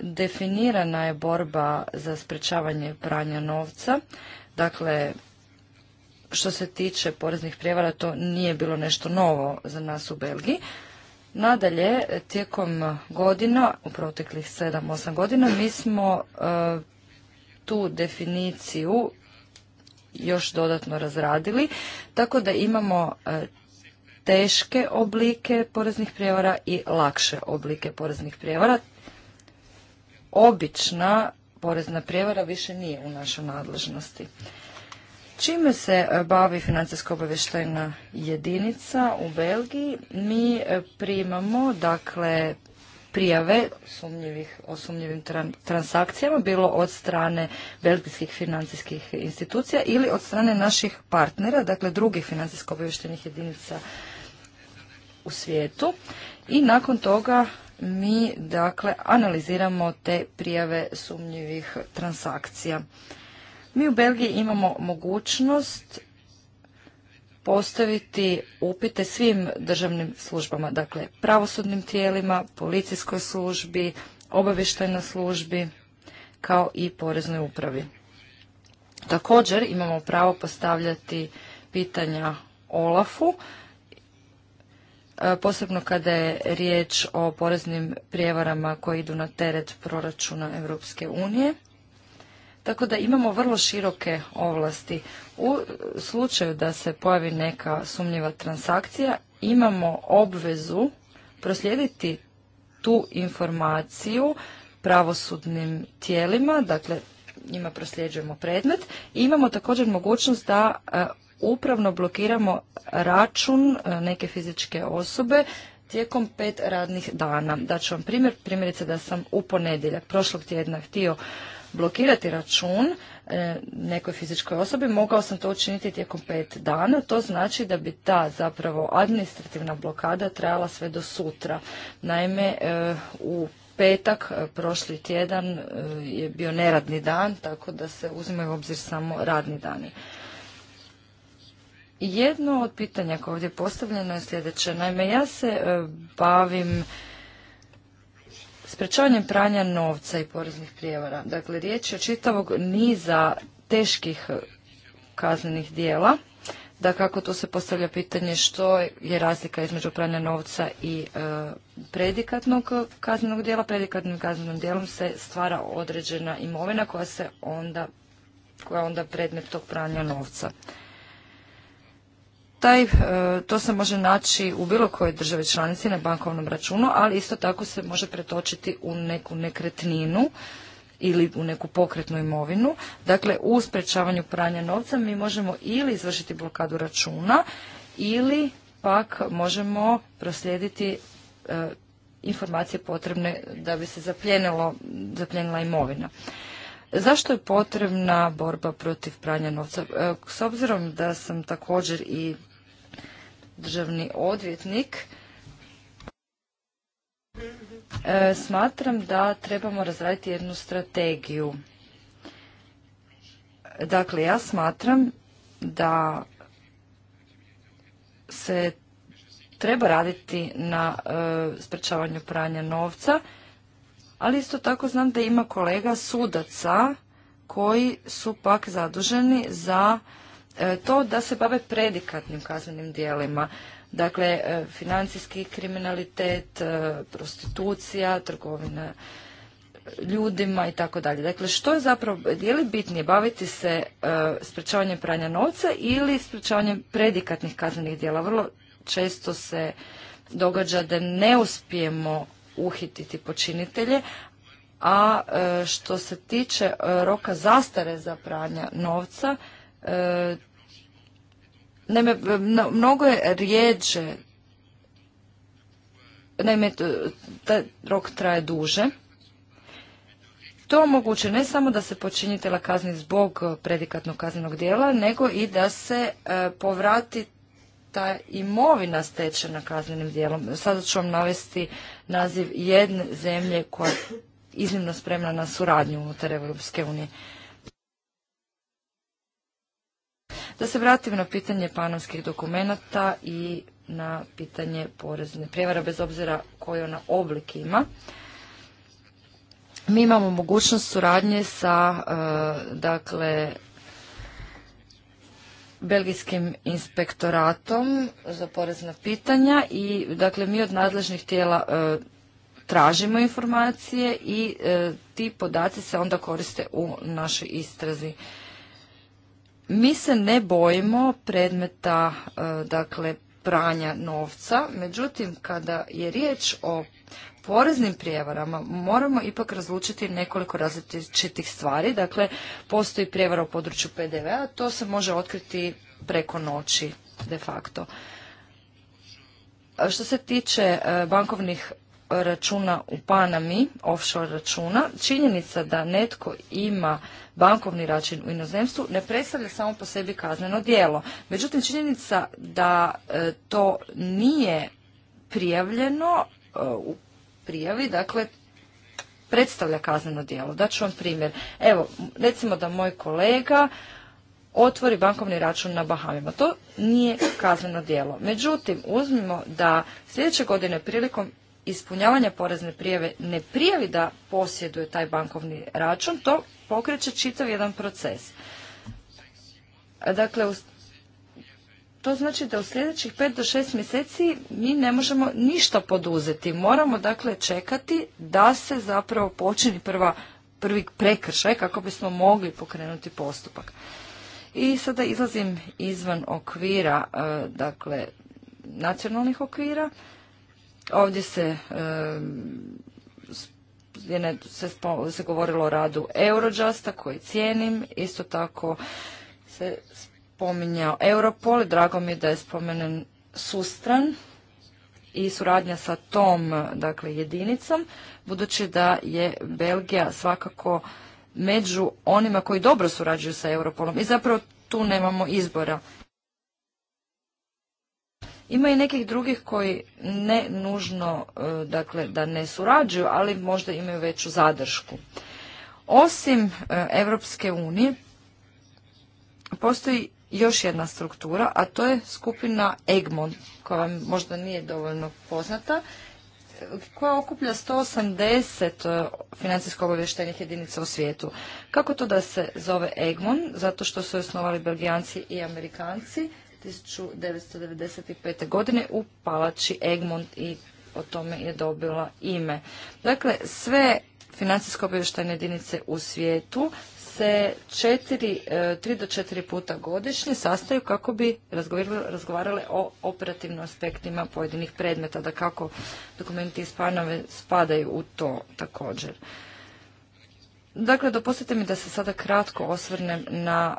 definirana je borba za sprečavanje pranja novca. Dakle, što se tiče poreznih prijevara, to nije bilo nešto novo za nas u Belgiji. Nadalje, tijekom godina, u proteklih 7-8 godina, mi smo e, tu definiciju još dodatno razradili, tako da imamo e, teške oblike poreznih prijevara i lakše oblike poreznih prijevara. Obična porezna prijevara više nije u našoj nadležnosti. Čime se e, bavi financijsko obavještajna jedinica u Belgiji? Mi e, primamo dakle prijave sumnjivih, o sumnjivim transakcijama, bilo od strane belgijskih financijskih institucija ili od strane naših partnera, dakle drugih financijsko obavještajnih jedinica u svijetu. I nakon toga mi dakle analiziramo te prijave sumnjivih transakcija. Mi u Belgiji imamo mogućnost postaviti upite svim državnim službama, dakle pravosudnim tijelima, policijskoj službi, obavještajnoj službi, kao i poreznoj upravi. Također imamo pravo postavljati pitanja Olafu, e, posebno kada je riječ o poreznim prijevarama koji idu na teret proračuna Europske unije. Tako da imamo vrlo široke ovlasti. U slučaju da se pojavi neka sumnjiva transakcija, imamo obvezu proslijediti tu informaciju pravosudnim tijelima, dakle njima prosljeđujemo predmet i imamo također mogućnost da e, upravno blokiramo račun e, neke fizičke osobe tijekom pet radnih dana. Daću vam primjer, primjerice da sam u ponedjeljak prošlog tjedna htio blokirati račun e, nekoj fizičkoj osobi, mogao sam to učiniti tijekom pet dana. To znači da bi ta zapravo administrativna blokada trajala sve do sutra. Naime, e, u petak e, prošli tjedan je bio neradni dan, tako da se uzimaju u obzir samo radni dani. Jedno od pitanja koje ovdje postavljeno je sljedeće. Naime, ja se bavim sprečavanjem pranja novca i poreznih prijevara. Dakle, riječ je o čitavog niza teških eh, kaznenih dijela. Da kako tu se postavlja pitanje što je razlika između pranja novca i eh, predikatnog kaznenog dijela. Predikatnim kaznenom dijelom se stvara određena imovina koja se onda, koja onda predmet tog pranja novca taj, e, to se može naći u bilo kojoj državi članici na bankovnom računu, ali isto tako se može pretočiti u neku nekretninu ili u neku pokretnu imovinu. Dakle, u sprečavanju pranja novca mi možemo ili izvršiti blokadu računa ili pak možemo proslijediti e, informacije potrebne da bi se zapljenilo, zapljenila imovina. Zašto je potrebna borba protiv pranja novca? E, s obzirom da sam također i državni odvjetnik. E, smatram da trebamo razraditi jednu strategiju. Dakle, ja smatram da se treba raditi na e, sprečavanju pranja novca, ali isto tako znam da ima kolega sudaca koji su pak zaduženi za E, to da se bave predikatnim kaznenim djelima. Dakle, e, financijski kriminalitet, e, prostitucija, trgovina ljudima i tako dalje. Dakle, što je zapravo, je li bitnije baviti se sprečavanjem pranja novca ili sprečavanjem predikatnih kaznenih djela? Vrlo često se događa da ne uspijemo uhititi počinitelje, a što se tiče roka zastare za pranja novca, Naime, mnogo je rijeđe, naime, taj rok traje duže. To omogućuje ne samo da se počinjitela kazni zbog predikatnog kaznenog dijela, nego i da se e, povrati ta imovina stečena kaznenim dijelom. Sada ću vam navesti naziv jedne zemlje koja je iznimno spremna na suradnju unutar Evropske unije. Da se vratim na pitanje panamskih dokumenata i na pitanje porezne prijevara, bez obzira koje ona oblik ima. Mi imamo mogućnost suradnje sa e, dakle, Belgijskim inspektoratom za porezna pitanja i dakle mi od nadležnih tijela e, tražimo informacije i e, ti podaci se onda koriste u našoj istrazi. Mi se ne bojimo predmeta e, dakle pranja novca, međutim kada je riječ o poreznim prijevarama moramo ipak razlučiti nekoliko različitih stvari. Dakle, postoji prijevara u području PDV-a, to se može otkriti preko noći de facto. Što se tiče e, bankovnih računa u Panami, offshore računa, činjenica da netko ima bankovni račun u inozemstvu ne predstavlja samo po sebi kazneno djelo. Međutim, činjenica da e, to nije prijavljeno e, u prijavi, dakle, predstavlja kazneno djelo. Daću vam primjer. Evo, recimo da moj kolega otvori bankovni račun na Bahamima. To nije kazneno djelo. Međutim, uzmimo da sljedeće godine prilikom ispunjavanja porezne prijave ne prijavi da posjeduje taj bankovni račun, to pokreće čitav jedan proces. Dakle, to znači da u sljedećih pet do šest mjeseci mi ne možemo ništa poduzeti. Moramo dakle čekati da se zapravo počini prva, prvi prekršaj kako bismo mogli pokrenuti postupak. I sada izlazim izvan okvira, e, dakle, nacionalnih okvira Ovdje se se, govorilo o radu Eurojusta koji cijenim, isto tako se spominjao Europol, drago mi je da je spomenen Sustran i suradnja sa tom dakle, jedinicom, budući da je Belgija svakako među onima koji dobro surađuju sa Europolom i zapravo tu nemamo izbora. Ima i nekih drugih koji ne nužno, e, dakle, da ne surađuju, ali možda imaju veću zadršku. Osim Europske unije, postoji još jedna struktura, a to je skupina Egmont, koja možda nije dovoljno poznata, koja okuplja 180 e, financijsko obavještenih jedinica u svijetu. Kako to da se zove Egmont? Zato što su osnovali Belgijanci i Amerikanci 1995. godine u palači Egmont i o tome je dobila ime. Dakle, sve financijsko obještajne jedinice u svijetu se četiri, e, tri do četiri puta godišnje sastaju kako bi razgovarale o operativnim aspektima pojedinih predmeta, da kako dokumenti iz Panove spadaju u to također. Dakle, dopustite mi da se sada kratko osvrnem na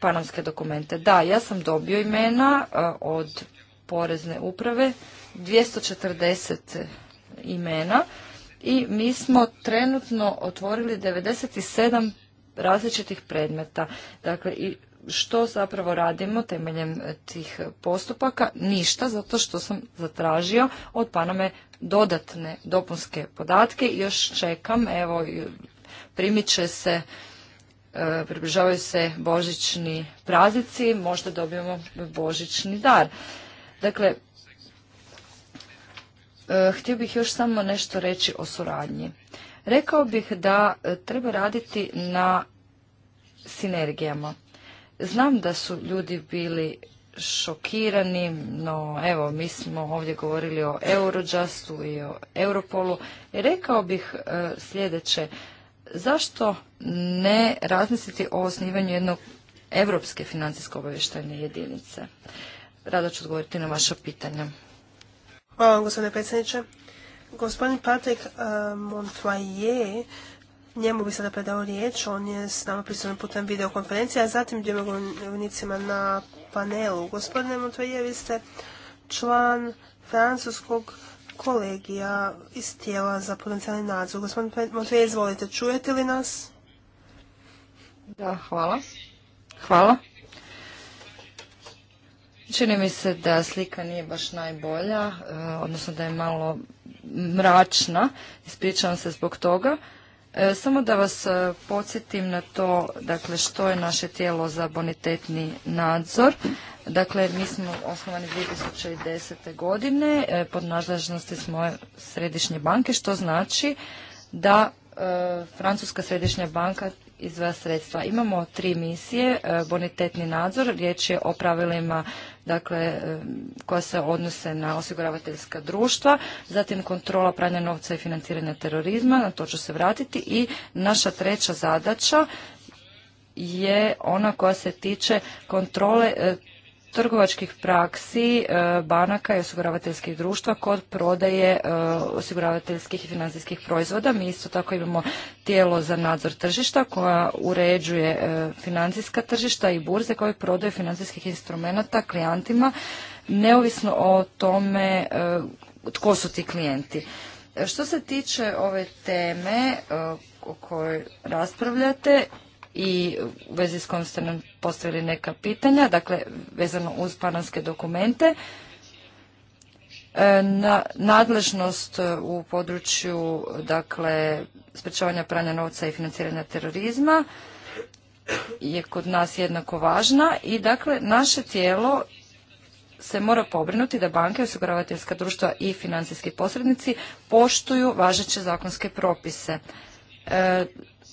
panamske dokumente. Da, ja sam dobio imena e, od porezne uprave, 240 imena i mi smo trenutno otvorili 97 različitih predmeta. Dakle, i što zapravo radimo temeljem tih postupaka? Ništa, zato što sam zatražio od Paname dodatne dopunske podatke i još čekam, evo primit će se E, približavaju se božićni praznici, možda dobijemo božićni dar. Dakle, e, htio bih još samo nešto reći o suradnji. Rekao bih da e, treba raditi na sinergijama. Znam da su ljudi bili šokirani, no evo, mi smo ovdje govorili o Eurojustu i o Europolu. Rekao bih sljedeće, zašto ne razmisliti o osnivanju jednog europske financijsko obavještajne jedinice? Rado ću odgovoriti na vaša pitanja. Hvala vam, gospodine predsjedniče. Gospodin Patrik uh, eh, njemu bi sada predao riječ, on je s nama prisutan putem videokonferencije, a zatim djelovnicima na panelu. Gospodine Montoyer, vi ste član francuskog kolegija iz tijela za potencijalni nadzor. Gospodin Motrije, izvolite, čujete li nas? Da, hvala. Hvala. Čini mi se da slika nije baš najbolja, eh, odnosno da je malo mračna. Ispričavam se zbog toga. E, samo da vas e, podsjetim na to dakle, što je naše tijelo za bonitetni nadzor. Dakle, mi smo osnovani 2010. godine, e, pod nadležnosti smo središnje banke, što znači da Francuska središnja banka izvaja sredstva. Imamo tri misije, bonitetni nadzor, riječ je o pravilima dakle koja se odnose na osiguravateljska društva, zatim kontrola pranja novca i financiranja terorizma, na to ću se vratiti i naša treća zadaća je ona koja se tiče kontrole e, trgovačkih praksi e, banaka i osiguravateljskih društva kod prodaje e, osiguravateljskih i financijskih proizvoda. Mi isto tako imamo tijelo za nadzor tržišta koja uređuje e, financijska tržišta i burze koje prodaju financijskih instrumenata klijentima neovisno o tome tko su ti klijenti. Što se tiče ove teme o kojoj raspravljate, i u vezi s kojom ste nam postavili neka pitanja, dakle vezano uz panamske dokumente. E, na nadležnost e, u području dakle sprečavanja pranja novca i financiranja terorizma je kod nas jednako važna i dakle naše tijelo se mora pobrinuti da banke, osiguravateljska društva i financijski posrednici poštuju važeće zakonske propise. E,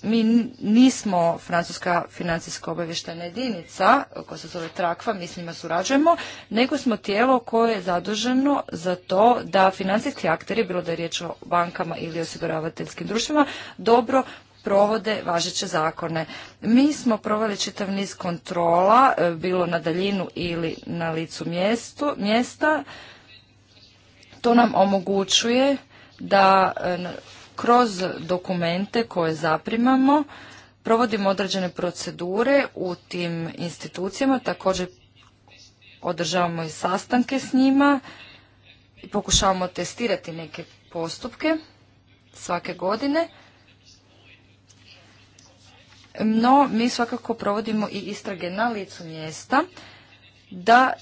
mi nismo francuska financijska obavještajna jedinica koja se zove Trakva, mi s njima surađujemo, nego smo tijelo koje je zaduženo za to da financijski akteri, bilo da je riječ o bankama ili osiguravateljskim društvima, dobro provode važeće zakone. Mi smo proveli čitav niz kontrola, e, bilo na daljinu ili na licu mjestu, mjesta. To nam omogućuje da e, kroz dokumente koje zaprimamo provodimo određene procedure u tim institucijama, također održavamo i sastanke s njima i pokušavamo testirati neke postupke svake godine. No, mi svakako provodimo i istrage na licu mjesta da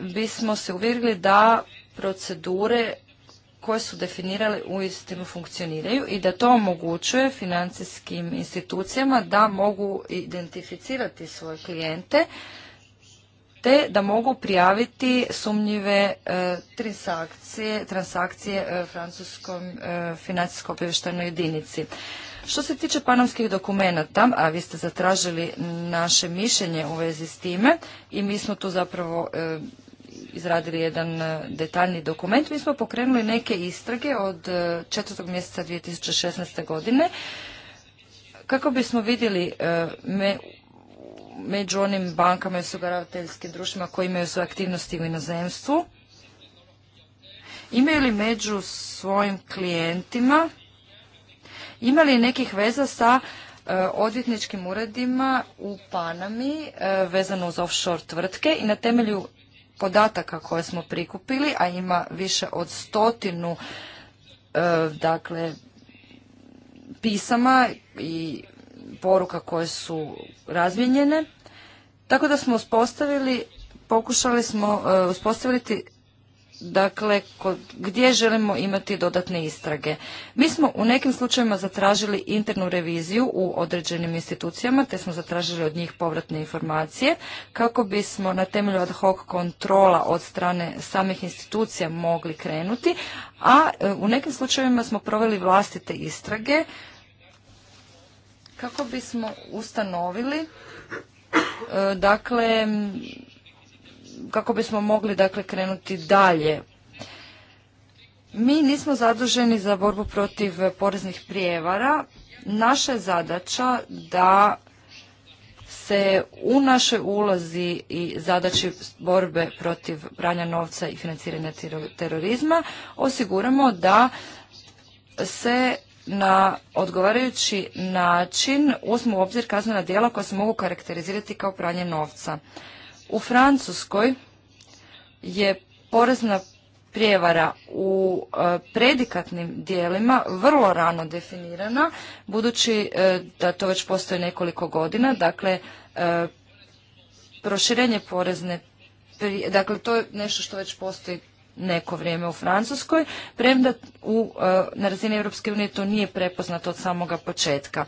bismo se uvjerili da procedure koje su definirali uistinu funkcioniraju i da to omogućuje financijskim institucijama da mogu identificirati svoje klijente te da mogu prijaviti sumnjive e, transakcije, transakcije e, francuskom e, financijsko obještajnoj jedinici. Što se tiče panamskih dokumenata, a vi ste zatražili naše mišljenje u vezi s time i mi smo tu zapravo izradili jedan e, detaljni dokument. Mi smo pokrenuli neke istrage od e, četvrtog mjeseca 2016. godine kako bismo vidjeli e, među onim bankama i osiguravateljskim društvima koji imaju svoje aktivnosti u inozemstvu, imaju li među svojim klijentima, ima li nekih veza sa odvjetničkim uredima u Panami vezano uz offshore tvrtke i na temelju podataka koje smo prikupili, a ima više od stotinu e, dakle pisama i poruka koje su razmijenjene. Tako da smo uspostavili, pokušali smo e, uspostaviti dakle gdje želimo imati dodatne istrage. Mi smo u nekim slučajevima zatražili internu reviziju u određenim institucijama, te smo zatražili od njih povratne informacije kako bismo na temelju ad hoc kontrola od strane samih institucija mogli krenuti, a e, u nekim slučajevima smo proveli vlastite istrage kako bismo ustanovili e, dakle kako bismo mogli dakle krenuti dalje. Mi nismo zaduženi za borbu protiv poreznih prijevara. Naša je zadaća da se u našoj ulozi i zadaći borbe protiv pranja novca i financiranja terorizma osiguramo da se na odgovarajući način uzmu u obzir kaznena djela koja se mogu karakterizirati kao pranje novca. U Francuskoj je porezna prijevara u e, predikatnim dijelima vrlo rano definirana, budući e, da to već postoji nekoliko godina, dakle e, proširenje porezne, dakle to je nešto što već postoji neko vrijeme u Francuskoj, premda u, na razini Europske unije to nije prepoznato od samoga početka.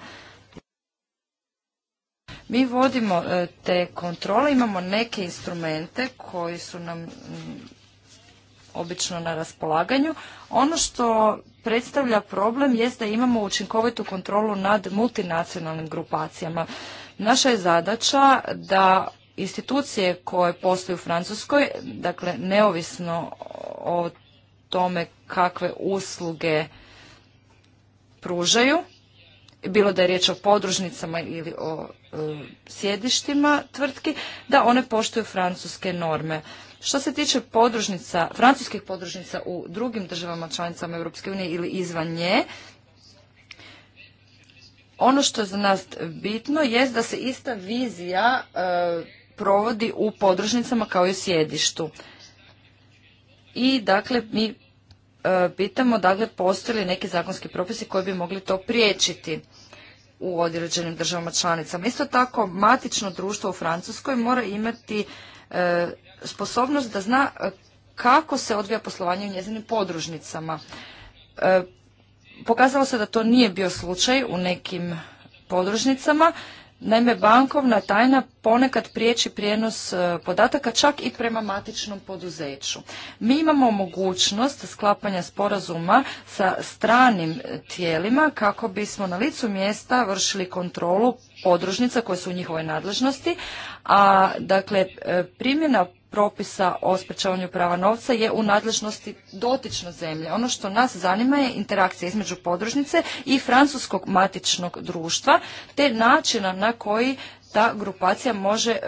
Mi vodimo e, te kontrole, imamo neke instrumente koji su nam mm, obično na raspolaganju. Ono što predstavlja problem jest da imamo učinkovitu kontrolu nad multinacionalnim grupacijama. Naša je zadaća da institucije koje postoje u Francuskoj, dakle neovisno o tome kakve usluge pružaju, bilo da je riječ o podružnicama ili o sjedištima tvrtki, da one poštuju francuske norme. Što se tiče podružnica, francuskih podružnica u drugim državama članicama Europske unije ili izvan nje, ono što je za nas bitno jest da se ista vizija e, provodi u podružnicama kao i u sjedištu. I dakle, mi e, pitamo, li dakle, postoje li neki zakonski propisi koji bi mogli to priječiti u određenim državama članicama. Isto tako, matično društvo u Francuskoj mora imati e, sposobnost da zna e, kako se odvija poslovanje u njezinim podružnicama. E, pokazalo se da to nije bio slučaj u nekim podružnicama Naime, bankovna tajna ponekad priječi prijenos e, podataka čak i prema matičnom poduzeću. Mi imamo mogućnost sklapanja sporazuma sa stranim tijelima kako bismo na licu mjesta vršili kontrolu podružnica koje su u njihovoj nadležnosti, a dakle e, primjena propisa o sprečavanju prava novca je u nadležnosti dotično zemlje. Ono što nas zanima je interakcija između podružnice i francuskog matičnog društva te načina na koji ta grupacija može e,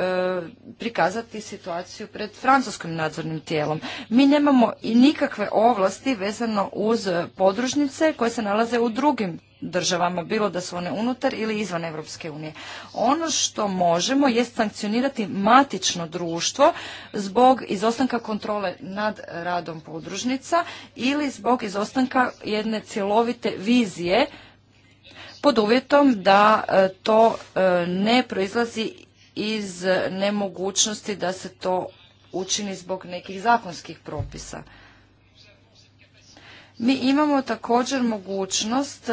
prikazati situaciju pred francuskim nadzornim tijelom. Mi nemamo i nikakve ovlasti vezano uz podružnice koje se nalaze u drugim državama, bilo da su one unutar ili izvan Europske unije. Ono što možemo je sankcionirati matično društvo zbog izostanka kontrole nad radom podružnica ili zbog izostanka jedne cjelovite vizije pod uvjetom da e, to e, ne proizlazi iz nemogućnosti da se to učini zbog nekih zakonskih propisa. Mi imamo također mogućnost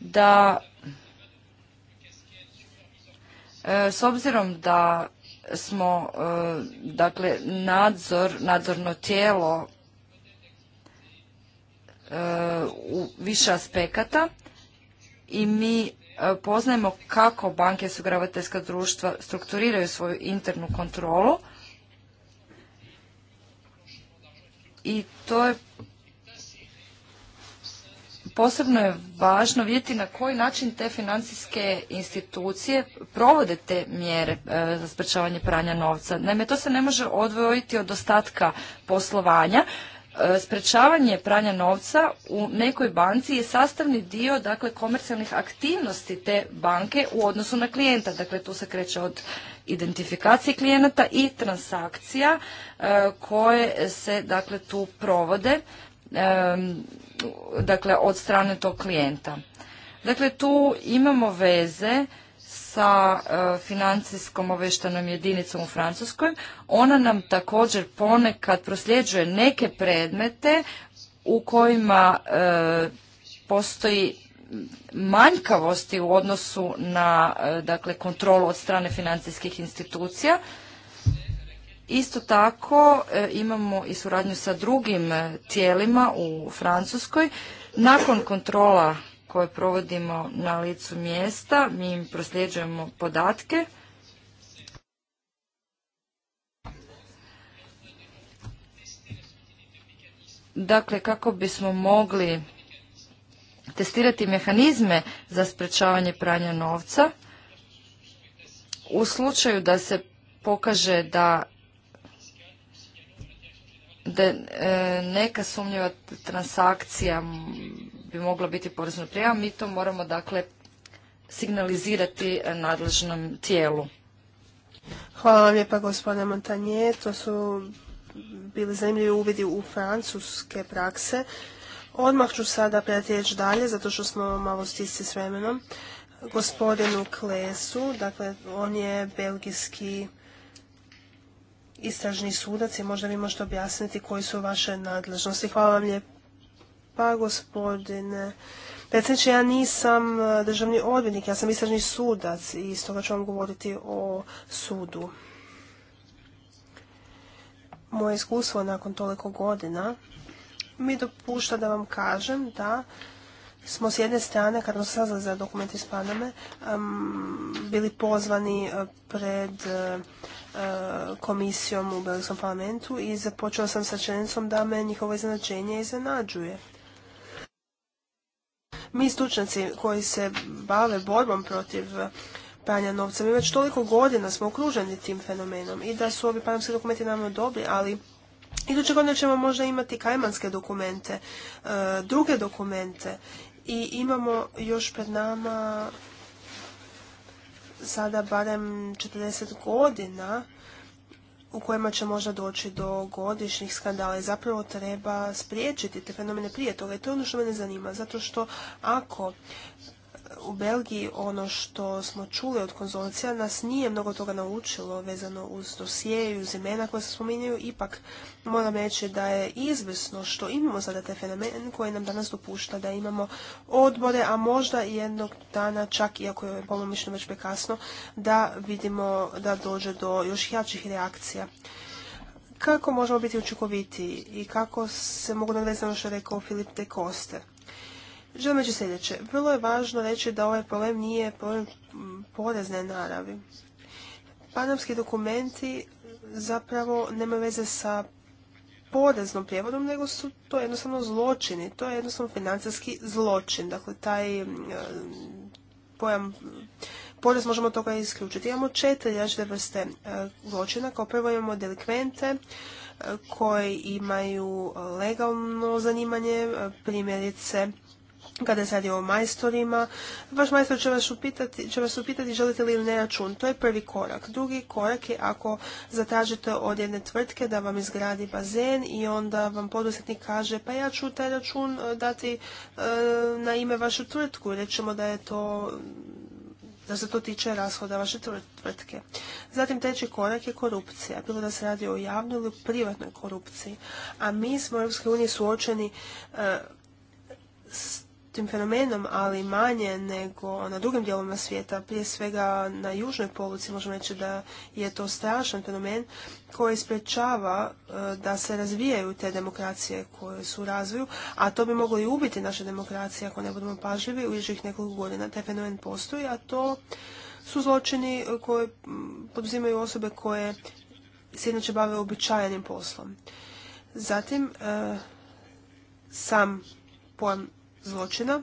da e, s obzirom da smo dakle nadzor, nadzorno tijelo u više aspekata i mi e, poznajemo kako banke i sugravateljska društva strukturiraju svoju internu kontrolu i to je posebno je važno vidjeti na koji način te financijske institucije provode te mjere e, za sprečavanje pranja novca. Naime, to se ne može odvojiti od ostatka poslovanja. E, sprečavanje pranja novca u nekoj banci je sastavni dio dakle komercijalnih aktivnosti te banke u odnosu na klijenta. Dakle, tu se kreće od identifikacije klijenata i transakcija e, koje se dakle tu provode dakle od strane tog klijenta. Dakle, tu imamo veze sa e, financijskom oveštanom jedinicom u Francuskoj. Ona nam također ponekad prosljeđuje neke predmete u kojima e, postoji manjkavosti u odnosu na e, dakle, kontrolu od strane financijskih institucija. Isto tako imamo i suradnju sa drugim tijelima u Francuskoj. Nakon kontrola koje provodimo na licu mjesta, mi im prosljeđujemo podatke. Dakle, kako bismo mogli testirati mehanizme za sprečavanje pranja novca, u slučaju da se pokaže da da e, neka sumnjiva transakcija bi mogla biti porezna prijava, mi to moramo dakle signalizirati e, nadležnom tijelu. Hvala vam lijepa gospodine Montanje. To su bili zanimljivi uvidi u francuske prakse. Odmah ću sada predati riječ dalje, zato što smo malo stisci s vremenom. Gospodinu Klesu, dakle on je belgijski istražni sudac i možda vi možete objasniti koji su vaše nadležnosti. Hvala vam lijepo pa gospodine predsjedniče. Ja nisam e, državni odvjetnik, ja sam istražni sudac i stoga ću vam govoriti o sudu. Moje iskustvo nakon toliko godina mi dopušta da vam kažem da smo s jedne strane, kad smo saznali za dokument iz Paname, bili pozvani e, pred e, komisijom u Belgijskom parlamentu i započela sam sa čenicom da me njihovo iznenađenje iznenađuje. Mi stručnjaci koji se bave borbom protiv pranja novca, mi već toliko godina smo okruženi tim fenomenom i da su ovi panamski dokumenti naravno dobri, ali iduće godine ćemo možda imati kajmanske dokumente, e, druge dokumente i imamo još pred nama sada barem 40 godina u kojima će možda doći do godišnjih skandala i zapravo treba spriječiti te fenomene prije toga. I to je ono što mene zanima, zato što ako u Belgiji ono što smo čuli od konzorcija nas nije mnogo toga naučilo vezano uz dosije i uz imena koje se spominjaju. Ipak moram reći da je izvesno što imamo sada te fenomen koji nam danas dopušta da imamo odbore, a možda jednog dana, čak iako je polomično već prekasno, da vidimo da dođe do još jačih reakcija kako možemo biti učinkovitiji i kako se mogu na ono što je rekao Filip de Koster. Želim reći sljedeće. Vrlo je važno reći da ovaj problem nije problem porezne naravi. Panamski dokumenti zapravo nema veze sa poreznom prijevodom, nego su to jednostavno zločini. To je jednostavno financijski zločin. Dakle, taj e, pojam porez možemo toga isključiti. Imamo četiri različite vrste e, zločina. Kao prvo imamo delikvente e, koji imaju legalno zanimanje, primjerice kada se radi o majstorima, vaš majstor će vas, upitati, će vas upitati želite li ili ne račun. To je prvi korak. Drugi korak je ako zatražite od jedne tvrtke da vam izgradi bazen i onda vam poduzetnik kaže pa ja ću taj račun e, dati e, na ime vašu tvrtku. Rećemo da je to da se to tiče rashoda vaše tvrtke. Zatim treći korak je korupcija, bilo da se radi o javnoj ili privatnoj korupciji. A mi smo u EU suočeni e, s tim fenomenom, ali manje nego na drugim dijelovima svijeta. Prije svega na južnoj poluci možemo reći da je to strašan fenomen koji sprečava e, da se razvijaju te demokracije koje su u razvoju, a to bi moglo i ubiti naše demokracije ako ne budemo pažljivi u ižih nekoliko godina. Taj fenomen postoji, a to su zločini koje poduzimaju osobe koje se inače bave običajanim poslom. Zatim, e, sam pojam zločina.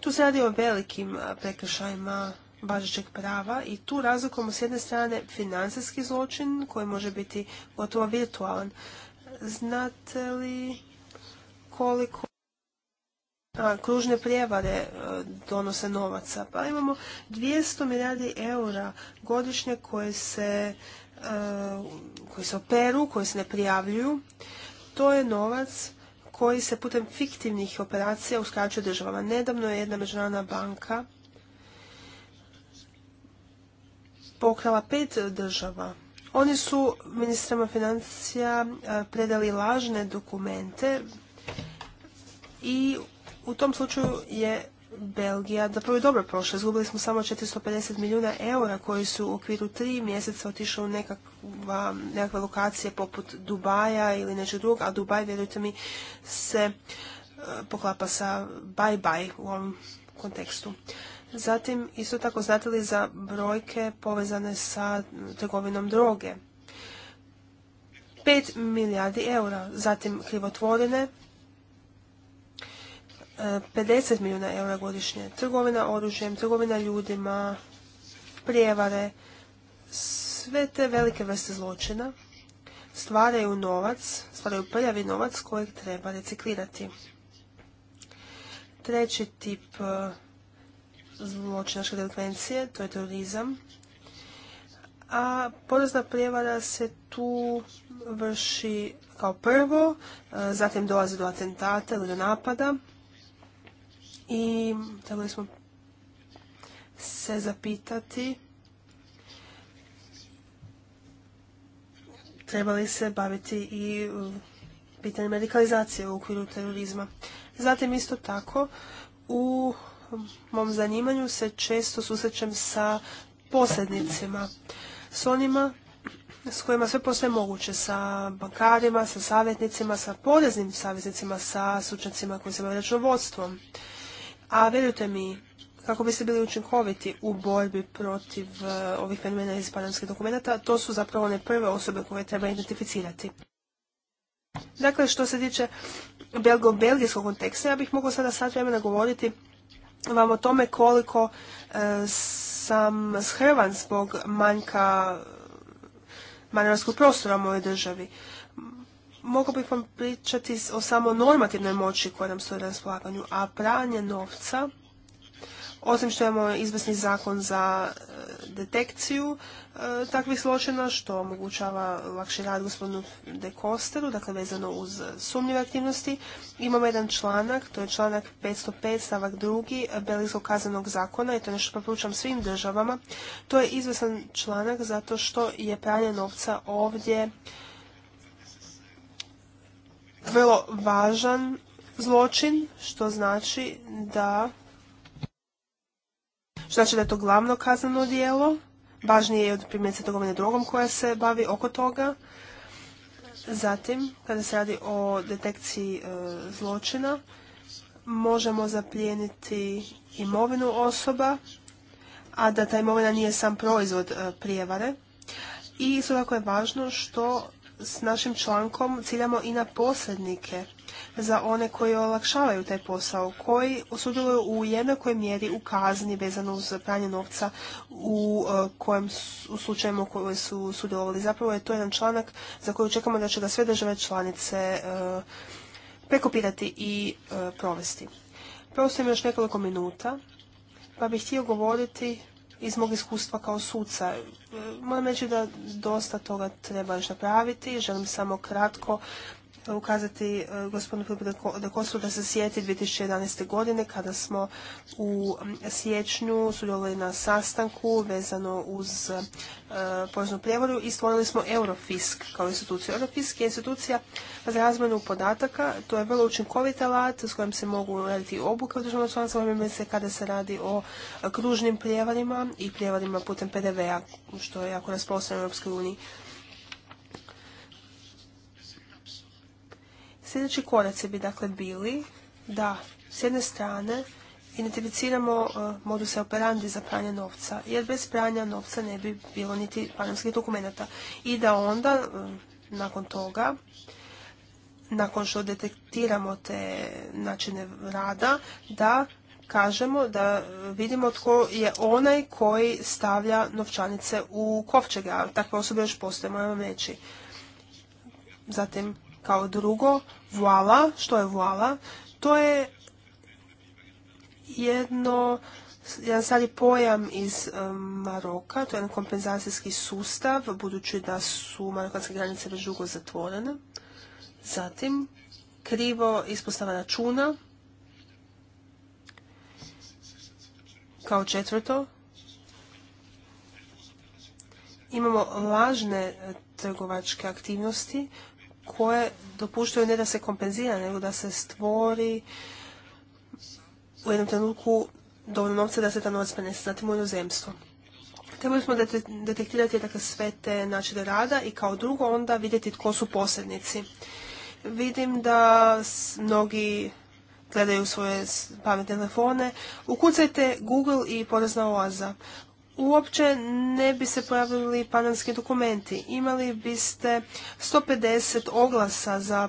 Tu se radi o velikim prekršajima važećeg prava i tu razlikujemo s jedne strane financijski zločin koji može biti gotovo virtualan. Znate li koliko kružne prijevare e, donose novaca? Pa imamo 200 milijardi eura godišnje koje se, e, koji se operu, koji se ne prijavljuju. To je novac koji se putem fiktivnih operacija uskraćuje državama. Nedavno je jedna međunarodna banka pokrala pet država. Oni su ministrama financija e, predali lažne dokumente i u tom slučaju je Belgija zapravo je dobro prošla. Izgubili smo samo 450 milijuna eura koji su u okviru tri mjeseca otišli u nekakve lokacije poput Dubaja ili nečeg drugog, a Dubaj, vjerujte mi, se e, poklapa sa bye-bye u ovom kontekstu. Zatim, isto tako, znate li za brojke povezane sa trgovinom droge? 5 milijardi eura, zatim krivotvorene 50 milijuna eura godišnje. Trgovina oružjem, trgovina ljudima, prijevare, sve te velike vrste zločina stvaraju novac, stvaraju prljavi novac kojeg treba reciklirati. Treći tip e, zločinačke delikvencije, to je terorizam. A porezna prijevara se tu vrši kao prvo, e, zatim dolazi do atentata ili do napada, i trebali smo se zapitati trebali se baviti i pitanjem medikalizacije u okviru terorizma. Zatim isto tako u mom zanimanju se često susrećem sa posrednicima, s onima s kojima sve postoje moguće, sa bankarima, sa savjetnicima, sa poreznim savjetnicima, sa stručnjacima koji se bave računovodstvom. A vjerujte mi, kako biste bili učinkoviti u borbi protiv e, ovih fenomena iz panamskih dokumenata, to su zapravo one prve osobe koje treba identificirati. Dakle, što se tiče belgo-belgijskog konteksta, ja bih mogla sada sad vremena govoriti vam o tome koliko e, sam shrvan zbog manjka e, manjarskog prostora u mojoj državi mogao bih vam pričati o samo normativnoj moći koja nam stoji na raspolaganju, a pranje novca, osim što imamo izvesni zakon za e, detekciju e, takvih sločina, što omogućava lakši rad gospodinu De Kosteru, dakle vezano uz sumnjive aktivnosti, imamo jedan članak, to je članak 505 stavak 2. Belgijskog kaznenog zakona i to je nešto preporučam svim državama. To je izvesan članak zato što je pranje novca ovdje vrlo važan zločin, što znači da što znači da je to glavno kazneno djelo, važnije je od primjerice trgovine drogom koja se bavi oko toga. Zatim, kada se radi o detekciji e, zločina, možemo zaplijeniti imovinu osoba, a da ta imovina nije sam proizvod e, prijevare. I isto tako je važno što s našim člankom ciljamo i na posrednike za one koji olakšavaju taj posao, koji sudjeluju u jednakoj mjeri u kazni vezano uz pranje novca u, e, kojem, u slučajima u kojoj su sudjelovali. Zapravo je to jedan članak za koji očekamo da će ga sve države članice e, prekopirati i e, provesti. Preostajem još nekoliko minuta, pa bih htio govoriti iz mog iskustva kao suca. E, moram reći da dosta toga treba još napraviti. Želim samo kratko ukazati e, gospodinu Filipu da Kosovo da se sjeti 2011. godine kada smo u siječnju sudjelovali na sastanku vezano uz e, poreznu prijevoru i stvorili smo Eurofisk kao instituciju. Eurofisk je institucija za razmjenu podataka, to je vrlo učinkovit alat s kojim se mogu raditi obuke u državnom članstvu kada se radi o kružnim prijevarima i prijevarima putem PDV-a što je jako rasprostranjeno u Europskoj uniji. Sljedeći koraci bi dakle bili da s jedne strane identificiramo uh, moduse operandi za pranje novca, jer bez pranja novca ne bi bilo niti panamskih dokumenata. I da onda, e, nakon toga, nakon što detektiramo te načine rada, da kažemo da e, vidimo tko je onaj koji stavlja novčanice u kovčeg. takve osobe još postoje, moramo reći. Zatim, kao drugo, voala, što je voila? to je jedno jedan stari pojam iz e, Maroka, to je jedan kompenzacijski sustav, budući da su marokanske granice već dugo zatvorene. Zatim, krivo ispostava računa. Kao četvrto, imamo lažne trgovačke aktivnosti koje dopuštaju ne da se kompenzira, nego da se stvori u jednom trenutku dovoljno novca da se ta novac prenese zatim u inozemstvo. Trebali smo detektirati dakle, sve te načine rada i kao drugo onda vidjeti tko su posrednici. Vidim da mnogi gledaju svoje pametne telefone. Ukucajte Google i porezna oaza uopće ne bi se pojavili panamski dokumenti. Imali biste 150 oglasa za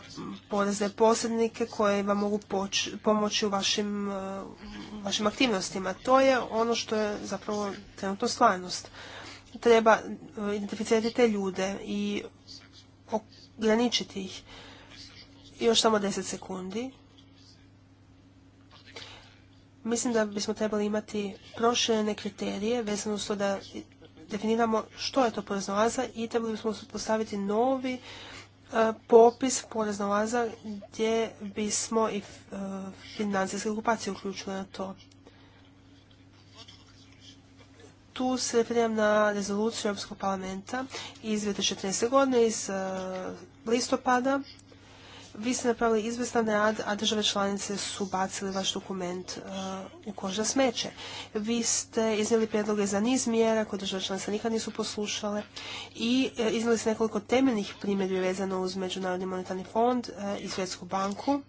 porezne posrednike koje vam mogu pomoći u vašim, uh, vašim aktivnostima. To je ono što je zapravo trenutno stvarnost. Treba uh, identificirati te ljude i ograničiti ih. Još samo 10 sekundi. Mislim da bismo trebali imati proširene kriterije vezano s to da definiramo što je to porezna oaza i trebali bismo postaviti novi e, popis porezna oaza gdje bismo i e, financijske okupacije uključili na to. Tu se referiram na rezoluciju Europskog parlamenta iz 2014. godine iz e, listopada vi ste napravili izvestan rad, a države članice su bacili vaš dokument e, u koš smeće. Vi ste iznijeli predloge za niz mjera koje države članice nikad nisu poslušale i e, iznijeli ste nekoliko temeljnih primjedbi vezano uz Međunarodni monetarni fond e, i Svjetsku banku.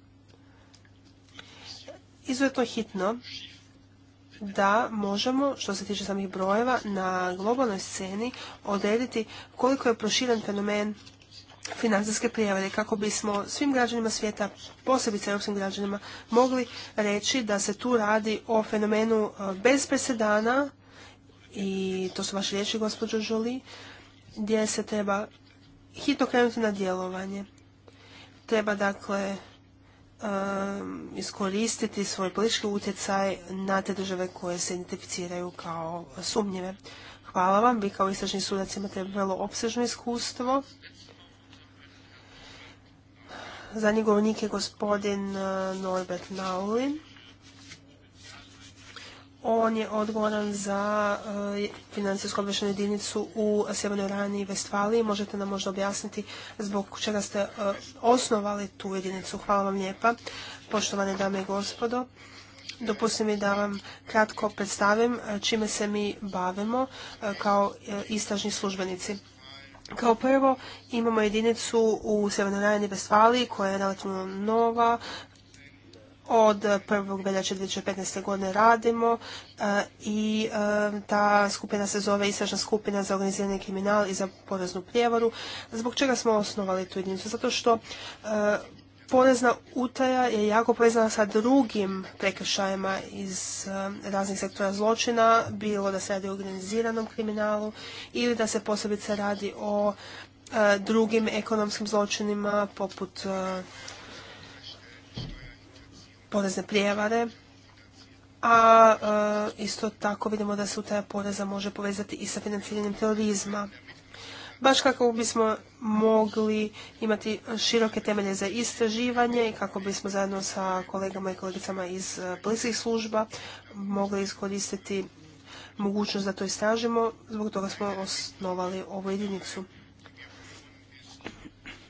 Izuzetno hitno da možemo, što se tiče samih brojeva, na globalnoj sceni odrediti koliko je proširen fenomen financijske prijevare kako bismo svim građanima svijeta, posebice europskim građanima, mogli reći da se tu radi o fenomenu e, bez presedana i to su vaše riječi gospođo žuli gdje se treba hitno krenuti na djelovanje. Treba dakle e, iskoristiti svoj politički utjecaj na te države koje se identificiraju kao sumnjive. Hvala vam, vi kao istražni sudac imate vrlo opsežno iskustvo za govornik je gospodin e, Norbert Naulin. On je odgovoran za e, financijsku obvešenu jedinicu u Sjevernoj Rani i Vestfaliji. Možete nam možda objasniti zbog čega ste e, osnovali tu jedinicu. Hvala vam lijepa, poštovane dame i gospodo. Dopustim mi da vam kratko predstavim čime se mi bavimo kao istražni službenici. Kao prvo imamo jedinicu u Sjevernoj Rajni koja je relativno nova. Od 1. veljače 2015. godine radimo eh, i eh, ta skupina se zove Istražna skupina za organizirani kriminal i za poreznu prijevoru. Zbog čega smo osnovali tu jedinicu? Zato što eh, porezna utaja je jako povezana sa drugim prekršajima iz eh, raznih sektora zločina, bilo da se radi o organiziranom kriminalu ili da se posebice radi o eh, drugim ekonomskim zločinima poput eh, porezne prijevare. A isto tako vidimo da se utaja poreza može povezati i sa financiranjem terorizma baš kako bismo mogli imati široke temelje za istraživanje i kako bismo zajedno sa kolegama i kolegicama iz e, policijskih služba mogli iskoristiti mogućnost da to istražimo. Zbog toga smo osnovali ovu jedinicu.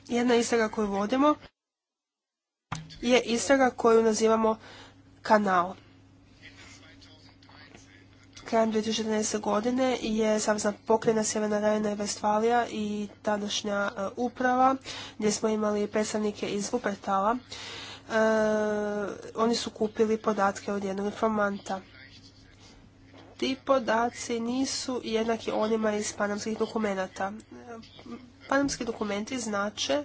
Jedna istraga koju vodimo je istraga koju nazivamo kanal. Krajem 2014. godine je za pokrena Sjeverna Rajna i Vestfalija i tadašnja e, uprava gdje smo imali predstavnike iz Vupertala. E, oni su kupili podatke od jednog informanta. Ti podaci nisu jednaki onima iz panamskih dokumenata. Panamski dokumenti znače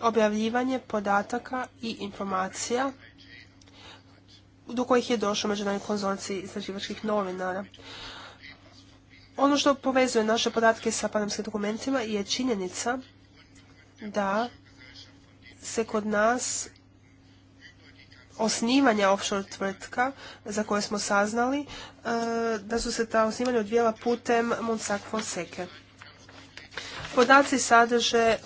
objavljivanje podataka i informacija do kojih je došao Međunarodni konzorcij istraživačkih novinara. Ono što povezuje naše podatke sa panamskim dokumentima je činjenica da se kod nas osnivanja offshore tvrtka za koje smo saznali e, da su se ta osnivanja odvijela putem Monsak Fonseca. Podaci sadrže e,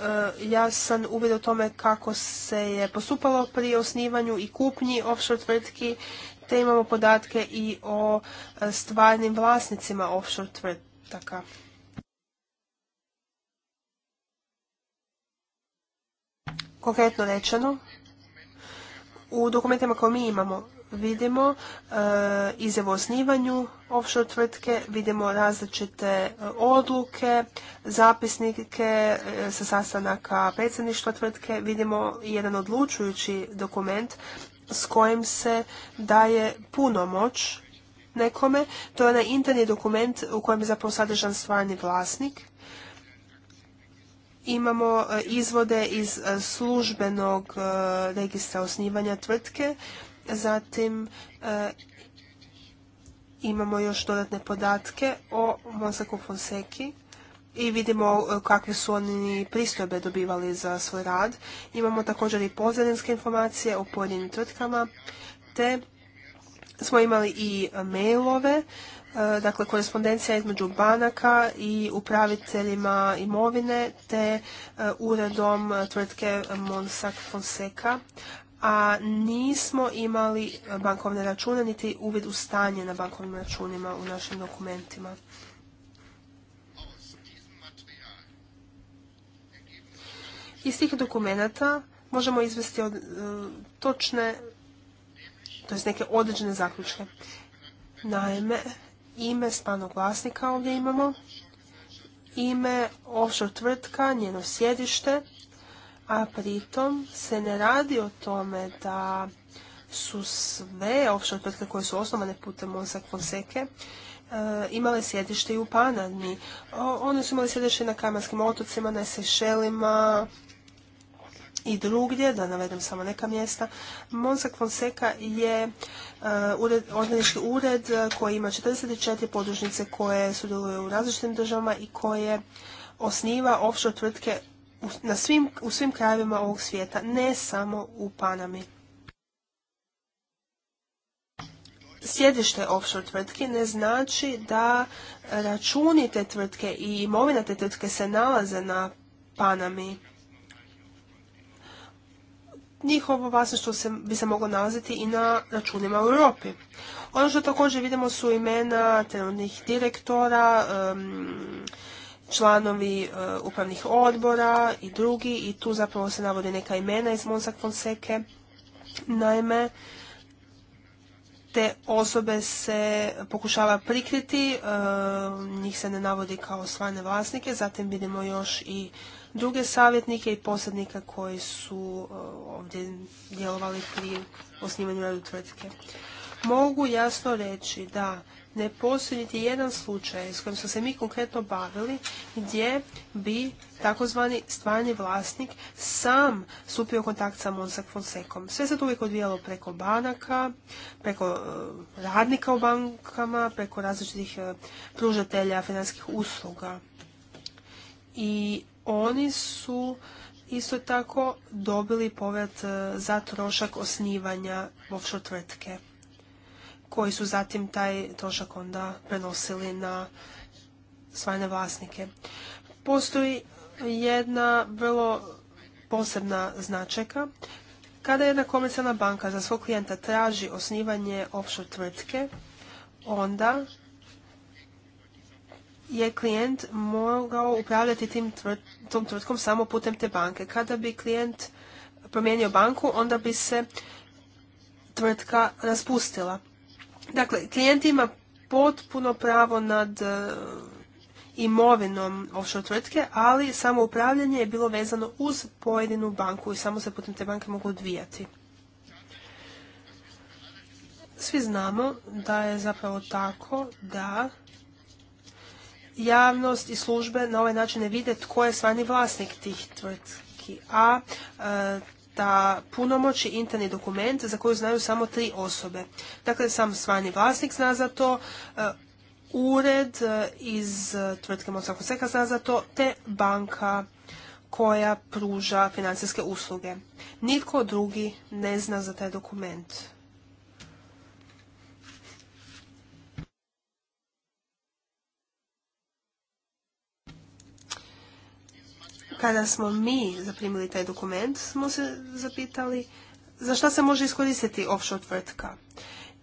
jasan uvid o tome kako se je postupalo pri osnivanju i kupnji offshore tvrtki, te imamo podatke i o e, stvarnim vlasnicima offshore tvrtaka. Konkretno rečeno, u dokumentima koje mi imamo vidimo e, izjavu o osnivanju offshore tvrtke, vidimo različite e, odluke, zapisnike e, sa sastanaka predsjedništva tvrtke, vidimo jedan odlučujući dokument s kojim se daje puno moć nekome. To je onaj interni dokument u kojem je zapravo sadržan stvarni vlasnik. Imamo izvode iz službenog registra osnivanja tvrtke Zatim e, imamo još dodatne podatke o Mosaku Fonseki i vidimo e, kakve su oni pristojbe dobivali za svoj rad. Imamo također i pozadinske informacije o pojedinim tvrtkama, te smo imali i mailove, e, dakle korespondencija između banaka i upraviteljima imovine, te uredom tvrtke Monsac Fonseca, a nismo imali bankovne račune niti uvid u stanje na bankovnim računima u našim dokumentima. Iz tih dokumenata možemo izvesti od, e, točne, to jest neke određene zaključke. Naime, ime spanog vlasnika ovdje imamo, ime offshore tvrtka, njeno sjedište, a pritom se ne radi o tome da su sve offshore tvrtke koje su osnovane putem Monsak Fonseke e, imale sjedište i u Panadni. One su imale sjedište na Kamarskim otocima, na Sešelima i drugdje, da navedem samo neka mjesta. Monsak Fonseca je e, odrednički ured koji ima 44 podružnice koje sudjeluju u različitim državama i koje osniva offshore tvrtke u, na svim, svim krajevima ovog svijeta, ne samo u Panami. Sjedište offshore tvrtke ne znači da računi te tvrtke i imovina te tvrtke se nalaze na Panami. Njihovo vlasništvo se, bi se moglo nalaziti i na računima u Europi. Ono što također vidimo su imena trenutnih direktora, um, članovi e, upravnih odbora i drugi i tu zapravo se navode neka imena iz Monsak Fonseke. Naime, te osobe se pokušava prikriti, e, njih se ne navodi kao stvarne vlasnike, zatim vidimo još i druge savjetnike i posrednike koji su e, ovdje djelovali pri osnivanju radu tvrtke. Mogu jasno reći da ne postoji niti jedan slučaj s kojim smo se mi konkretno bavili gdje bi takozvani stvarni vlasnik sam stupio u kontakt sa Monsak Fonsekom. Sve se to uvijek odvijalo preko banaka, preko e, radnika u bankama, preko različitih e, pružatelja financijskih usluga. I oni su isto tako dobili povrat e, za trošak osnivanja offshore tvrtke koji su zatim taj trošak onda prenosili na svajne vlasnike. Postoji jedna vrlo posebna značajka. Kada jedna komercijalna banka za svog klijenta traži osnivanje offshore tvrtke, onda je klijent mogao upravljati tim tom tvrtkom samo putem te banke. Kada bi klijent promijenio banku, onda bi se tvrtka raspustila. Dakle, klijent ima potpuno pravo nad e, imovinom offshore tvrtke, ali samo upravljanje je bilo vezano uz pojedinu banku i samo se putem te banke mogu odvijati. Svi znamo da je zapravo tako da javnost i službe na ovaj način ne vide tko je stvarni vlasnik tih tvrtki, a e, da punomoć je interni dokument za koju znaju samo tri osobe. Dakle, sam stvarni vlasnik zna za to, e, ured e, iz e, tvrtke Mossack seka zna za to, te banka koja pruža financijske usluge. Nitko drugi ne zna za taj dokument. Kada smo mi zaprimili taj dokument, smo se zapitali za šta se može iskoristiti offshore tvrtka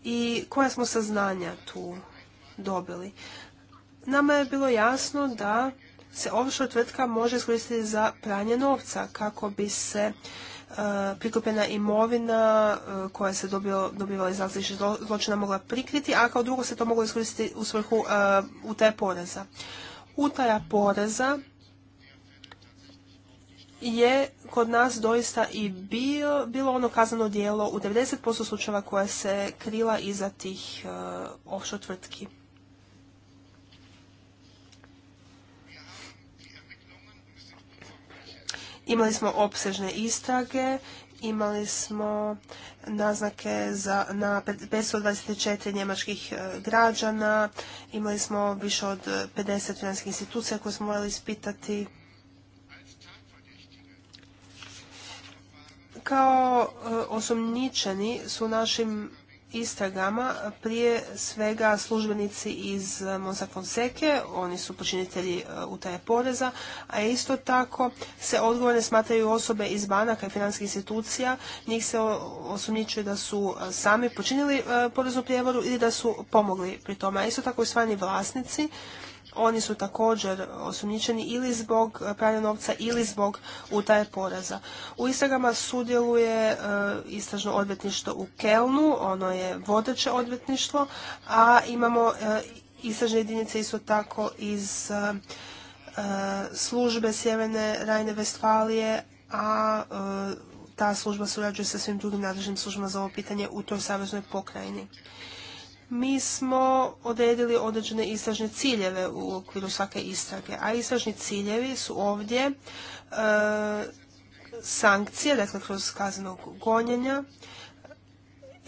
i koja smo saznanja tu dobili. Nama je bilo jasno da se offshore tvrtka može iskoristiti za pranje novca kako bi se e, prikupljena imovina e, koja se dobivala iz različitih zločina mogla prikriti, a kao drugo se to moglo iskoristiti u svrhu e, utaja poreza. Utaja poreza je kod nas doista i bilo ono kazano djelo u 90% slučajeva koja se krila iza tih uh, offshore tvrtki. Imali smo opsežne istrage, imali smo naznake za, na 524 njemačkih e, građana, imali smo više od 50 financijskih institucija koje smo morali ispitati. kao e, osumnjičeni su našim istragama prije svega službenici iz e, Monsa Fonseke, oni su počinitelji e, utaje poreza, a isto tako se odgovorne smatraju osobe iz banaka i finanskih institucija, njih se osumnjičuje da su sami počinili poreznu prijevoru ili da su pomogli pri tome. A isto tako i svani vlasnici oni su također osumnjičeni ili zbog e, pranja novca ili zbog utaje poreza. U istragama sudjeluje e, istražno odvjetništvo u Kelnu, ono je vodeće odvjetništvo, a imamo e, istražne jedinice isto tako iz službe Sjeverne Rajne Vestfalije, a ta služba surađuje sa svim drugim nadležnim službama za ovo pitanje u toj saveznoj pokrajini mi smo odredili određene istražne ciljeve u okviru svake istrage, a istražni ciljevi su ovdje e, sankcije, dakle kroz kaznenog gonjenja,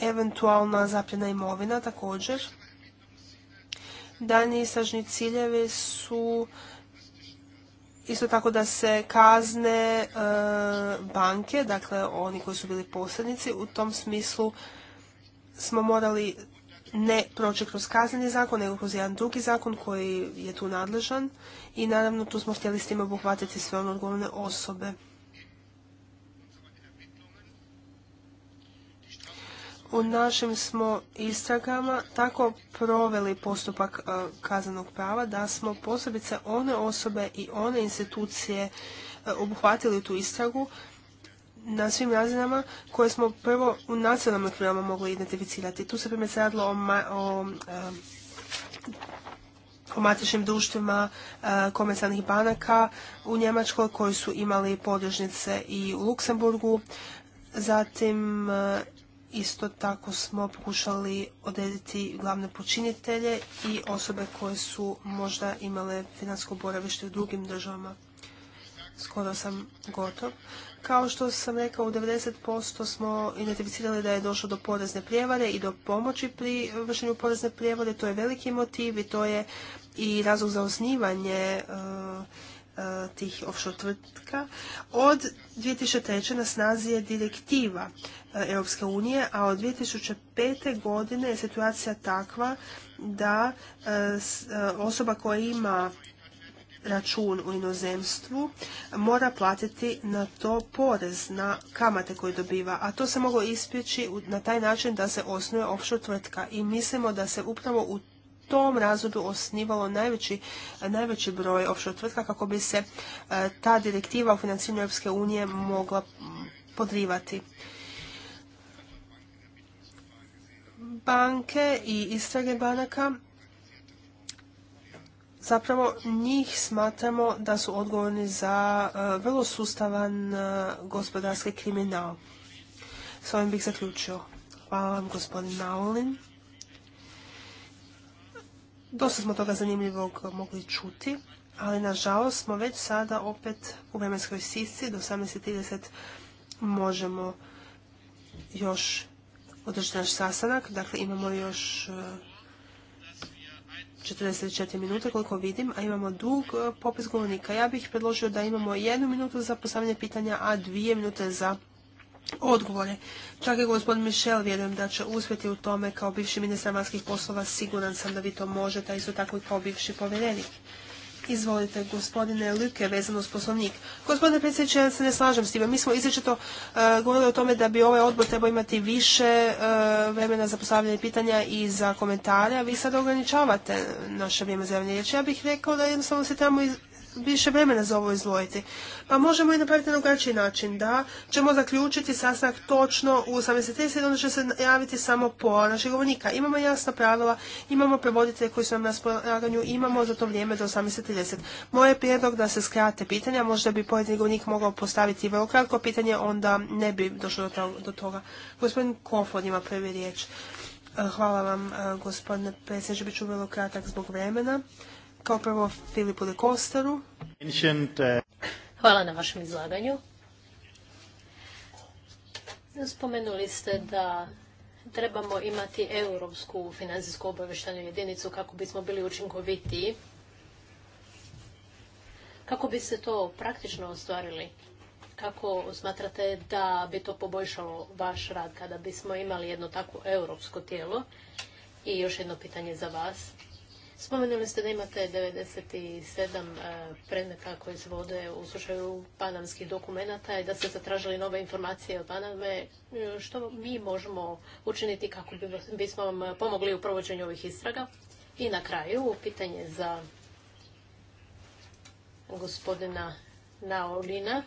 eventualna zapljena imovina također. Daljni istražni ciljevi su isto tako da se kazne e, banke, dakle oni koji su bili posrednici, u tom smislu smo morali ne proći kroz kazneni zakon, nego kroz jedan drugi zakon koji je tu nadležan i naravno tu smo htjeli s tim obuhvatiti sve one odgovorne osobe. U našim smo istragama tako proveli postupak e, kaznenog prava da smo posebice one osobe i one institucije e, obuhvatili tu istragu na svim razinama koje smo prvo u nacionalnom okvirama mogli identificirati. Tu se se radilo o, ma, o, eh, o matičnim društvima eh, komercijalnih banaka u Njemačkoj koji su imali podružnice i u Luksemburgu. Zatim eh, isto tako smo pokušali odrediti glavne počinitelje i osobe koje su možda imale finansko boravište u drugim državama. Skoro sam gotov. Kao što sam rekao, u 90% smo identificirali da je došlo do porezne prijevare i do pomoći pri vršenju porezne prijevare. To je veliki motiv i to je i razlog za osnivanje e, e, tih offshore tvrtka. Od 2003. na snazi je direktiva e, Europske unije, a od 2005. godine je situacija takva da osoba koja ima račun u inozemstvu mora platiti na to porez na kamate koje dobiva, a to se moglo ispjeći na taj način da se osnuje offshore tvrtka i mislimo da se upravo u tom razlogu osnivalo najveći, broj offshore tvrtka kako bi se e, ta direktiva u financiranju Europske unije mogla podrivati. Banke i istrage banaka zapravo njih smatramo da su odgovorni za e, vrlo sustavan e, gospodarski kriminal. S ovim bih zaključio. Hvala vam gospodin Naulin. Dosta smo toga zanimljivog mogli čuti, ali nažalost smo već sada opet u vremenskoj sisci do 18.30 možemo još održati naš sastanak. Dakle, imamo još e, 44 minute koliko vidim, a imamo dug e, popis govornika. Ja bih predložio da imamo jednu minutu za postavljanje pitanja, a dvije minute za odgovore. Čak i gospodin Mišel vjerujem da će uspjeti u tome kao bivši ministar vanjskih poslova. Siguran sam da vi to možete, a isto tako i kao bivši povjerenik. Izvolite, gospodine Luke, vezano uz poslovnik. Gospodine predsjedniče, ja se ne slažem s time. Mi smo izrečito e, govorili o tome da bi ovaj odbor trebao imati više e, vremena za postavljanje pitanja i za komentare, a vi sada ograničavate naše vrijeme za javljanje Ja bih rekao da jednostavno se tamo iz, više vremena za ovo izdvojiti. Pa možemo i napraviti na drugačiji način, da ćemo zaključiti sastanak točno u 18.30 onda će se javiti samo po našeg govornika. Imamo jasna pravila, imamo prevoditelje koji su nam na raspolaganju, imamo za to vrijeme do 18.30. Moj je prijedlog da se skrate pitanja, možda bi pojedini govornik mogao postaviti vrlo kratko pitanje, onda ne bi došlo do toga. Gospodin Kofod ima prvi riječ. Hvala vam, gospodine predsjedniče, bit ću vrlo kratak zbog vremena. Kao prvo Filipu de eh, Hvala na vašem izlaganju. Spomenuli ste da trebamo imati europsku financijsku obaveštanju jedinicu kako bismo bili učinkovitiji. Kako bi se to praktično ostvarili? Kako smatrate da bi to poboljšalo vaš rad kada bismo imali jedno takvo europsko tijelo? I još jedno pitanje za vas. Spomenuli ste da imate 97 e, predmeta koje se vode u slučaju panamskih dokumenata i da ste zatražili nove informacije od Paname. E, što mi možemo učiniti kako bismo vam pomogli u provođenju ovih istraga? I na kraju, pitanje za gospodina Naolina.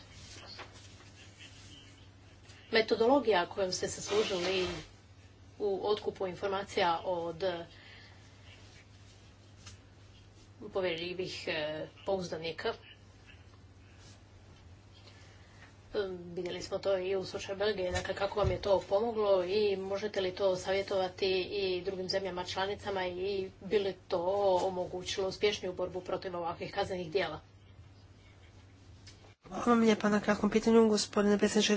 Metodologija kojom ste se služili u otkupu informacija od povjerljivih e, pouzdanika. E, vidjeli smo to i u slučaju Belgije, dakle kako vam je to pomoglo i možete li to savjetovati i drugim zemljama članicama i bi li to omogućilo uspješniju borbu protiv ovakvih kaznenih djela? Hvala vam lijepa na kratkom pitanju, gospodine predsjedniče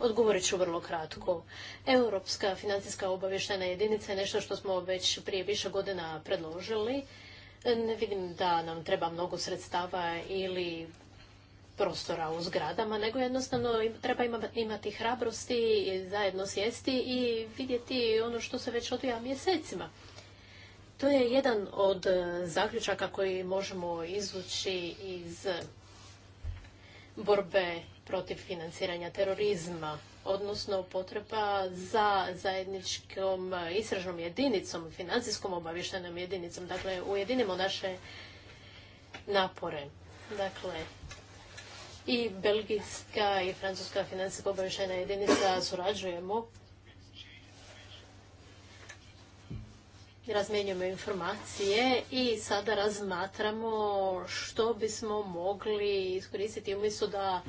Odgovorit ću vrlo kratko. Europska financijska obavještajna jedinica je nešto što smo već prije više godina predložili. Ne vidim da nam treba mnogo sredstava ili prostora u zgradama, nego jednostavno treba imati hrabrosti, zajedno sjesti i vidjeti ono što se već odvija mjesecima. To je jedan od e, zaključaka koji možemo izvući iz borbe protiv financiranja terorizma, odnosno potreba za zajedničkom istražnom jedinicom, financijskom obavještajnom jedinicom. Dakle, ujedinimo naše napore. Dakle, i belgijska i francuska financijska obavještajna jedinica surađujemo. Razmjenjujemo informacije i sada razmatramo što bismo mogli iskoristiti umjesto da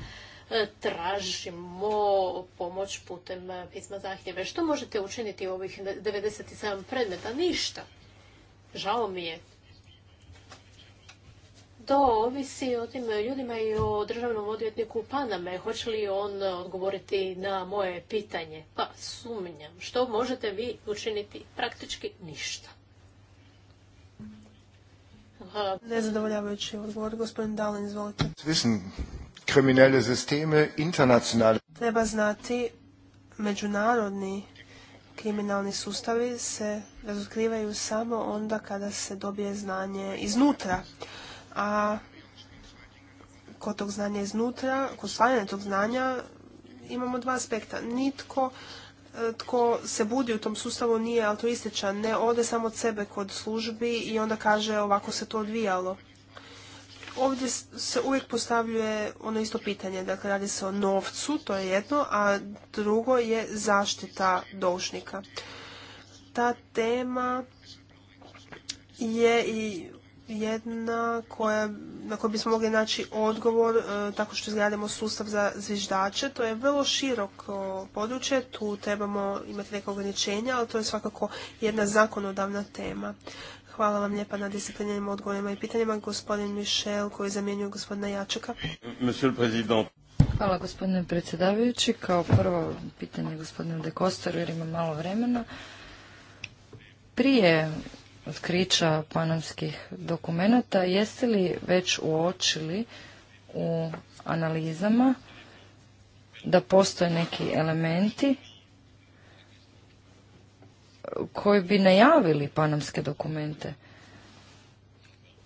tražimo pomoć putem pisma zahtjeve. Što možete učiniti u ovih 97 predmeta? Ništa. Žao mi je. To ovisi o tim ljudima i o državnom odvjetniku Paname. Hoće li on odgovoriti na moje pitanje? Pa sumnjam. Što možete vi učiniti? Praktički ništa. Nezadovoljavajući odgovor. Gospodin Dalin, izvolite kriminelle Treba znati, međunarodni kriminalni sustavi se razotkrivaju samo onda kada se dobije znanje iznutra. A kod tog znanja iznutra, kod stvaranja tog znanja, imamo dva aspekta. Nitko e, tko se budi u tom sustavu nije altruističan, ne ode samo od sebe kod službi i onda kaže ovako se to odvijalo ovdje se uvijek postavljuje ono isto pitanje, dakle radi se o novcu, to je jedno, a drugo je zaštita dožnika. Ta tema je i jedna koja, na kojoj bismo mogli naći odgovor e, tako što izgradimo sustav za zviždače. To je vrlo široko područje, tu trebamo imati neka ograničenja, ali to je svakako jedna zakonodavna tema. Hvala vam lijepa na disciplinjenim odgovorima i pitanjima. Gospodin Mišel koji zamjenjuje gospodina Jačeka. Hvala gospodine predsjedavajući. Kao prvo pitanje gospodinu De Kostaru jer ima malo vremena. Prije otkrića panamskih dokumenata jeste li već uočili u analizama da postoje neki elementi koji bi najavili panamske dokumente.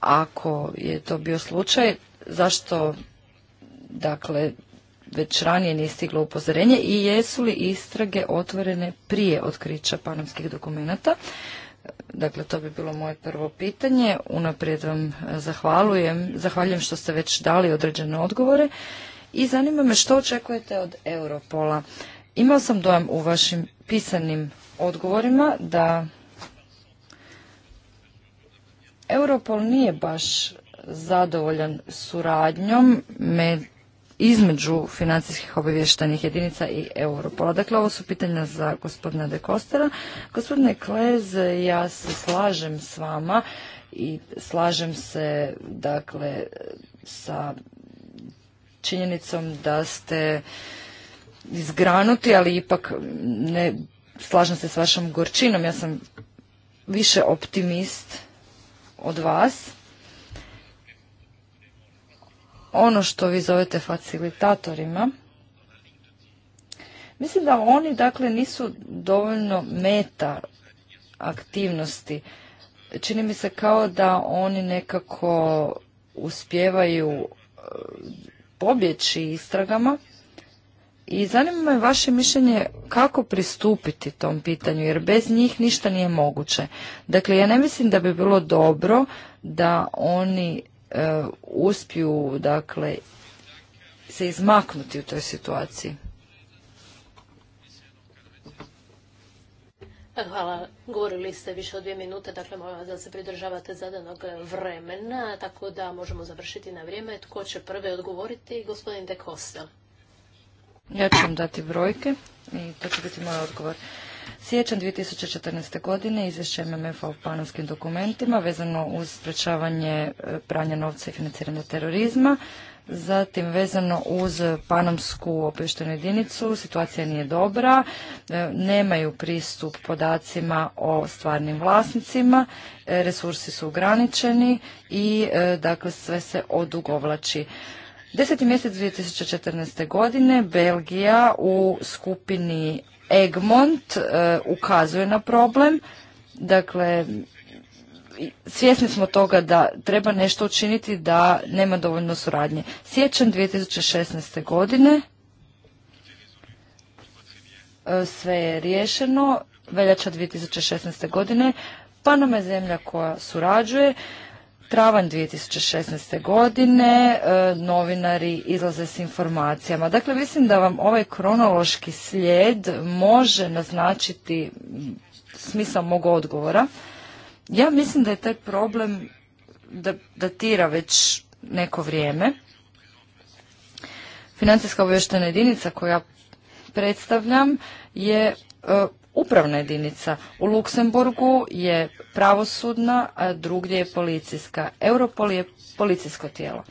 Ako je to bio slučaj, zašto dakle već ranije nije stiglo upozorenje i jesu li istrage otvorene prije otkrića panamskih dokumenata? Dakle, to bi bilo moje prvo pitanje. Unaprijed vam zahvalujem. Zahvaljujem što ste već dali određene odgovore. I zanima me što očekujete od Europola. Imao sam dojam u vašim pisanim odgovorima da Europol nije baš zadovoljan suradnjom između financijskih obavještajnih jedinica i Europola. Dakle, ovo su pitanja za gospodina De Kostera. Gospodine Klez, ja se slažem s vama i slažem se dakle sa činjenicom da ste izgranuti, ali ipak ne slažem se s vašom gorčinom, ja sam više optimist od vas. Ono što vi zovete facilitatorima, mislim da oni dakle nisu dovoljno meta aktivnosti. Čini mi se kao da oni nekako uspjevaju e, pobjeći istragama i zanima me vaše mišljenje kako pristupiti tom pitanju, jer bez njih ništa nije moguće. Dakle, ja ne mislim da bi bilo dobro da oni e, uspiju, dakle, se izmaknuti u toj situaciji. Hvala. Govorili ste više od dvije minute, dakle molim da se pridržavate zadanog vremena, tako da možemo završiti na vrijeme. Tko će prvi odgovoriti? Gospodin De ja ću vam dati brojke i to će biti moj odgovor. Sjećan 2014. godine izvješće MMF-a o panovskim dokumentima vezano uz sprečavanje e, pranja novca i financiranja terorizma. Zatim vezano uz panomsku opještenu jedinicu, situacija nije dobra, e, nemaju pristup podacima o stvarnim vlasnicima, e, resursi su ograničeni i dakle sve se odugovlači. Deseti mjesec 2014. godine Belgija u skupini Egmont e, ukazuje na problem. Dakle, svjesni smo toga da treba nešto učiniti da nema dovoljno suradnje. Sjećan 2016. godine e, sve je riješeno, veljača 2016. godine, nam je zemlja koja surađuje, travanj 2016. godine e, novinari izlaze s informacijama. Dakle, mislim da vam ovaj kronološki slijed može naznačiti smisao mog odgovora. Ja mislim da je taj problem datira već neko vrijeme. Financijska obještena jedinica koja predstavljam je e, upravna jedinica. U Luksemburgu je pravosudna, a drugdje je policijska. Europol je policijsko tijelo.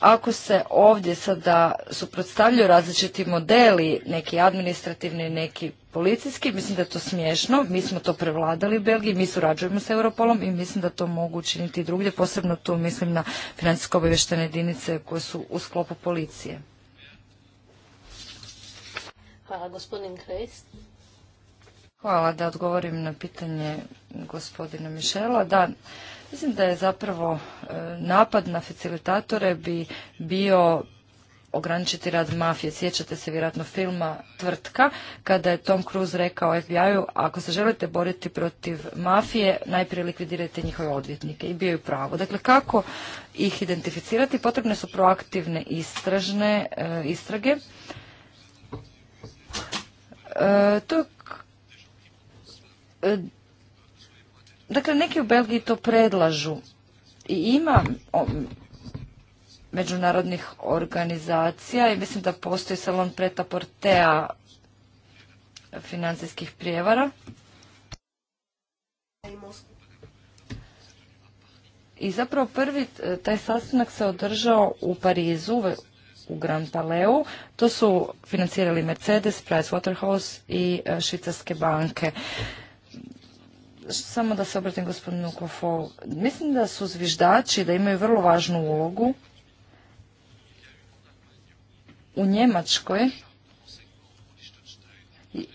Ako se ovdje sada suprotstavljaju različiti modeli, neki administrativni, neki policijski, mislim da je to smiješno. Mi smo to prevladali u Belgiji, mi surađujemo s Europolom i mislim da to mogu učiniti i drugdje, posebno tu mislim na financijsko obavještene jedinice koje su u sklopu policije. Hvala, gospodin Krejs. Hvala da odgovorim na pitanje gospodina Mišela. Da, mislim da je zapravo e, napad na facilitatore bi bio ograničiti rad mafije. Sjećate se vjerojatno filma Tvrtka, kada je Tom Cruise rekao FBI-u, ako se želite boriti protiv mafije, najprije likvidirajte njihove odvjetnike. I bio je pravo. Dakle, kako ih identificirati? Potrebne su proaktivne istražne e, istrage E, to e, dakle neki u Belgiji to predlažu i ima međunarodnih organizacija i mislim da postoji salon pretaportea financijskih prijevara. I zapravo prvi e, taj sastanak se održao u Parizu u Grand Paleu. To su financirali Mercedes, Pricewaterhouse i e, švicarske banke. Samo da se obratim gospodinu Kofovu. Mislim da su zviždači, da imaju vrlo važnu ulogu. U Njemačkoj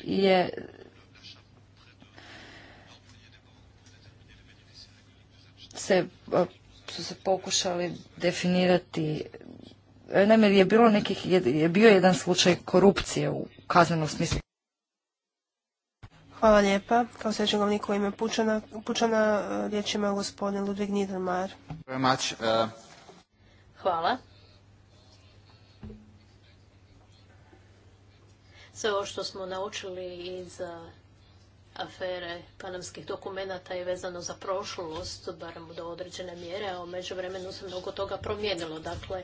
je se e, su se pokušali definirati naime je bilo nekih, je bio jedan slučaj korupcije u kaznenom smislu. Hvala lijepa. Kao sveći govnik u ime Pučana, Pučana eh, riječ ima gospodin Ludvig Niedermayer. Eh. Hvala. Sve ovo što smo naučili iz eh, afere panamskih dokumenata je vezano za prošlost, barem do određene mjere, a u međuvremenu se mnogo toga promijenilo. Dakle,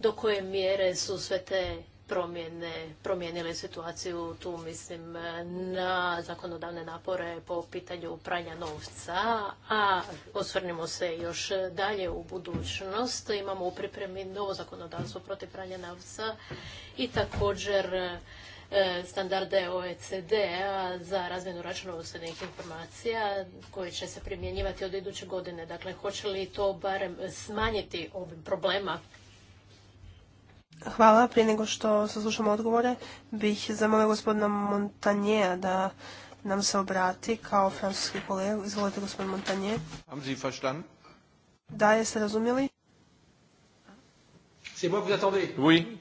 do koje mjere su sve te promjene promijenile situaciju, tu mislim e, na zakonodavne napore po pitanju pranja novca, a osvrnimo se još dalje u budućnost. Imamo u pripremi novo zakonodavstvo protiv pranja novca i također e, standarde oecd za razmjenu računovodstvenih informacija koji će se primjenjivati od iduće godine. Dakle, hoće li to barem smanjiti ovim problema Hvala. Prije nego što saslušamo odgovore, bih zamolio gospodina Montanjea da nam se obrati kao francuski kolega. Izvolite, gospodin Montanje. Haben Sie verstanden? Da, jeste razumjeli? C'est moi vous attendez? Oui.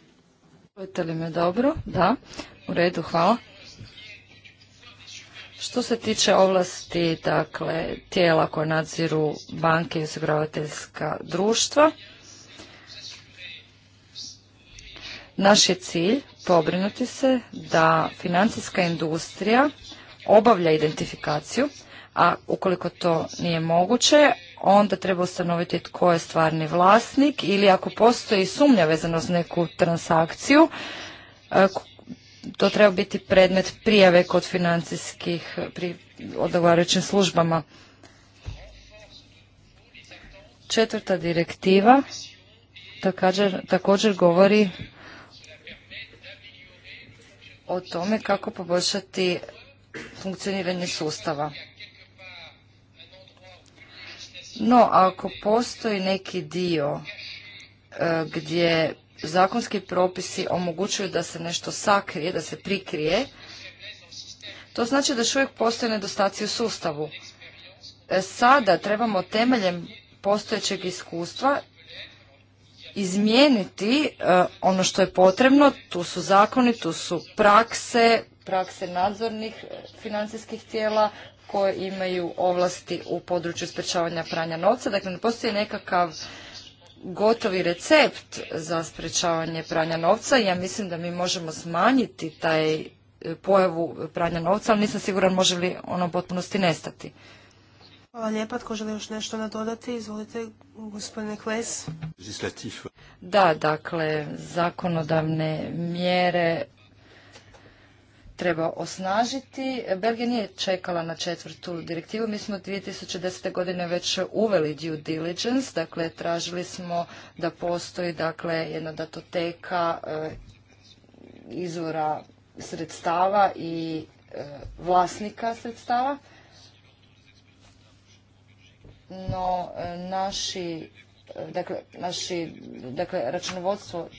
li me dobro? Da. U redu, hvala. Što se tiče ovlasti, dakle, tijela koje nadziru banke i osiguravateljska društva, Naš je cilj pobrinuti se da financijska industrija obavlja identifikaciju, a ukoliko to nije moguće, onda treba ustanoviti tko je stvarni vlasnik ili ako postoji sumnja vezano s neku transakciju, e, to treba biti predmet prijave kod financijskih odgovarajućim službama. Četvrta direktiva također, također govori o tome kako poboljšati funkcioniranje sustava. No, ako postoji neki dio e, gdje zakonski propisi omogućuju da se nešto sakrije, da se prikrije, to znači da još uvijek postoje nedostaci u sustavu. E, sada trebamo temeljem postojećeg iskustva izmijeniti e, ono što je potrebno, tu su zakoni, tu su prakse, prakse nadzornih e, financijskih tijela koje imaju ovlasti u području sprečavanja pranja novca. Dakle, ne postoji nekakav gotovi recept za sprečavanje pranja novca. Ja mislim da mi možemo smanjiti taj e, pojavu pranja novca, ali nisam siguran može li ono potpunosti nestati. Hvala lijepa. Tko želi još nešto nadodati? Izvolite, gospodine Kles. Da, dakle, zakonodavne mjere treba osnažiti. Belgija nije čekala na četvrtu direktivu. Mi smo 2010. godine već uveli due diligence, dakle tražili smo da postoji dakle jedna datoteka eh, izvora sredstava i eh, vlasnika sredstava no e, naši, e, dakle, naši, dakle, računovodstvo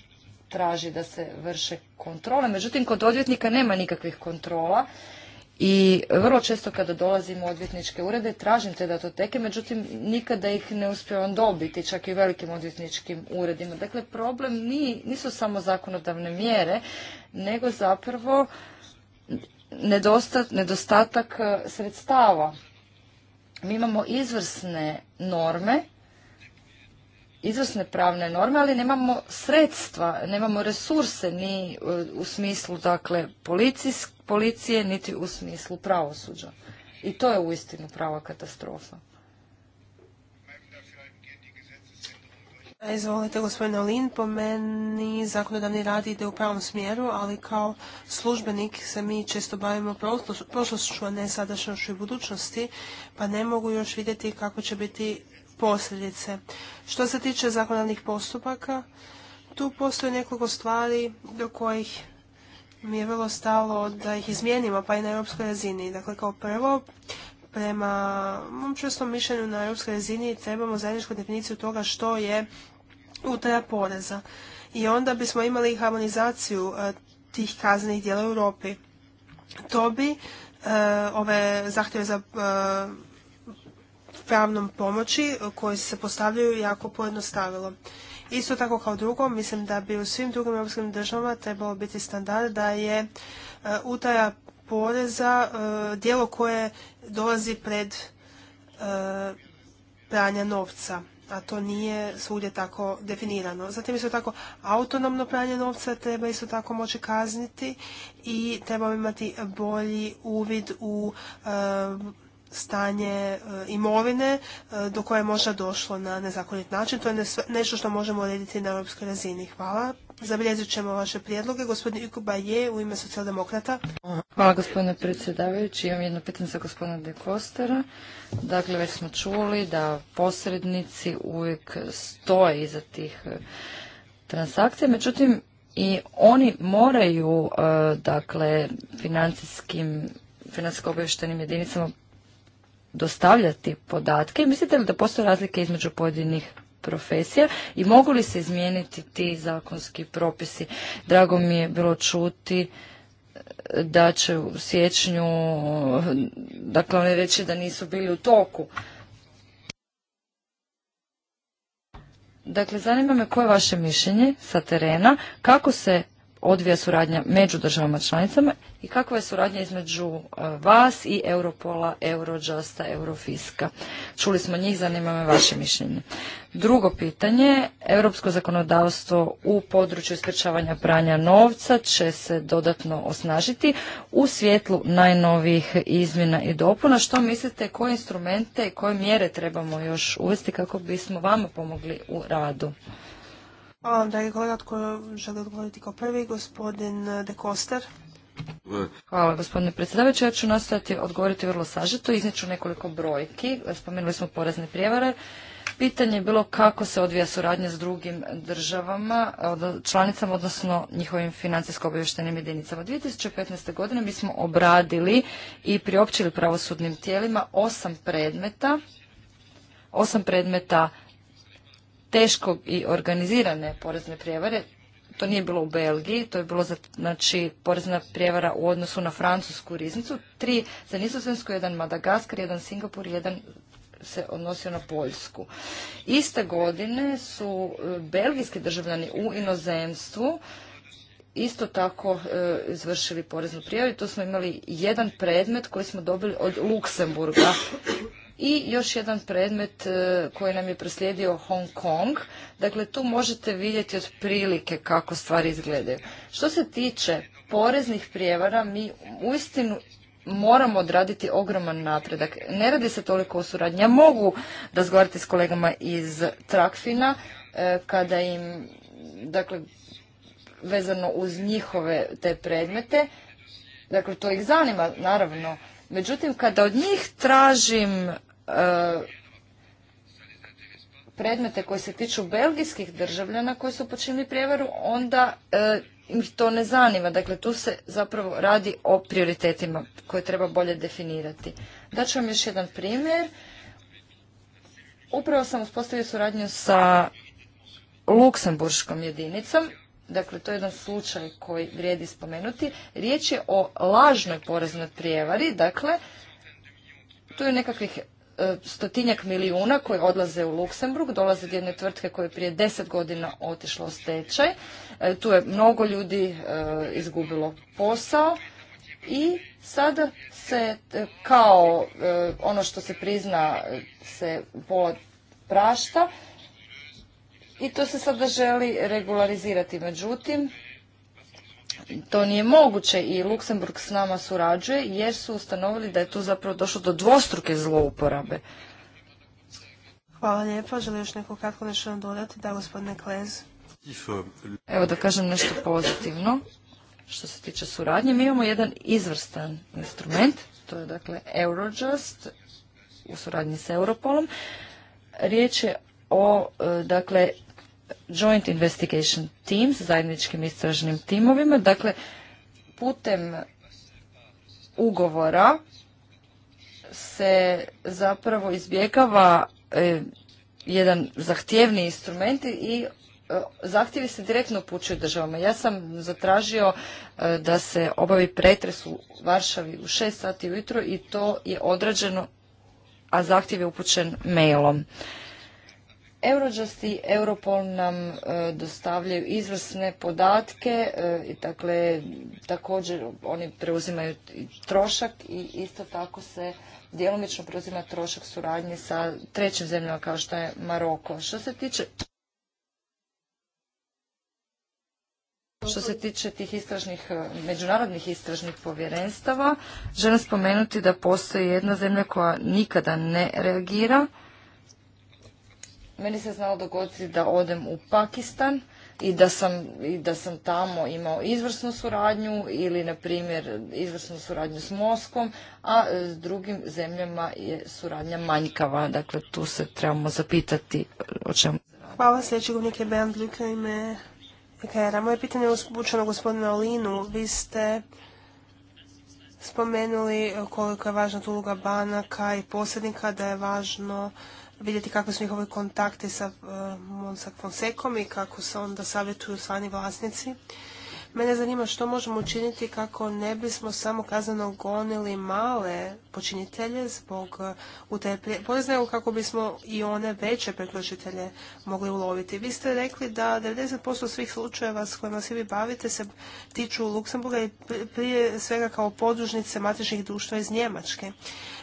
traži da se vrše kontrole, međutim kod odvjetnika nema nikakvih kontrola i vrlo često kada dolazimo u odvjetničke urede tražim te datoteke, međutim nikada ih ne uspijevam dobiti, čak i u velikim odvjetničkim uredima. Dakle, problem nisu samo zakonodavne mjere, nego zapravo nedostatak e, sredstava mi imamo izvrsne norme, izvrsne pravne norme, ali nemamo sredstva, nemamo resurse ni e, u smislu dakle policije niti u smislu pravosuđa. I to je uistinu prava katastrofa. E, izvolite, gospodine Olin, po meni zakonodavni rad ide u pravom smjeru, ali kao službenik se mi često bavimo prošlošću, a ne sadašnjošću i budućnosti, pa ne mogu još vidjeti kako će biti posljedice. Što se tiče zakonodavnih postupaka, tu postoje nekoliko stvari do kojih mi je vrlo stalo da ih izmijenimo, pa i na europskoj razini. Dakle, kao prvo, prema mom čestom mišljenju na europskoj razini trebamo zajedničku definiciju toga što je utaja poreza. I onda bismo imali harmonizaciju e, tih kaznenih djela u Europi. To bi e, ove zahtjeve za e, pravnom pomoći koji se postavljaju jako pojednostavilo. Isto tako kao drugo, mislim da bi u svim drugim europskim državama trebalo biti standard da je utaja poreza djelo koje dolazi pred pranja novca a to nije svugdje tako definirano. Zatim isto tako autonomno pranje novca treba isto tako moći kazniti i trebamo imati bolji uvid u eh, stanje eh, imovine eh, do koje je možda došlo na nezakonit način. To je nešto što možemo urediti na europskoj razini. Hvala Zabilježit ćemo vaše prijedloge. Gospodin Ikuba je u ime socijaldemokrata. Hvala gospodine predsjedavajući. Imam jedno pitanje za gospodina De Kostera. Dakle, već smo čuli da posrednici uvijek stoje iza tih e, transakcija, međutim i oni moraju e, dakle financijskim financijsko obještenim jedinicama dostavljati podatke. Mislite li da postoje razlike između pojedinih profesija i mogu li se izmijeniti ti zakonski propisi. Drago mi je bilo čuti e, da će u siječnju, dakle oni reći da nisu bili u toku. Dakle, zanima me koje je vaše mišljenje sa terena, kako se odvija suradnja među državama članicama i kakva je suradnja između e, vas i Europola, Eurojusta, Eurofiska. Čuli smo njih, zanima me vaše mišljenje. Drugo pitanje, europsko zakonodavstvo u području sprečavanja pranja novca će se dodatno osnažiti u svjetlu najnovijih izmjena i dopuna. Što mislite, koje instrumente i koje mjere trebamo još uvesti kako bismo vama pomogli u radu? Hvala vam, dragi kolega, tko želi odgovoriti kao prvi, gospodin De Koster. Hvala gospodine predsjedavajući. Ja ću nastojati odgovoriti vrlo sažeto. Izneću nekoliko brojki. Spomenuli smo porezne prijevare. Pitanje je bilo kako se odvija suradnja s drugim državama, članicama, odnosno njihovim financijsko-obavještenim jedinicama. 2015. godine mi smo obradili i priopćili pravosudnim tijelima osam predmeta, osam predmeta teškog i organizirane porezne prijevare. To nije bilo u Belgiji, to je bilo znači porezna prijevara u odnosu na francusku riznicu. Tri za Nizozemsku, jedan Madagaskar, jedan Singapur, jedan se odnosio na Poljsku. Iste godine su e, belgijski državljani u inozemstvu isto tako e, izvršili poreznu prijavu i tu smo imali jedan predmet koji smo dobili od Luksemburga i još jedan predmet e, koji nam je proslijedio Hong Kong. Dakle, tu možete vidjeti otprilike kako stvari izgledaju. Što se tiče poreznih prijevara, mi uistinu moramo odraditi ogroman napredak. Ne radi se toliko o suradnji. Ja mogu razgovarati s kolegama iz Trakfina e, kada im, dakle, vezano uz njihove te predmete, dakle, to ih zanima, naravno, Međutim, kada od njih tražim predmete koji se tiču belgijskih državljana koji su počinili prijevaru, onda e, ih to ne zanima. Dakle, tu se zapravo radi o prioritetima koje treba bolje definirati. Daću vam još jedan primjer. Upravo sam uspostavio suradnju sa luksemburškom jedinicom. Dakle, to je jedan slučaj koji vrijedi spomenuti. Riječ je o lažnoj poreznoj prijevari. Dakle, tu je nekakvih E, stotinjak milijuna koji odlaze u Luksemburg, dolaze od jedne tvrtke koja je prije deset godina otišla u stečaj. E, tu je mnogo ljudi e, izgubilo posao i sada se kao ono što se prizna se pola prašta i to se sada želi regularizirati. Međutim, to nije moguće i Luksemburg s nama surađuje jer su ustanovili da je tu zapravo došlo do dvostruke zlouporabe. Hvala lijepo, želiš još neko kratko nešto dodati? Da, gospodine Klez. Evo da kažem nešto pozitivno što se tiče suradnje. Mi imamo jedan izvrstan instrument, to je dakle Eurojust u suradnji s Europolom. Riječ je o e, dakle Joint Investigation Teams, zajedničkim istražnim timovima. Dakle, putem ugovora se zapravo izbjegava e, jedan zahtjevni instrument i e, zahtjevi se direktno upućuju državama. Ja sam zatražio e, da se obavi pretres u Varšavi u 6 sati ujutro i to je odrađeno, a zahtjev je upućen mailom. Eurojust i Europol nam e, dostavljaju izvrsne podatke, e, dakle također oni preuzimaju trošak i isto tako se djelomično preuzima trošak suradnje sa trećim zemljama kao što je Maroko. Što se tiče Što se tiče tih istražnih, e, međunarodnih istražnih povjerenstava, želim spomenuti da postoji jedna zemlja koja nikada ne reagira, meni se znalo dogoditi da odem u Pakistan i da sam, i da sam tamo imao izvrsnu suradnju ili, na primjer, izvrsnu suradnju s Moskom, a e, s drugim zemljama je suradnja manjkava. Dakle, tu se trebamo zapitati e, o čemu Hvala, sljedeći je Bernd ime Kera. Moje pitanje je upućeno gospodinu Alinu. Vi ste spomenuli koliko je važna uloga banaka i posljednika, da je važno vidjeti kakvi su njihovi kontakti sa eh, Monsak Fonsekom i kako se onda savjetuju slani vlasnici. Mene zanima što možemo učiniti kako ne bismo samo kazneno gonili male počinitelje zbog eh, utaje poreza, nego kako bismo i one veće prekršitelje mogli uloviti. Vi ste rekli da 90% svih slučajeva s kojima se vi bavite se tiču Luksemburga i prije svega kao podružnice matičnih društva iz Njemačke.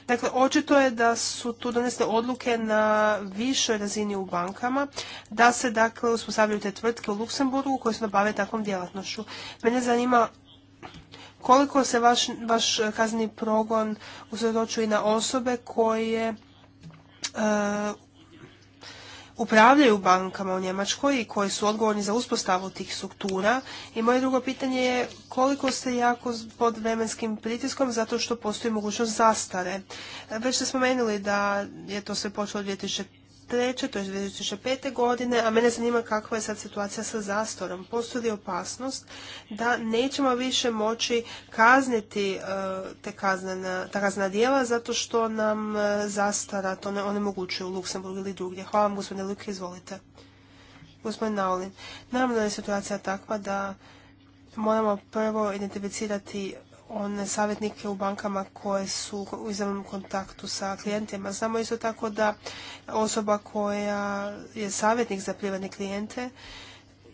Dakle, očito je da su tu donesne odluke na višoj razini u bankama, da se dakle uspostavljaju te tvrtke u Luksemburgu koje se bave takvom djelatnošću. Mene zanima koliko se vaš, vaš kazni progon i na osobe koje e, upravljaju bankama u Njemačkoj i koji su odgovorni za uspostavu tih struktura. I moje drugo pitanje je koliko ste jako pod vremenskim pritiskom zato što postoji mogućnost zastare. Već ste spomenuli da je to sve počelo 2000 2003. to je 2005. godine, a mene zanima kakva je sad situacija sa zastorom. Postoji li opasnost da nećemo više moći kazniti e, te kaznena, ta kaznena dijela zato što nam e, zastara to ne onemogućuje u Luksemburgu ili drugdje. Hvala vam gospodine Luke, izvolite. Gospodin Naolin, naravno da je situacija takva da moramo prvo identificirati one savjetnike u bankama koje su u izravnom kontaktu sa klijentima. Znamo isto tako da osoba koja je savjetnik za privatne klijente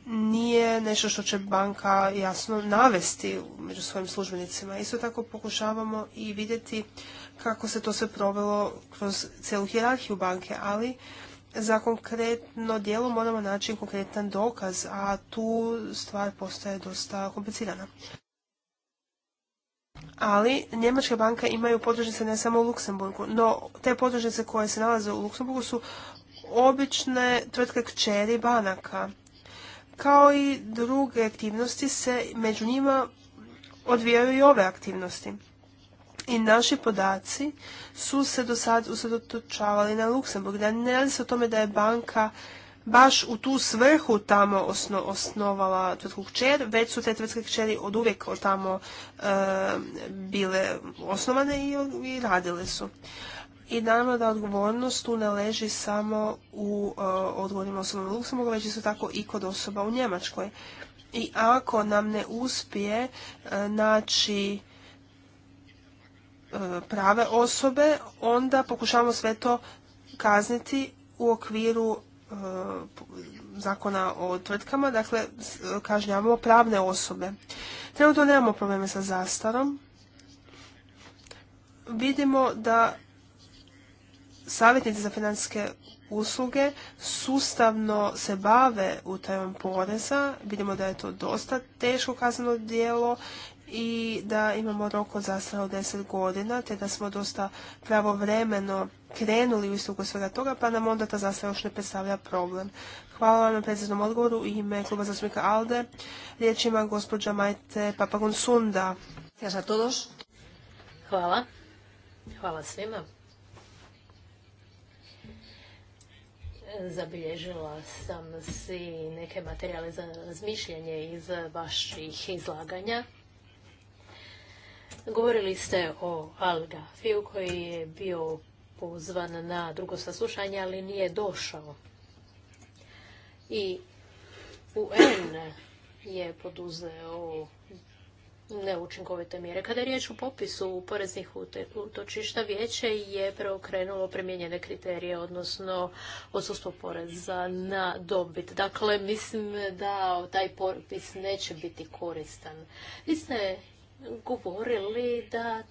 nije nešto što će banka jasno navesti među svojim službenicima. Isto tako pokušavamo i vidjeti kako se to sve provelo kroz celu hjerarhiju banke, ali za konkretno djelo moramo naći konkretan dokaz, a tu stvar postaje dosta komplicirana ali njemačka banke imaju podružnice ne samo u Luksemburgu, no te podružnice koje se nalaze u Luksemburgu su obične tvrtke kćeri banaka. Kao i druge aktivnosti se među njima odvijaju i ove aktivnosti. I naši podaci su se do sad usredotočavali na Luksemburg. Da ne radi se o tome da je banka baš u tu svrhu tamo osnovala tvrtku kćer, već su te tvrtke kćeri od uvijek od tamo e, bile osnovane i, i radile su. I naravno da odgovornost tu ne leži samo u e, odgovornim osobama u Luksemburgu, već isto tako i kod osoba u Njemačkoj. I ako nam ne uspije e, naći e, prave osobe, onda pokušavamo sve to kazniti u okviru E, zakona o tvrtkama, dakle kažnjavamo pravne osobe. Trenutno nemamo probleme sa zastarom. Vidimo da savjetnici za financijske usluge sustavno se bave tajom poreza. Vidimo da je to dosta teško kazneno djelo i da imamo rok od zastara od 10 godina, te da smo dosta pravovremeno krenuli u istogu svega toga, pa nam onda ta zastara još ne predstavlja problem. Hvala vam na predsjednom odgovoru u ime kluba zastupnika ALDE. Riječ ima gospođa Majte Papagonsunda. Hvala. Hvala svima. Zabilježila sam si neke materijale za razmišljanje iz vaših izlaganja. Govorili ste o alga. Fiju koji je bio pozvan na drugo saslušanje, ali nije došao. I u UN je poduzeo neučinkovite mjere. Kada je riječ o popisu poreznih utočišta, vijeće je preokrenulo primijenjene kriterije, odnosno odsustvo poreza na dobit. Dakle, mislim da taj popis neće biti koristan. Vi ste govorili da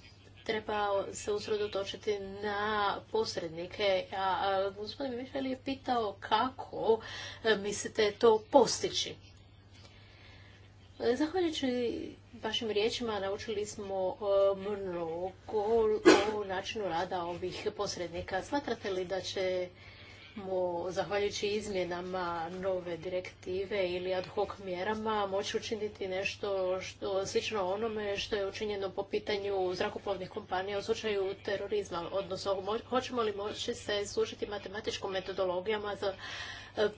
treba se usredotočiti na posrednike. A gospodin Mišel je pitao kako e, mislite to postići. Zahvaljujući vašim riječima naučili smo e, mnogo o načinu rada ovih posrednika. Smatrate li da će mu zahvaljujući izmjenama nove direktive ili ad hoc mjerama, moći učiniti nešto što, slično onome što je učinjeno po pitanju zrakoplovnih kompanija u slučaju terorizma. Odnosno, hoćemo li moći se služiti matematičkom metodologijama za e,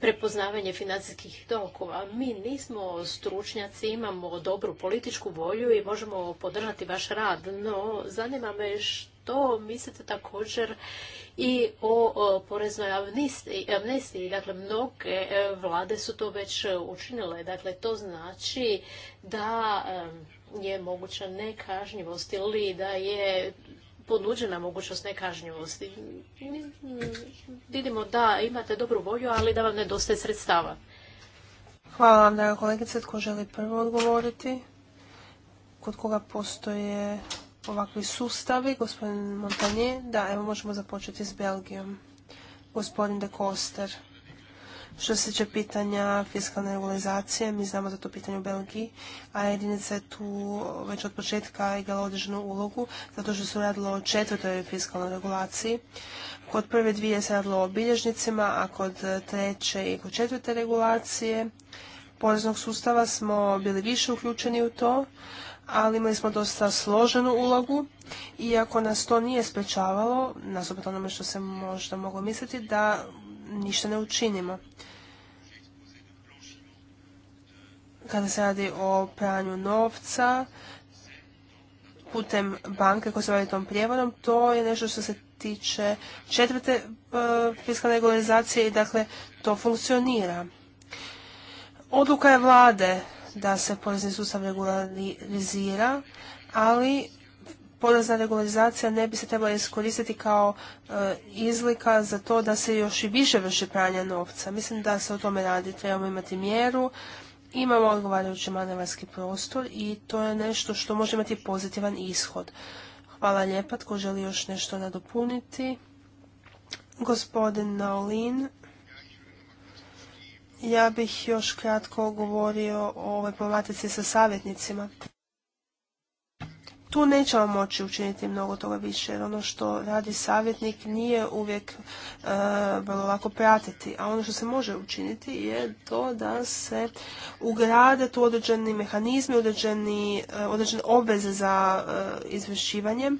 prepoznavanje financijskih tokova. Mi nismo stručnjaci, imamo dobru političku volju i možemo podržati vaš rad, no zanima me što to mislite također i o, poreznoj amnestiji, Dakle, mnoge e, vlade su to već učinile. Dakle, to znači da je moguća nekažnjivost ili da je ponuđena mogućnost nekažnjivosti. Vidimo da imate dobru volju, ali da vam nedostaje sredstava. Hvala vam, draga kolegice. Tko želi prvo odgovoriti? Kod koga postoje ovakvi sustavi, gospodin Montanje, da evo možemo započeti s Belgijom. Gospodin de Koster, što se tiče pitanja fiskalne regulacije, mi znamo za to pitanje u Belgiji, a jedinica je tu već od početka igrala određenu ulogu, zato što se radilo o četvrtoj fiskalnoj regulaciji. Kod prve dvije se radilo o bilježnicima, a kod treće i kod četvrte regulacije poreznog sustava smo bili više uključeni u to, ali imali smo dosta složenu ulogu, iako nas to nije sprečavalo, nasuprot onome što se možda moglo misliti, da ništa ne učinimo. Kada se radi o pranju novca, putem banke koja se bavi tom prijevodom to je nešto što se tiče četvrte e, fiskalne regularizacije i dakle to funkcionira. Odluka je vlade da se porezni sustav regularizira, ali porezna regularizacija ne bi se trebala iskoristiti kao e, izlika za to da se još i više vrši pranja novca. Mislim da se o tome radi, trebamo imati mjeru, imamo odgovarajući manevarski prostor i to je nešto što može imati pozitivan ishod. Hvala lijepa, tko želi još nešto nadopuniti? Gospodin Naolin ja bih još kratko govorio o ovoj problematici sa savjetnicima. Tu nećemo moći učiniti mnogo toga više, jer ono što radi savjetnik nije uvijek e, vrlo lako pratiti. A ono što se može učiniti je to da se ugrade tu određeni mehanizmi, određeni, e, određene obveze za e, izvješćivanjem,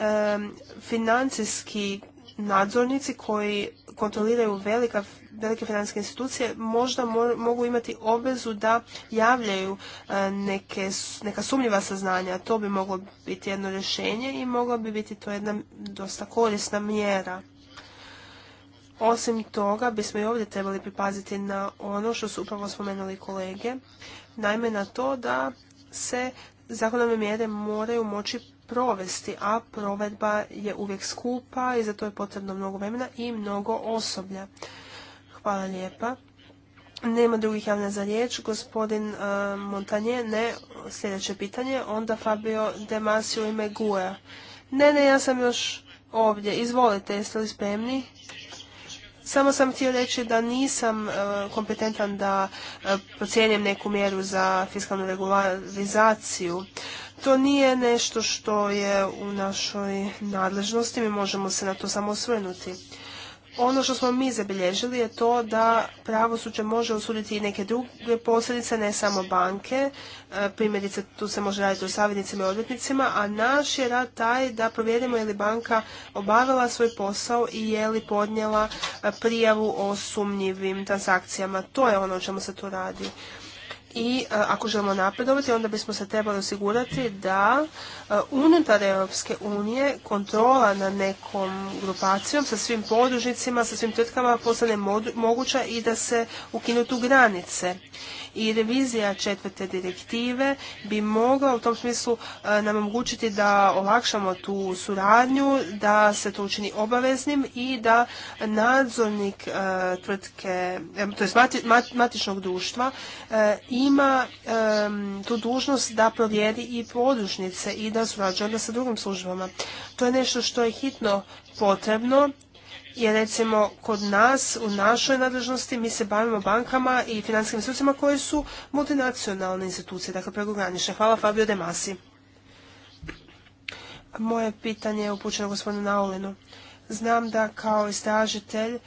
e, financijski nadzornici koji kontroliraju velika velike financijske institucije možda mogu imati obvezu da javljaju e, neka sumnjiva saznanja. To bi moglo biti jedno rješenje i moglo bi biti to jedna dosta korisna mjera. Osim toga, bismo i ovdje trebali pripaziti na ono što su upravo spomenuli kolege, naime na to da se zakonove mjere moraju moći provesti, a provedba je uvijek skupa i za to je potrebno mnogo vremena i mnogo osoblja. Hvala lijepa. Nema drugih javne za riječ. Gospodin e, Montanje, ne. Sljedeće pitanje. Onda Fabio Demasio i Meguja. Ne, ne, ja sam još ovdje. Izvolite, jeste li spremni? Samo sam htio reći da nisam e, kompetentan da e, pocijenim neku mjeru za fiskalnu regularizaciju. To nije nešto što je u našoj nadležnosti, mi možemo se na to samo osvrnuti. Ono što smo mi zabilježili je to da pravosuđe može osuditi i neke druge posljedice, ne samo banke. E, primjerice, tu se može raditi o savjetnicima i odvjetnicima, a naš je rad taj da provjerimo je li banka obavila svoj posao i je li podnijela e, prijavu o sumnjivim transakcijama. To je ono o čemu se tu radi i e, ako želimo napredovati onda bismo se trebali osigurati da e, unutar Europske unije kontrola nad nekom grupacijom sa svim podružnicima, sa svim tvrtkama postane moguća i da se ukinu tu granice i revizija četvrte direktive bi mogla u tom smislu e, nam omogućiti da olakšamo tu suradnju, da se to učini obaveznim i da nadzornik e, tvrtke, e, to matičnog društva, ima tu dužnost da provjeri i podružnice i da surađuje onda sa drugim službama. To je nešto što je hitno potrebno je recimo kod nas u našoj nadležnosti mi se bavimo bankama i financijskim institucijama koje su multinacionalne institucije, dakle prekogranične. Hvala Fabio De Masi. Moje pitanje je upućeno gospodinu Naulinu. Znam da kao istražitelj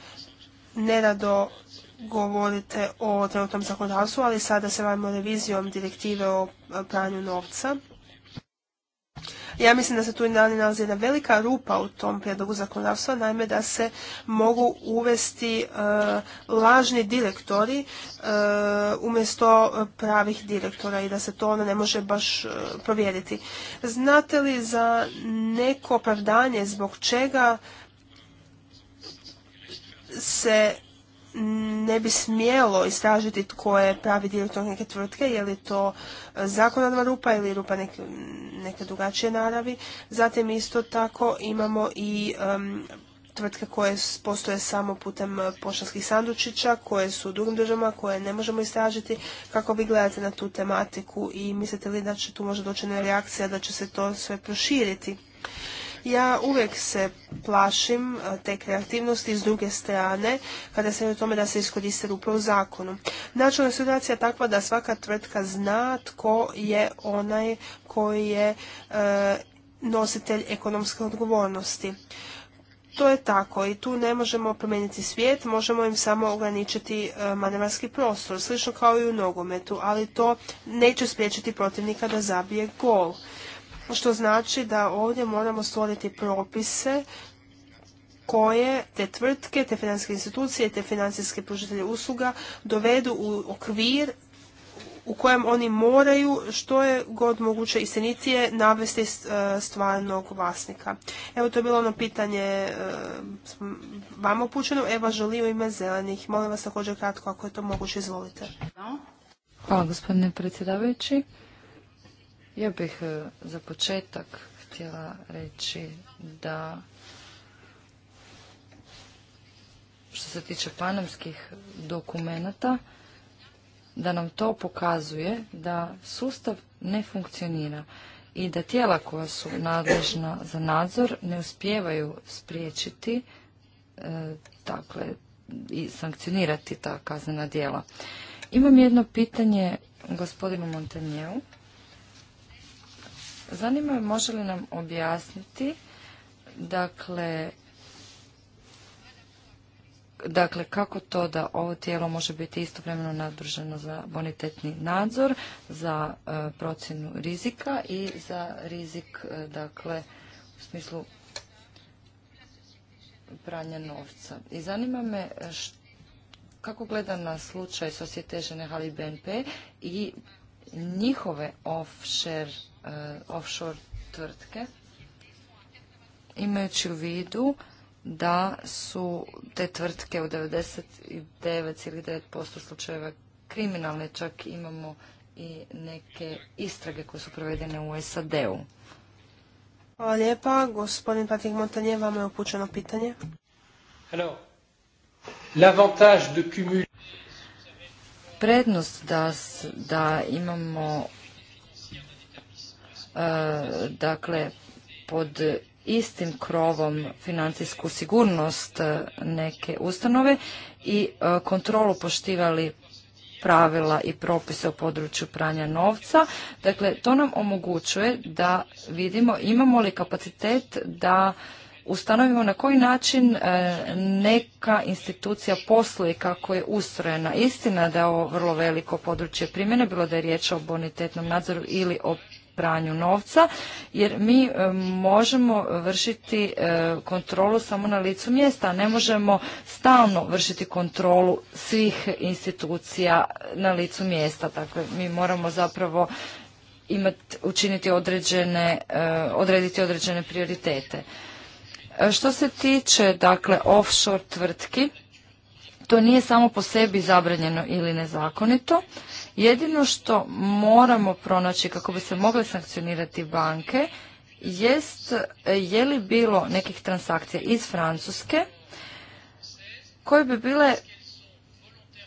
nerado govorite o trenutnom zakonodavstvu, ali sada se bavimo revizijom direktive o pranju novca ja mislim da se tu i nalazi jedna velika rupa u tom prijedlogu zakonodavstva, naime da se mogu uvesti e, lažni direktori e, umjesto pravih direktora i da se to ono ne može baš e, provjeriti. Znate li za neko opravdanje zbog čega se ne bi smjelo istražiti tko je pravi direktor neke tvrtke, je li to e, zakonodavna rupa ili rupa neke, neke drugačije naravi. Zatim isto tako imamo i um, tvrtke koje postoje samo putem e, poštanskih sandučića, koje su u drugim državama, koje ne možemo istražiti. Kako vi gledate na tu tematiku i mislite li da će tu možda doći na reakcija da će se to sve proširiti? Ja uvijek se plašim e, te kreativnosti s druge strane kada se o tome da se iskoriste upravo u zakonu. je situacija je takva da svaka tvrtka zna tko je onaj koji je e, nositelj ekonomske odgovornosti. To je tako i tu ne možemo promijeniti svijet, možemo im samo ograničiti e, manevarski prostor, slično kao i u nogometu, ali to neće spriječiti protivnika da zabije gol što znači da ovdje moramo stvoriti propise koje te tvrtke, te financijske institucije, te financijske pružitelje usluga dovedu u okvir u kojem oni moraju što je god moguće istinitije navesti e, stvarnog vlasnika. Evo to je bilo ono pitanje e, vam upućeno. Eva želi u ime zelenih. Molim vas također kratko ako je to moguće. Izvolite. Hvala gospodine predsjedavajući. Ja bih e, za početak htjela reći da što se tiče panamskih dokumenata, da nam to pokazuje da sustav ne funkcionira i da tijela koja su nadležna za nadzor ne uspijevaju spriječiti e, dakle, i sankcionirati ta kaznena djela. Imam jedno pitanje gospodinu Montanjeu. Zanima me može li nam objasniti dakle Dakle, kako to da ovo tijelo može biti istovremeno nadruženo za bonitetni nadzor, za e, procjenu rizika i za rizik, e, dakle, u smislu pranja novca. I zanima me e, kako gleda na slučaj Societe Hali BNP i njihove offshore E, offshore tvrtke imajući u vidu da su te tvrtke u 99,9% slučajeva kriminalne, čak imamo i neke istrage koje su provedene u SAD-u. Hvala lijepa. Gospodin Patrik Montanje, Vam je upućeno pitanje. Prednost da, da imamo E, dakle pod istim krovom financijsku sigurnost e, neke ustanove i e, kontrolu poštivali pravila i propise o području pranja novca. Dakle, to nam omogućuje da vidimo imamo li kapacitet da ustanovimo na koji način neka institucija posluje kako je ustrojena. Istina da je ovo vrlo veliko područje primjene, bilo da je riječ o bonitetnom nadzoru ili o pranju novca jer mi e, možemo vršiti e, kontrolu samo na licu mjesta, a ne možemo stalno vršiti kontrolu svih institucija na licu mjesta. Dakle, mi moramo zapravo imati, učiniti određene, e, odrediti određene prioritete. Što se tiče dakle offshore tvrtki, to nije samo po sebi zabranjeno ili nezakonito. Jedino što moramo pronaći kako bi se mogle sankcionirati banke jest je li bilo nekih transakcija iz Francuske koje bi bile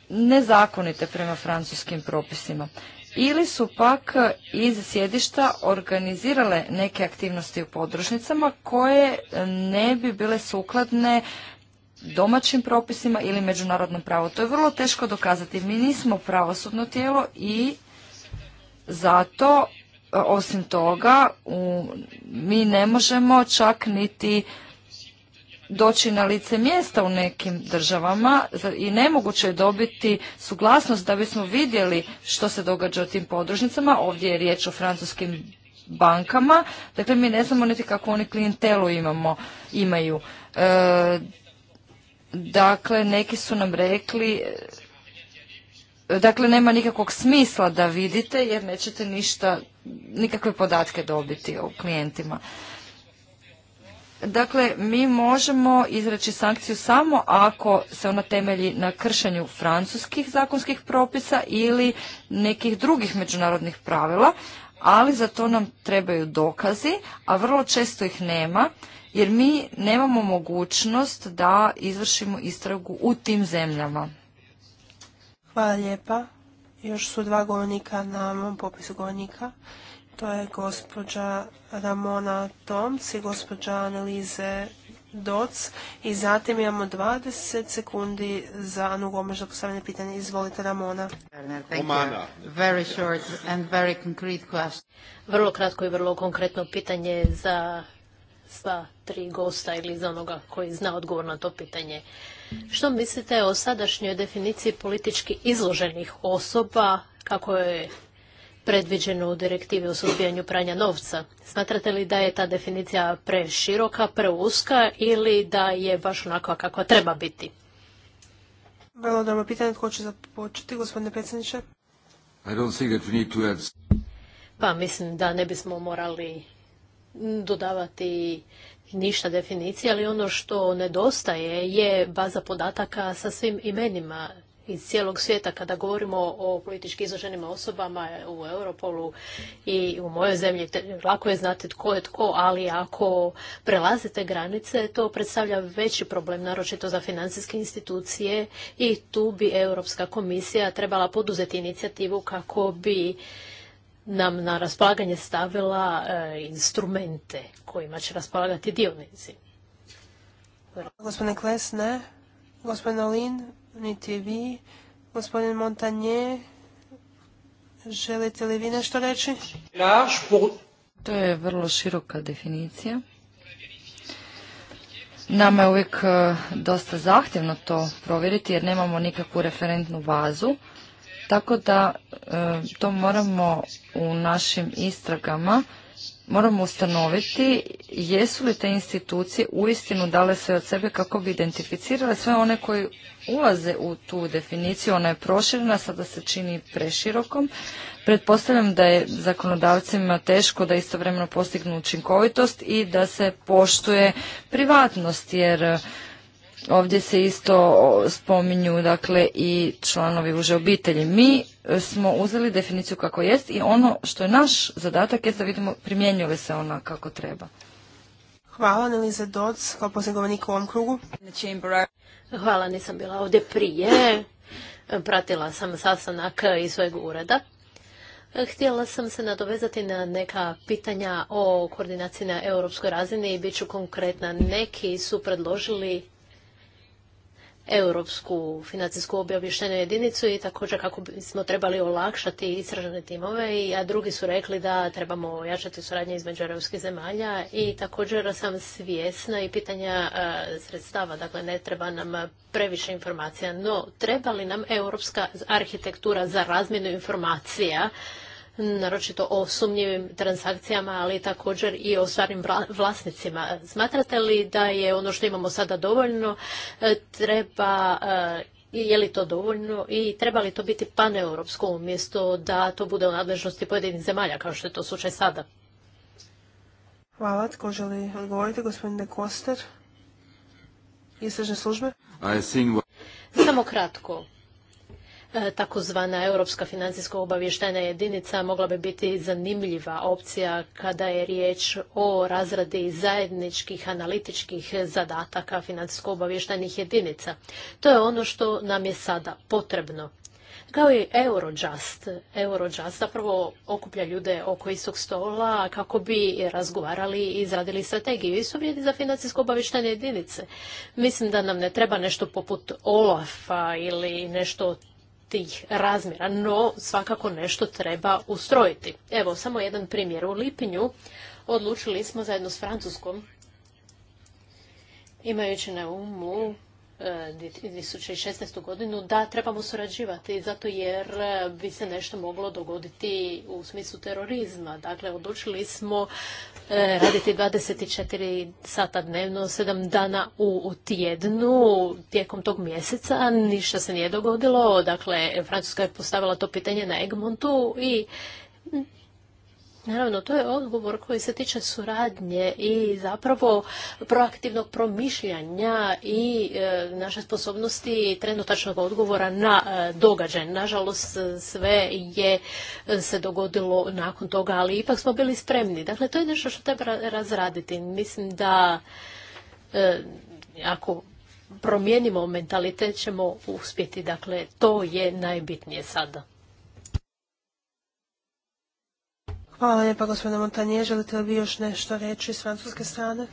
nezakonite prema francuskim propisima ili su pak iz sjedišta organizirale neke aktivnosti u podružnicama koje ne bi bile sukladne domaćim propisima ili međunarodnom pravu. To je vrlo teško dokazati. Mi nismo pravosudno tijelo i zato, e, osim toga, u, mi ne možemo čak niti doći na lice mjesta u nekim državama i nemoguće je dobiti suglasnost da bismo vidjeli što se događa u tim podružnicama. Ovdje je riječ o francuskim bankama. Dakle, mi ne znamo niti kako oni klijentelu imamo, imaju. E, Dakle, neki su nam rekli, dakle, nema nikakvog smisla da vidite jer nećete ništa, nikakve podatke dobiti o klijentima. Dakle, mi možemo izreći sankciju samo ako se ona temelji na kršenju francuskih zakonskih propisa ili nekih drugih međunarodnih pravila, ali za to nam trebaju dokazi, a vrlo često ih nema jer mi nemamo mogućnost da izvršimo istragu u tim zemljama. Hvala lijepa. Još su dva govornika na mom popisu govornika. To je gospođa Ramona Tomc i gospođa Analize Doc. I zatim imamo 20 sekundi za Anu Gomes za postavljanje pitanja. Izvolite Ramona. Vrlo kratko i vrlo konkretno pitanje za sva tri gosta ili za onoga koji zna odgovor na to pitanje. Što mislite o sadašnjoj definiciji politički izloženih osoba, kako je predviđeno u direktivi o suzbijanju pranja novca? Smatrate li da je ta definicija preširoka, preuska ili da je baš onakva kakva treba biti? Vrlo dobro pitanje, tko će započeti, gospodine predsjedniče? Pa mislim da ne bismo morali dodavati ništa definicije, ali ono što nedostaje je baza podataka sa svim imenima iz cijelog svijeta kada govorimo o politički izloženim osobama u Europolu i u mojoj zemlji lako je znati tko je tko, ali ako prelazite granice to predstavlja veći problem, naročito za financijske institucije i tu bi Europska komisija trebala poduzeti inicijativu kako bi nam na raspolaganje stavila e, instrumente kojima će raspolagati dionici. Gospodine Kles, ne. Olin, niti vi. Gospodin Montanje, želite li vi nešto reći? To je vrlo široka definicija. Nama je uvijek e, dosta zahtjevno to provjeriti jer nemamo nikakvu referentnu bazu. Tako da e, to moramo u našim istragama moramo ustanoviti jesu li te institucije uistinu dale sve od sebe kako bi identificirale sve one koji ulaze u tu definiciju. Ona je proširena, sada se čini preširokom. Pretpostavljam da je zakonodavcima teško da istovremeno postignu učinkovitost i da se poštuje privatnost, jer Ovdje se isto spominju dakle i članovi uže obitelji. Mi e, smo uzeli definiciju kako jest i ono što je naš zadatak je da vidimo primjenjuje li se ona kako treba. Hvala Nelize Doc, kao u ovom krugu. Hvala, nisam bila ovdje prije. Pratila sam sastanak iz svojeg ureda. Htjela sam se nadovezati na neka pitanja o koordinaciji na europskoj razini i bit ću konkretna. Neki su predložili europsku financijsku objavištenu jedinicu i također kako bismo trebali olakšati istražene timove, a drugi su rekli da trebamo ojačati suradnje između europskih zemalja i također sam svjesna i pitanja e, sredstava, dakle ne treba nam previše informacija, no treba li nam europska arhitektura za razmjenu informacija naročito o sumnjivim transakcijama, ali također i o stvarnim vlasnicima. Smatrate li da je ono što imamo sada dovoljno, e, treba e, je li to dovoljno i treba li to biti paneuropsko umjesto da to bude u nadležnosti pojedinih zemalja kao što je to slučaj sada? Hvala. Tko želi odgovoriti? gospodine Koster. Istražne službe? Samo kratko. E, takozvana Europska financijsko obavještajna jedinica mogla bi biti zanimljiva opcija kada je riječ o razradi zajedničkih analitičkih zadataka financijsko obavještajnih jedinica. To je ono što nam je sada potrebno. Kao i Eurojust. Eurojust zapravo okuplja ljude oko istog stola kako bi razgovarali i izradili strategiju. i vrijedi za financijsko obavještajne jedinice. Mislim da nam ne treba nešto poput Olafa ili nešto tih razmjera, no svakako nešto treba ustrojiti. Evo, samo jedan primjer. U Lipinju odlučili smo zajedno s Francuskom, imajući na umu 2016. E, godinu da trebamo surađivati zato jer e, bi se nešto moglo dogoditi u smislu terorizma. Dakle, odlučili smo e, raditi 24 sata dnevno, 7 dana u tjednu tijekom tog mjeseca. Ništa se nije dogodilo. Dakle, Francuska je postavila to pitanje na Egmontu i Naravno, to je odgovor koji se tiče suradnje i zapravo proaktivnog promišljanja i e, naše sposobnosti trenutačnog odgovora na e, događaj. Nažalost, sve je e, se dogodilo nakon toga, ali ipak smo bili spremni. Dakle, to je nešto što treba razraditi. Mislim da ako promijenimo mentalitet ćemo uspjeti. Dakle, to je najbitnije sada. Hvala lijepa gospodine Montanije. Želite li vi još nešto reći s francuske strane?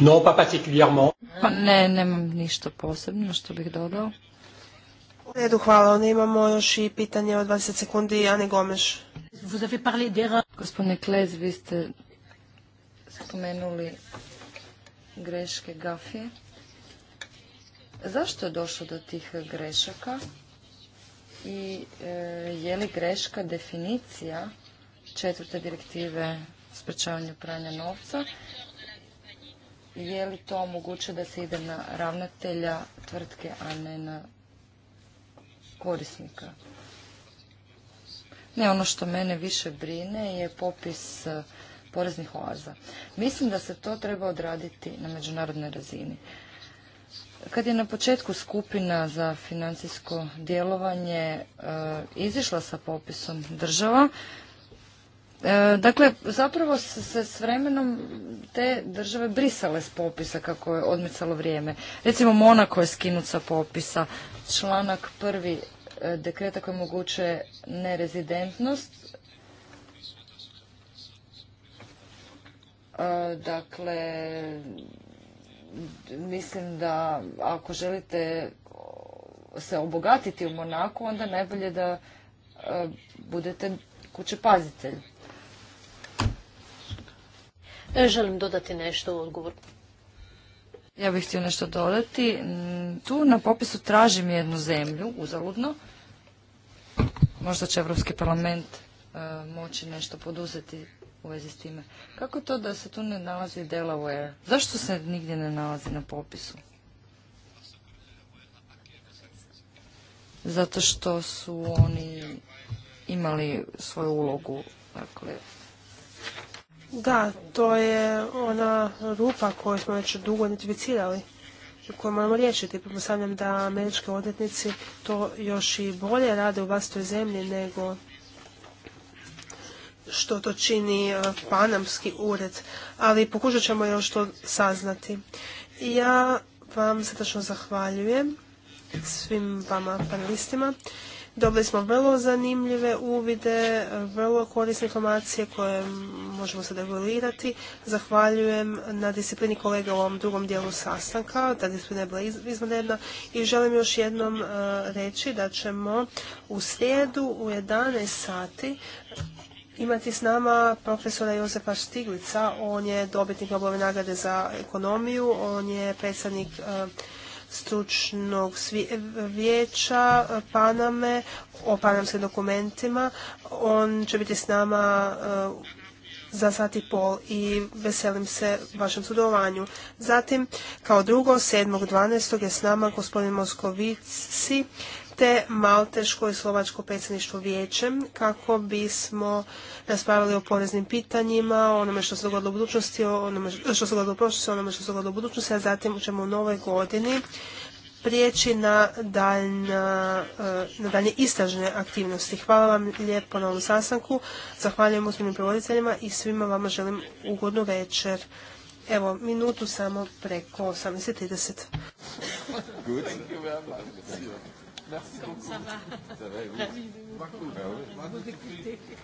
No, pa particulièrement. Pa ne, nemam ništa posebno što bih dodao. U redu, hvala. Onda imamo još i pitanje od 20 sekundi, Ane Gomeš. Gospodine Klez, vi ste spomenuli greške gafije. Zašto je došlo do tih grešaka i e, je li greška definicija četvrte direktive sprečavanju pranja novca. Je li to moguće da se ide na ravnatelja tvrtke, a ne na korisnika? Ne, ono što mene više brine je popis e, poreznih oaza. Mislim da se to treba odraditi na međunarodnoj razini. Kad je na početku skupina za financijsko djelovanje e, izišla sa popisom država, E, dakle, zapravo se s vremenom te države brisale s popisa kako je odmicalo vrijeme. Recimo Monako je skinut sa popisa. Članak prvi e, dekreta koji omogućuje nerezidentnost. E, dakle, mislim da ako želite se obogatiti u Monaku, onda najbolje da budete pazitelj. E, želim dodati nešto u odgovoru. Ja bih htio nešto dodati. Mm, tu na popisu tražim jednu zemlju, uzaludno. Možda će Europski parlament e, moći nešto poduzeti u vezi s time. Kako to da se tu ne nalazi Delaware? Zašto se nigdje ne nalazi na popisu? Zato što su oni imali svoju ulogu, dakle, da, to je ona rupa koju smo već dugo identificirali i koju moramo riješiti. Pretpostavljam da američki odvjetnici to još i bolje rade u vlastitoj zemlji nego što to čini e, panamski ured, ali pokušat ćemo još to saznati. Ja vam srdačno zahvaljujem svim vama panelistima Dobili smo vrlo zanimljive uvide, vrlo korisne informacije koje možemo sad regulirati. Zahvaljujem na disciplini kolega u ovom drugom dijelu sastanka. Ta disciplina je bila izvanredna i želim još jednom e, reći da ćemo u srijedu u 11 sati imati s nama profesora Jozefa Štiglica. On je dobitnik obove nagrade za ekonomiju, on je predstavnik e, stručnog vijeća Paname o panamskim dokumentima. On će biti s nama e, za sat i pol i veselim se vašem sudovanju. Zatim, kao drugo, 7.12. je s nama gospodin Moskovici te malteško i slovačko predsjedništvo vijećem kako bismo raspravili o poreznim pitanjima, onome što se dogodilo u budućnosti, onome što se dogodilo u prošlosti, onome što se dogodilo u budućnosti, a zatim ćemo u novoj godini prijeći na, daljna, eh, na dalje istražne aktivnosti. Hvala vam lijepo na ovom sastanku. Zahvaljujem uspjenim provoditeljima i svima vama želim ugodnu večer. Evo, minutu samo preko 18.30. Merci beaucoup. Ça va.